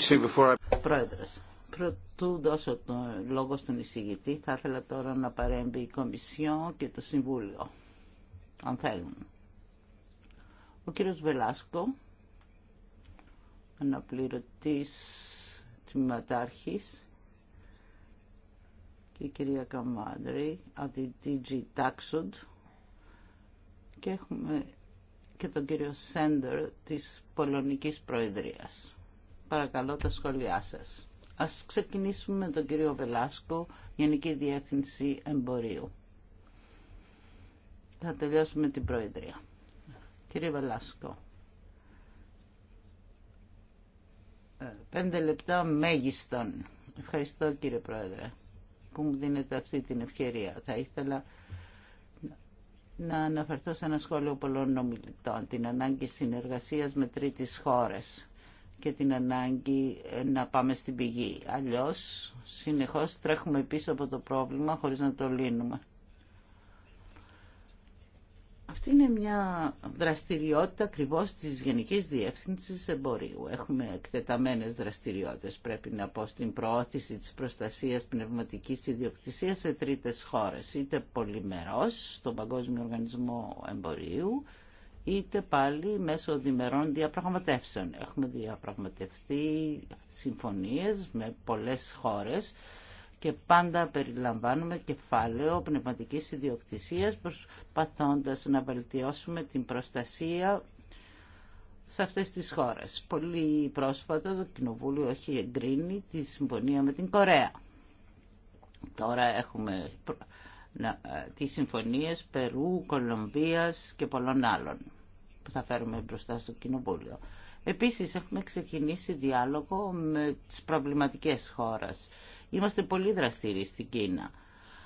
Πρωτού δώσω τον λόγο στον εισηγητή, θα ήθελα τώρα να παρέμβει η Κομισιό και το Συμβούλιο, αν θέλουν. Ο κύριος Βελάσκο, αναπληρωτής τμήματάρχης, και η κυρία Καμάντρη από την DG Taxod και έχουμε και τον κύριο Σέντερ της Πολωνικής Προεδρίας. Παρακαλώ τα σχόλιά σας. Ας ξεκινήσουμε με τον κύριο Βελάσκο, Γενική Διεύθυνση Εμπορίου. Θα τελειώσουμε την Προεδρία. Κύριε Βελάσκο, ε, πέντε λεπτά μέγιστον. Ευχαριστώ κύριε Πρόεδρε που μου δίνετε αυτή την ευκαιρία. Θα ήθελα να αναφερθώ σε ένα σχόλιο πολλών ομιλητών, την ανάγκη συνεργασίας με τρίτης χώρες και την ανάγκη ε, να πάμε στην πηγή. Αλλιώς συνεχώς τρέχουμε πίσω από το πρόβλημα χωρίς να το λύνουμε. Αυτή είναι μια δραστηριότητα ακριβώ τη Γενική Διεύθυνση Εμπορίου. Έχουμε εκτεταμένε δραστηριότητε, πρέπει να πω, στην προώθηση τη προστασία πνευματική ιδιοκτησία σε τρίτε χώρε, είτε πολυμερό στον Παγκόσμιο Οργανισμό Εμπορίου, είτε πάλι μέσω διμερών διαπραγματεύσεων. Έχουμε διαπραγματευτεί συμφωνίες με πολλές χώρες και πάντα περιλαμβάνουμε κεφάλαιο πνευματικής ιδιοκτησίας προσπαθώντας να βελτιώσουμε την προστασία σε αυτές τις χώρες. Πολύ πρόσφατα το Κοινοβούλιο έχει εγκρίνει τη συμφωνία με την Κορέα. Τώρα έχουμε ε, τις συμφωνίες Περού, Κολομβίας και πολλών άλλων που θα φέρουμε μπροστά στο Κοινοβούλιο. Επίσης έχουμε ξεκινήσει διάλογο με τις προβληματικές χώρες. Είμαστε πολύ δραστήριοι στην Κίνα.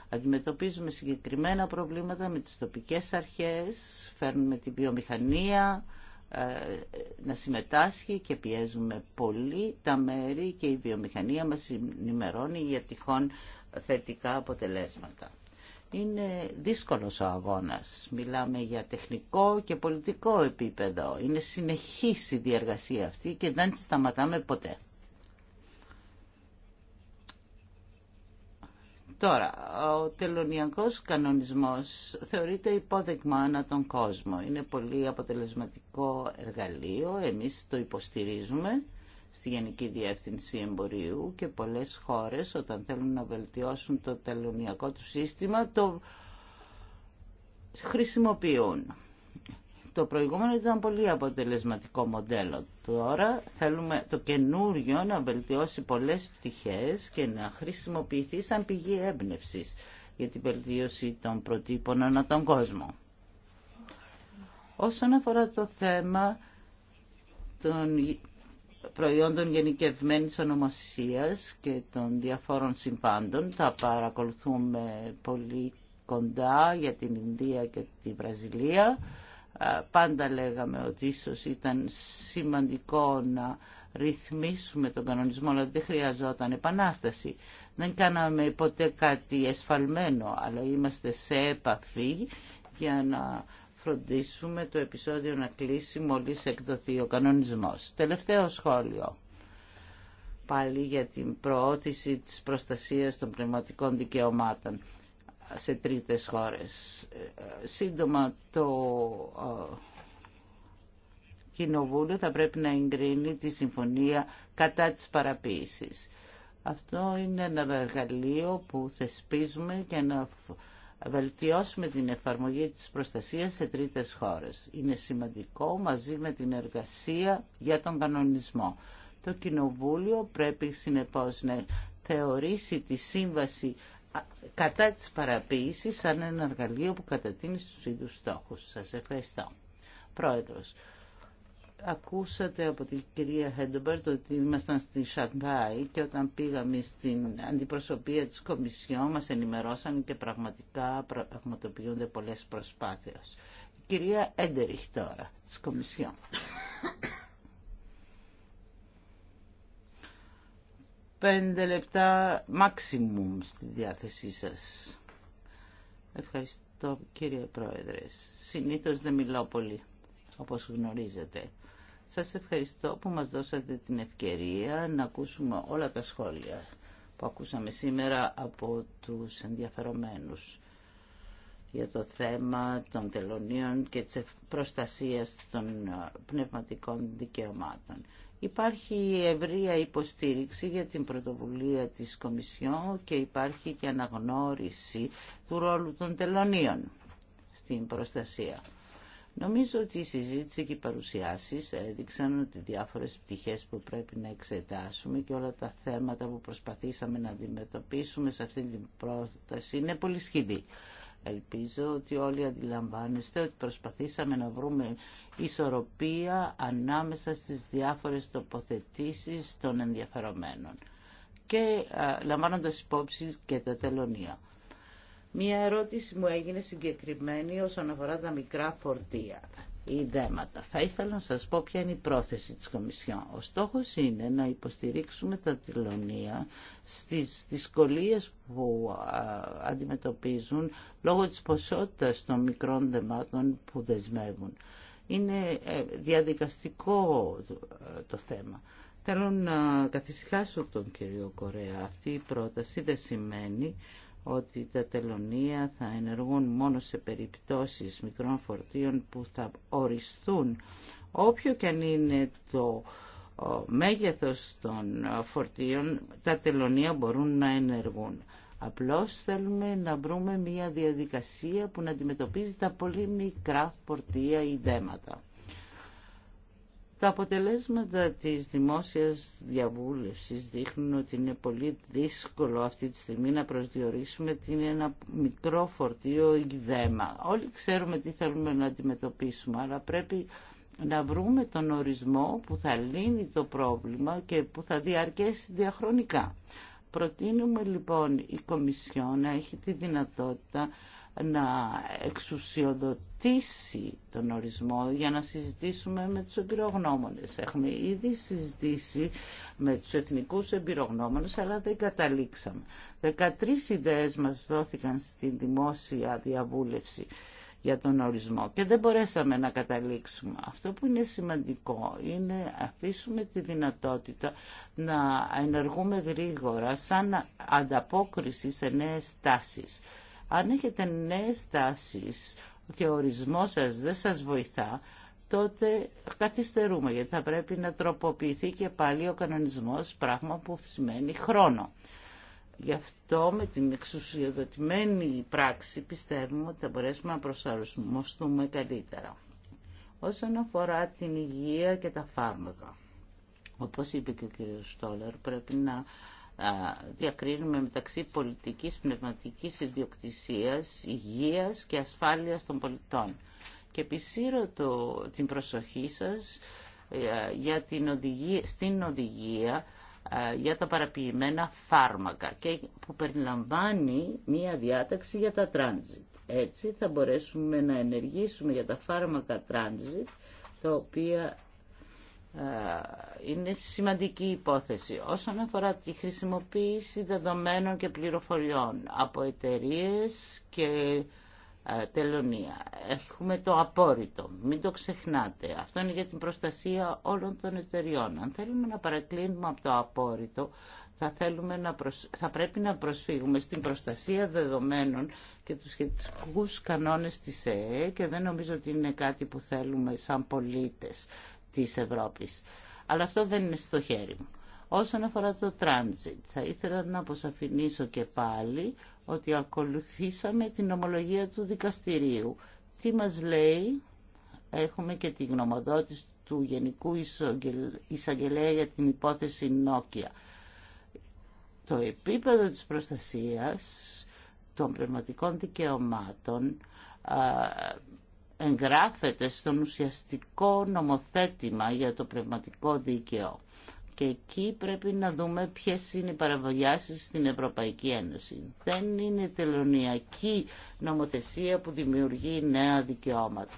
Αντιμετωπίζουμε συγκεκριμένα προβλήματα με τις τοπικές αρχές, φέρνουμε την βιομηχανία ε, να συμμετάσχει και πιέζουμε πολύ τα μέρη και η βιομηχανία μας ενημερώνει για τυχόν θετικά αποτελέσματα. Είναι δύσκολος ο αγώνας. Μιλάμε για τεχνικό και πολιτικό επίπεδο. Είναι συνεχής η διεργασία αυτή και δεν σταματάμε ποτέ. Τώρα, ο τελωνιακός κανονισμός θεωρείται υπόδειγμα ανά τον κόσμο. Είναι πολύ αποτελεσματικό εργαλείο, εμείς το υποστηρίζουμε στη Γενική Διεύθυνση Εμπορίου και πολλές χώρες όταν θέλουν να βελτιώσουν το τελωνιακό του σύστημα το χρησιμοποιούν. Το προηγούμενο ήταν πολύ αποτελεσματικό μοντέλο. Τώρα θέλουμε το καινούριο να βελτιώσει πολλές πτυχές και να χρησιμοποιηθεί σαν πηγή έμπνευσης για την βελτίωση των προτύπων ανά τον κόσμο. Όσον αφορά το θέμα των προϊόντων γενικευμένης ονομασίας και των διαφόρων συμβάντων. Τα παρακολουθούμε πολύ κοντά για την Ινδία και τη Βραζιλία. Πάντα λέγαμε ότι ίσως ήταν σημαντικό να ρυθμίσουμε τον κανονισμό, αλλά δεν χρειαζόταν επανάσταση. Δεν κάναμε ποτέ κάτι εσφαλμένο, αλλά είμαστε σε επαφή για να φροντίσουμε το επεισόδιο να κλείσει μόλις εκδοθεί ο κανονισμός. Τελευταίο σχόλιο. Πάλι για την προώθηση της προστασίας των πνευματικών δικαιωμάτων σε τρίτες χώρες. Σύντομα το ε, Κοινοβούλιο θα πρέπει να εγκρίνει τη συμφωνία κατά της παραποίησης. Αυτό είναι ένα εργαλείο που θεσπίζουμε και να βελτιώσουμε την εφαρμογή της προστασίας σε τρίτες χώρες. Είναι σημαντικό μαζί με την εργασία για τον κανονισμό. Το Κοινοβούλιο πρέπει συνεπώς να θεωρήσει τη σύμβαση κατά της παραποίησης σαν ένα εργαλείο που κατατείνει στους ίδιους στόχους. Σας ευχαριστώ. Πρόεδρος. Ακούσατε από την κυρία Χέντομπερτ ότι ήμασταν στη Σαντάη και όταν πήγαμε στην αντιπροσωπεία της Κομισιόν μας ενημερώσαν και πραγματικά πραγματοποιούνται πολλές προσπάθειες. Η κυρία Έντεριχ τώρα της Κομισιόν. Πέντε λεπτά maximum στη διάθεσή σας. Ευχαριστώ κύριε Πρόεδρε. Συνήθως δεν μιλώ πολύ όπως γνωρίζετε. Σας ευχαριστώ που μας δώσατε την ευκαιρία να ακούσουμε όλα τα σχόλια που ακούσαμε σήμερα από τους ενδιαφερομένους για το θέμα των τελωνίων και της προστασίας των ε, πνευματικών δικαιωμάτων. Υπάρχει ευρεία υποστήριξη για την πρωτοβουλία της Κομισιόν και υπάρχει και αναγνώριση του ρόλου των τελωνίων στην προστασία. Νομίζω ότι η συζήτηση και οι παρουσιάσεις έδειξαν ότι διάφορες πτυχές που πρέπει να εξετάσουμε και όλα τα θέματα που προσπαθήσαμε να αντιμετωπίσουμε σε αυτή την πρόταση είναι πολύ σχηδή. Ελπίζω ότι όλοι αντιλαμβάνεστε ότι προσπαθήσαμε να βρούμε ισορροπία ανάμεσα στις διάφορες τοποθετήσεις των ενδιαφερομένων και λαμβάνοντας υπόψη και τα τελωνία. Μία ερώτηση μου έγινε συγκεκριμένη όσον αφορά τα μικρά φορτία ή δέματα. Θα ήθελα να σας πω ποια είναι η πρόθεση της Κομισιόν. Ο στόχος είναι να υποστηρίξουμε τα τηλωνία στις δυσκολίε που αντιμετωπίζουν λόγω της ποσότητας των μικρών δεμάτων που δεσμεύουν. Είναι ε, διαδικαστικό ε, το θέμα. Θέλω να καθησυχάσω τον κύριο Κορέα. Αυτή η πρόταση δεν σημαίνει ότι τα τελωνία θα ενεργούν μόνο σε περιπτώσεις μικρών φορτίων που θα οριστούν όποιο και αν είναι το μέγεθος των φορτίων τα τελωνία μπορούν να ενεργούν. Απλώς θέλουμε να βρούμε μια διαδικασία που να αντιμετωπίζει τα πολύ μικρά φορτία ή δέματα. Τα αποτελέσματα της δημόσιας διαβούλευσης δείχνουν ότι είναι πολύ δύσκολο αυτή τη στιγμή να προσδιορίσουμε τι είναι ένα μικρό φορτίο ιδέμα. Όλοι ξέρουμε τι θέλουμε να αντιμετωπίσουμε, αλλά πρέπει να βρούμε τον ορισμό που θα λύνει το πρόβλημα και που θα διαρκέσει διαχρονικά. Προτείνουμε λοιπόν η Κομισιόν να έχει τη δυνατότητα να εξουσιοδοτήσει τον ορισμό για να συζητήσουμε με τους εμπειρογνώμονες. Έχουμε ήδη συζητήσει με τους εθνικούς εμπειρογνώμονες, αλλά δεν καταλήξαμε. 13 ιδέες μας δόθηκαν στην δημόσια διαβούλευση για τον ορισμό και δεν μπορέσαμε να καταλήξουμε. Αυτό που είναι σημαντικό είναι αφήσουμε τη δυνατότητα να ενεργούμε γρήγορα σαν ανταπόκριση σε νέες τάσεις. Αν έχετε νέες τάσεις και ο ορισμός σας δεν σας βοηθά, τότε καθυστερούμε γιατί θα πρέπει να τροποποιηθεί και πάλι ο κανονισμός, πράγμα που σημαίνει χρόνο. Γι' αυτό με την εξουσιοδοτημένη πράξη πιστεύουμε ότι θα μπορέσουμε να προσαρμοστούμε καλύτερα. Όσον αφορά την υγεία και τα φάρμακα, όπως είπε και ο κ. Στόλερ, πρέπει να διακρίνουμε μεταξύ πολιτικής πνευματικής ιδιοκτησίας, υγείας και ασφάλειας των πολιτών. Και επισύρω το, την προσοχή σας ε, για την οδηγία, στην οδηγία ε, για τα παραποιημένα φάρμακα και που περιλαμβάνει μία διάταξη για τα transit. Έτσι θα μπορέσουμε να ενεργήσουμε για τα φάρμακα transit, τα οποία ε, είναι σημαντική υπόθεση. Όσον αφορά τη χρησιμοποίηση δεδομένων και πληροφοριών από εταιρείε και ε, τελωνία. Έχουμε το απόρριτο. Μην το ξεχνάτε. Αυτό είναι για την προστασία όλων των εταιριών. Αν θέλουμε να παρακλίνουμε από το απόρριτο, θα, θέλουμε να προσ... θα πρέπει να προσφύγουμε στην προστασία δεδομένων και τους σχετικούς κανόνες της ΕΕ και δεν νομίζω ότι είναι κάτι που θέλουμε σαν πολίτες της Ευρώπης. Αλλά αυτό δεν είναι στο χέρι μου. Όσον αφορά το transit, θα ήθελα να αποσαφηνίσω και πάλι ότι ακολουθήσαμε την ομολογία του δικαστηρίου. Τι μας λέει, έχουμε και τη γνωμοδότηση του Γενικού Εισαγγελέα για την υπόθεση Νόκια. Το επίπεδο της προστασίας των πνευματικών δικαιωμάτων εγγράφεται στον ουσιαστικό νομοθέτημα για το πνευματικό δίκαιο. Και εκεί πρέπει να δούμε ποιες είναι οι παραβολιάσεις στην Ευρωπαϊκή Ένωση. Δεν είναι τελωνιακή νομοθεσία που δημιουργεί νέα δικαιώματα.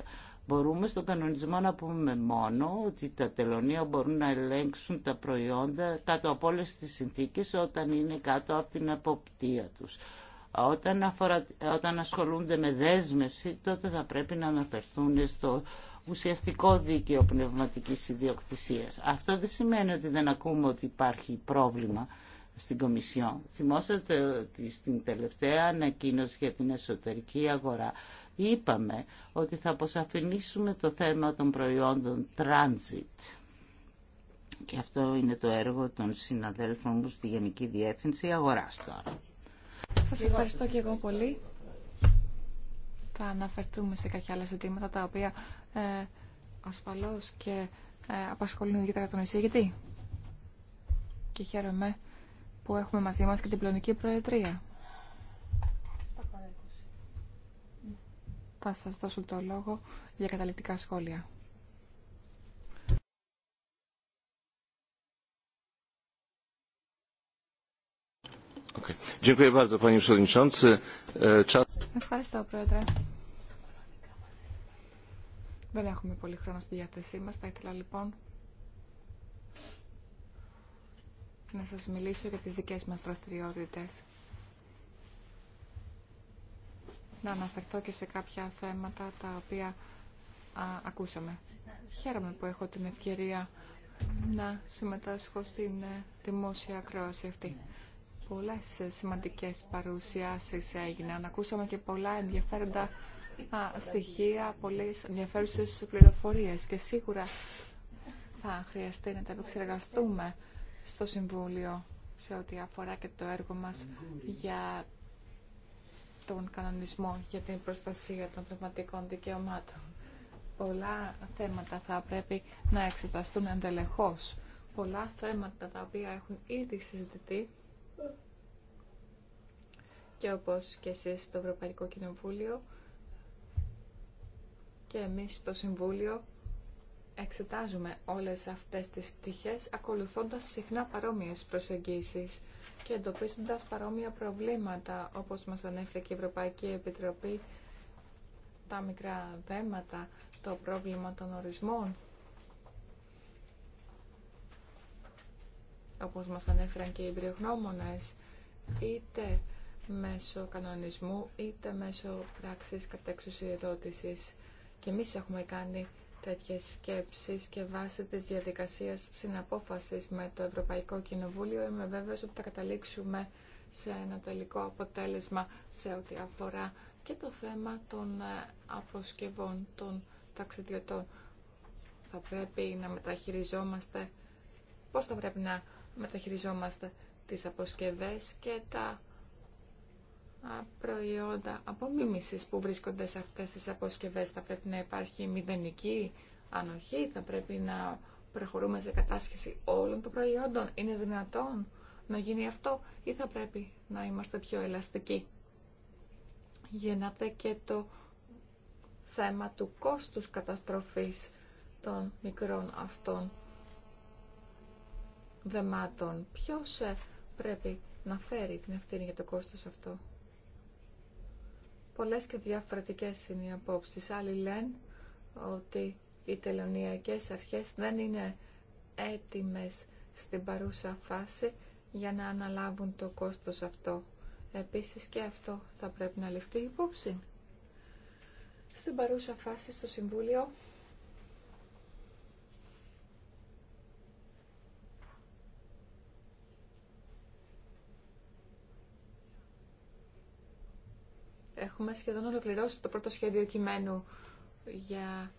Μπορούμε στον κανονισμό να πούμε μόνο ότι τα τελωνία μπορούν να ελέγξουν τα προϊόντα κάτω από όλες τις συνθήκες όταν είναι κάτω από την αποπτία τους. Όταν, όταν ασχολούνται με δέσμευση τότε θα πρέπει να αναφερθούν στο ουσιαστικό δίκαιο πνευματικής ιδιοκτησίας. Αυτό δεν σημαίνει ότι δεν ακούμε ότι υπάρχει πρόβλημα στην Κομισιόν. Θυμόσατε ότι στην τελευταία ανακοίνωση για την εσωτερική αγορά είπαμε ότι θα αποσαφηνίσουμε το θέμα των προϊόντων transit. Και αυτό είναι το έργο των συναδέλφων μου στη Γενική Διεύθυνση Αγοράς τώρα. Σας ευχαριστώ και εγώ πολύ. Θα αναφερθούμε σε κάποια άλλα ζητήματα τα οποία ε, ασφαλώς και ε, απασχολούν ιδιαίτερα τον εισηγητή. Και χαίρομαι που έχουμε μαζί μας και την πλονική προεδρία. Θα σας δώσω το λόγο για καταληκτικά σχόλια. E, Ευχαριστώ, Πρόεδρε. Δεν έχουμε πολύ χρόνο στη διάθεσή μας. Θα ήθελα λοιπόν να σας μιλήσω για τις δικές μας δραστηριότητες. Να αναφερθώ και σε κάποια θέματα τα οποία ακούσαμε. Χαίρομαι που έχω την ευκαιρία να συμμετάσχω στην ε, δημόσια ακρόαση αυτή. Πολλές ε, σημαντικές παρουσιάσεις έγιναν. Ακούσαμε και πολλά ενδιαφέροντα στοιχεία, πολλέ ενδιαφέρουσε πληροφορίε. και σίγουρα θα χρειαστεί να τα επεξεργαστούμε στο Συμβούλιο σε ό,τι αφορά και το έργο μας για τον κανονισμό για την προστασία των πνευματικών δικαιωμάτων. Πολλά θέματα θα πρέπει να εξεταστούν εντελεχώς. Πολλά θέματα τα οποία έχουν ήδη συζητηθεί και όπως και εσείς στο Ευρωπαϊκό Κοινοβούλιο και εμείς στο Συμβούλιο εξετάζουμε όλες αυτές τις πτυχές ακολουθώντας συχνά παρόμοιες προσεγγίσεις και εντοπίζοντας παρόμοια προβλήματα όπως μας ανέφερε και η Ευρωπαϊκή Επιτροπή τα μικρά δέματα, το πρόβλημα των ορισμών όπως μας ανέφεραν και οι εμπειρογνώμονες είτε μέσω κανονισμού είτε μέσω πράξης κατεξουσιοδότησης και εμείς έχουμε κάνει τέτοιες σκέψεις και βάσει της διαδικασίας συναπόφασης με το Ευρωπαϊκό Κοινοβούλιο είμαι βέβαιος ότι θα καταλήξουμε σε ένα τελικό αποτέλεσμα σε ό,τι αφορά και το θέμα των ε, αποσκευών των ταξιδιωτών. Θα πρέπει να μεταχειριζόμαστε, πώς θα πρέπει να μεταχειριζόμαστε τις αποσκευές και τα προϊόντα απομίμησης που βρίσκονται σε αυτές τις αποσκευές. Θα πρέπει να υπάρχει μηδενική ανοχή, θα πρέπει να προχωρούμε σε κατάσχεση όλων των προϊόντων. Είναι δυνατόν να γίνει αυτό ή θα πρέπει να είμαστε πιο ελαστικοί. Γεννάται και το θέμα του κόστους καταστροφής των μικρών αυτών δεμάτων. Ποιος ε, πρέπει να φέρει την ευθύνη για το κόστος αυτό. Πολλές και διαφορετικές είναι οι απόψεις. Άλλοι λένε ότι οι τελωνιακές αρχές δεν είναι έτοιμες στην παρούσα φάση για να αναλάβουν το κόστος αυτό. Επίσης και αυτό θα πρέπει να ληφθεί υπόψη. Στην παρούσα φάση στο Συμβούλιο έχουμε σχεδόν ολοκληρώσει το πρώτο σχέδιο κειμένου για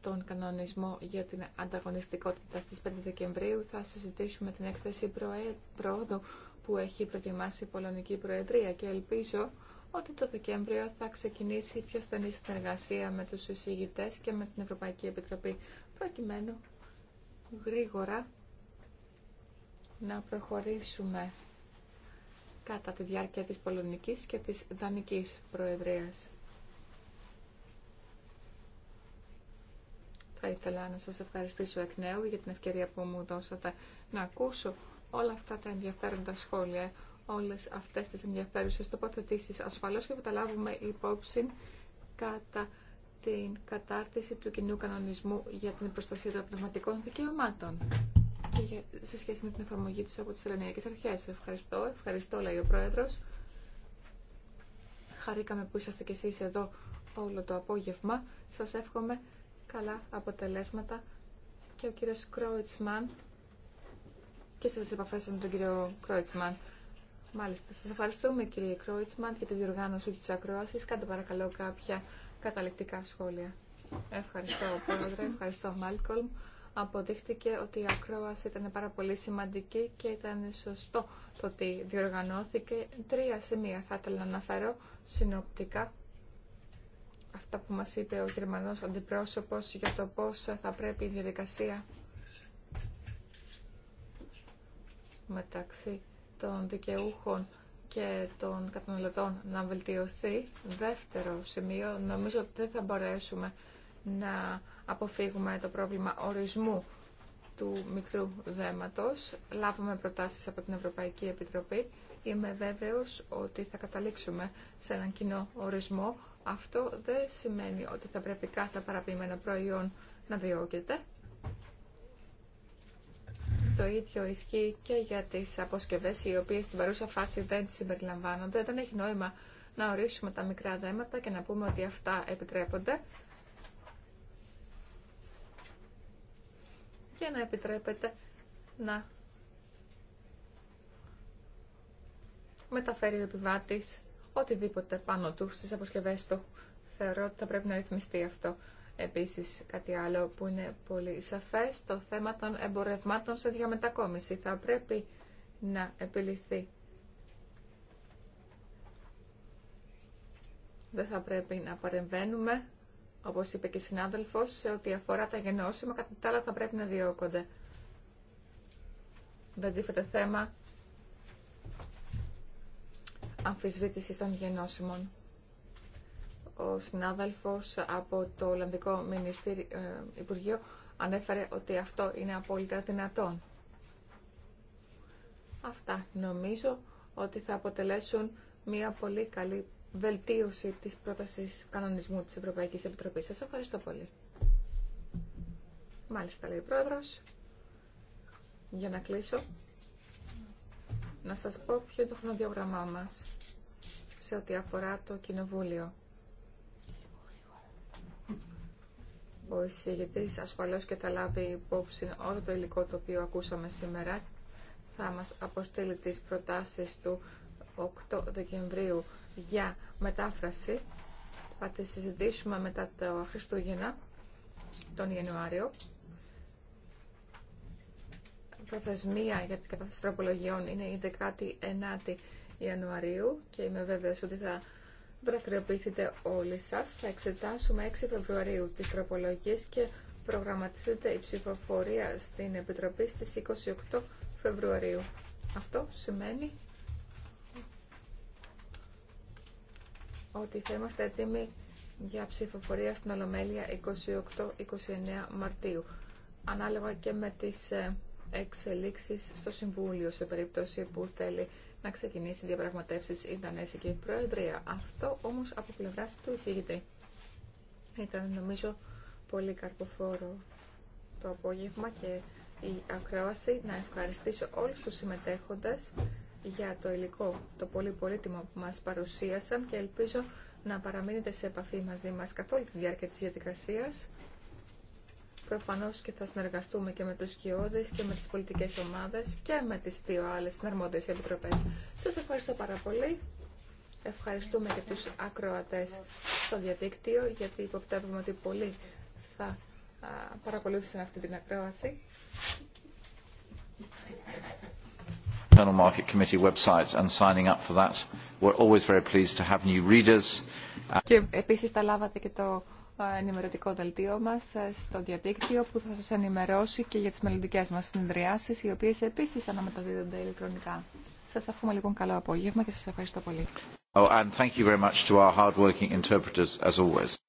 τον κανονισμό για την ανταγωνιστικότητα στις 5 Δεκεμβρίου. Θα συζητήσουμε την έκθεση προόδου που έχει προετοιμάσει η Πολωνική Προεδρία και ελπίζω ότι το Δεκέμβριο θα ξεκινήσει η πιο στενή συνεργασία με τους εισηγητές και με την Ευρωπαϊκή Επιτροπή προκειμένου γρήγορα να προχωρήσουμε κατά τη διάρκεια της Πολωνικής και της Δανικής Προεδρίας. Θα ήθελα να σας ευχαριστήσω εκ νέου για την ευκαιρία που μου δώσατε να ακούσω όλα αυτά τα ενδιαφέροντα σχόλια, όλες αυτές τις ενδιαφέρουσες τοποθετήσεις. Ασφαλώς και θα τα λάβουμε υπόψη κατά την κατάρτιση του κοινού κανονισμού για την προστασία των πνευματικών δικαιωμάτων σε σχέση με την εφαρμογή του από τις ελληνικές αρχές. Ευχαριστώ, ευχαριστώ λέει ο Πρόεδρος. Χαρήκαμε που είσαστε κι εσείς εδώ όλο το απόγευμα. Σας εύχομαι καλά αποτελέσματα και ο κύριος Κρόιτσμαν και σε επαφές με τον κύριο Κρόιτσμαν. Μάλιστα. Σας ευχαριστούμε κύριε Κρόιτσμαν για τη διοργάνωση της ακρόασης. Κάντε παρακαλώ κάποια καταληκτικά σχόλια. Ευχαριστώ πρόεδρε, ευχαριστώ Μάλκολμ αποδείχτηκε ότι η ακρόαση ήταν πάρα πολύ σημαντική και ήταν σωστό το ότι διοργανώθηκε. Τρία σημεία θα ήθελα να αναφέρω συνοπτικά. Αυτά που μας είπε ο Γερμανός Αντιπρόσωπος για το πώς θα πρέπει η διαδικασία μεταξύ των δικαιούχων και των καταναλωτών να βελτιωθεί. Δεύτερο σημείο, νομίζω ότι δεν θα μπορέσουμε να αποφύγουμε το πρόβλημα ορισμού του μικρού δέματος. Λάβουμε προτάσεις από την Ευρωπαϊκή Επιτροπή. Είμαι βέβαιος ότι θα καταλήξουμε σε έναν κοινό ορισμό. Αυτό δεν σημαίνει ότι θα πρέπει κάθε παραποιημένο προϊόν να διώκεται. Το ίδιο ισχύει και για τις αποσκευές οι οποίες στην παρούσα φάση δεν συμπεριλαμβάνονται. Δεν έχει νόημα να ορίσουμε τα μικρά δέματα και να πούμε ότι αυτά επιτρέπονται. και να επιτρέπεται να μεταφέρει ο επιβάτης οτιδήποτε πάνω του στις αποσκευές του. Θεωρώ ότι θα πρέπει να ρυθμιστεί αυτό. Επίσης κάτι άλλο που είναι πολύ σαφές, το θέμα των εμπορευμάτων σε διαμετακόμιση. Θα πρέπει να επιληθεί. Δεν θα πρέπει να παρεμβαίνουμε Όπω είπε και η σε ό,τι αφορά τα γενώσιμα, κατά τα άλλα θα πρέπει να διώκονται. Δεν τίθεται θέμα αμφισβήτησης των γενώσιμων. Ο συνάδελφο από το Ολλανδικό ε, Υπουργείο ανέφερε ότι αυτό είναι απόλυτα δυνατόν. Αυτά νομίζω ότι θα αποτελέσουν μια πολύ καλή βελτίωση της πρότασης κανονισμού της Ευρωπαϊκής Επιτροπής. Σας ευχαριστώ πολύ. Μάλιστα, λέει ο Πρόεδρος. Για να κλείσω, να σας πω ποιο είναι το χρονοδιόγραμμά μας σε ό,τι αφορά το Κοινοβούλιο. Ο εισηγητής ασφαλώς και θα λάβει υπόψη όλο το υλικό το οποίο ακούσαμε σήμερα. Θα μας αποστείλει τις προτάσεις του 8 Δεκεμβρίου για μετάφραση. Θα τη συζητήσουμε μετά το Χριστούγεννα, τον Ιανουάριο. Προθεσμία για την κατάθεση τροπολογιών είναι η 19η Ιανουαρίου και είμαι βέβαια ότι θα δραστηριοποιηθείτε όλοι σας. Θα εξετάσουμε 6 Φεβρουαρίου τις τροπολογίες και προγραμματίζεται η ψηφοφορία στην Επιτροπή στις 28 Φεβρουαρίου. Αυτό σημαίνει ότι θα είμαστε έτοιμοι για ψηφοφορία στην Ολομέλεια 28-29 Μαρτίου. Ανάλογα και με τις ε, εξελίξεις στο Συμβούλιο σε περίπτωση που θέλει να ξεκινήσει διαπραγματεύσεις η Δανέσικη Προεδρία. Αυτό όμως από πλευράς του εισηγητή. Ήταν νομίζω πολύ καρποφόρο το απόγευμα και η ακρόαση να ευχαριστήσω όλους τους συμμετέχοντες για το υλικό, το πολύ πολύτιμο που μας παρουσίασαν και ελπίζω να παραμείνετε σε επαφή μαζί μας καθ' όλη τη διάρκεια της διαδικασίας. Προφανώς και θα συνεργαστούμε και με τους σκιώδες και με τις πολιτικές ομάδες και με τις δύο άλλες συναρμόδιες επιτροπές. Σας ευχαριστώ πάρα πολύ. Ευχαριστούμε και τους ακροατές στο διαδίκτυο γιατί υποπτεύουμε ότι πολλοί θα παρακολούθησαν αυτή την ακρόαση. Internal Market Committee website and signing up for that. We're always very pleased to have new readers. Και επίσης τα λάβατε και το ε, ενημερωτικό δελτίο μας ε, στο διαδίκτυο που θα σας ενημερώσει και για τις μελλοντικές μας συνεδριάσεις οι οποίες επίσης αναμεταδίδονται ηλεκτρονικά. Σας αφούμε λοιπόν καλό απόγευμα και σας ευχαριστώ πολύ. Oh, and thank you very much to our hard-working interpreters as always.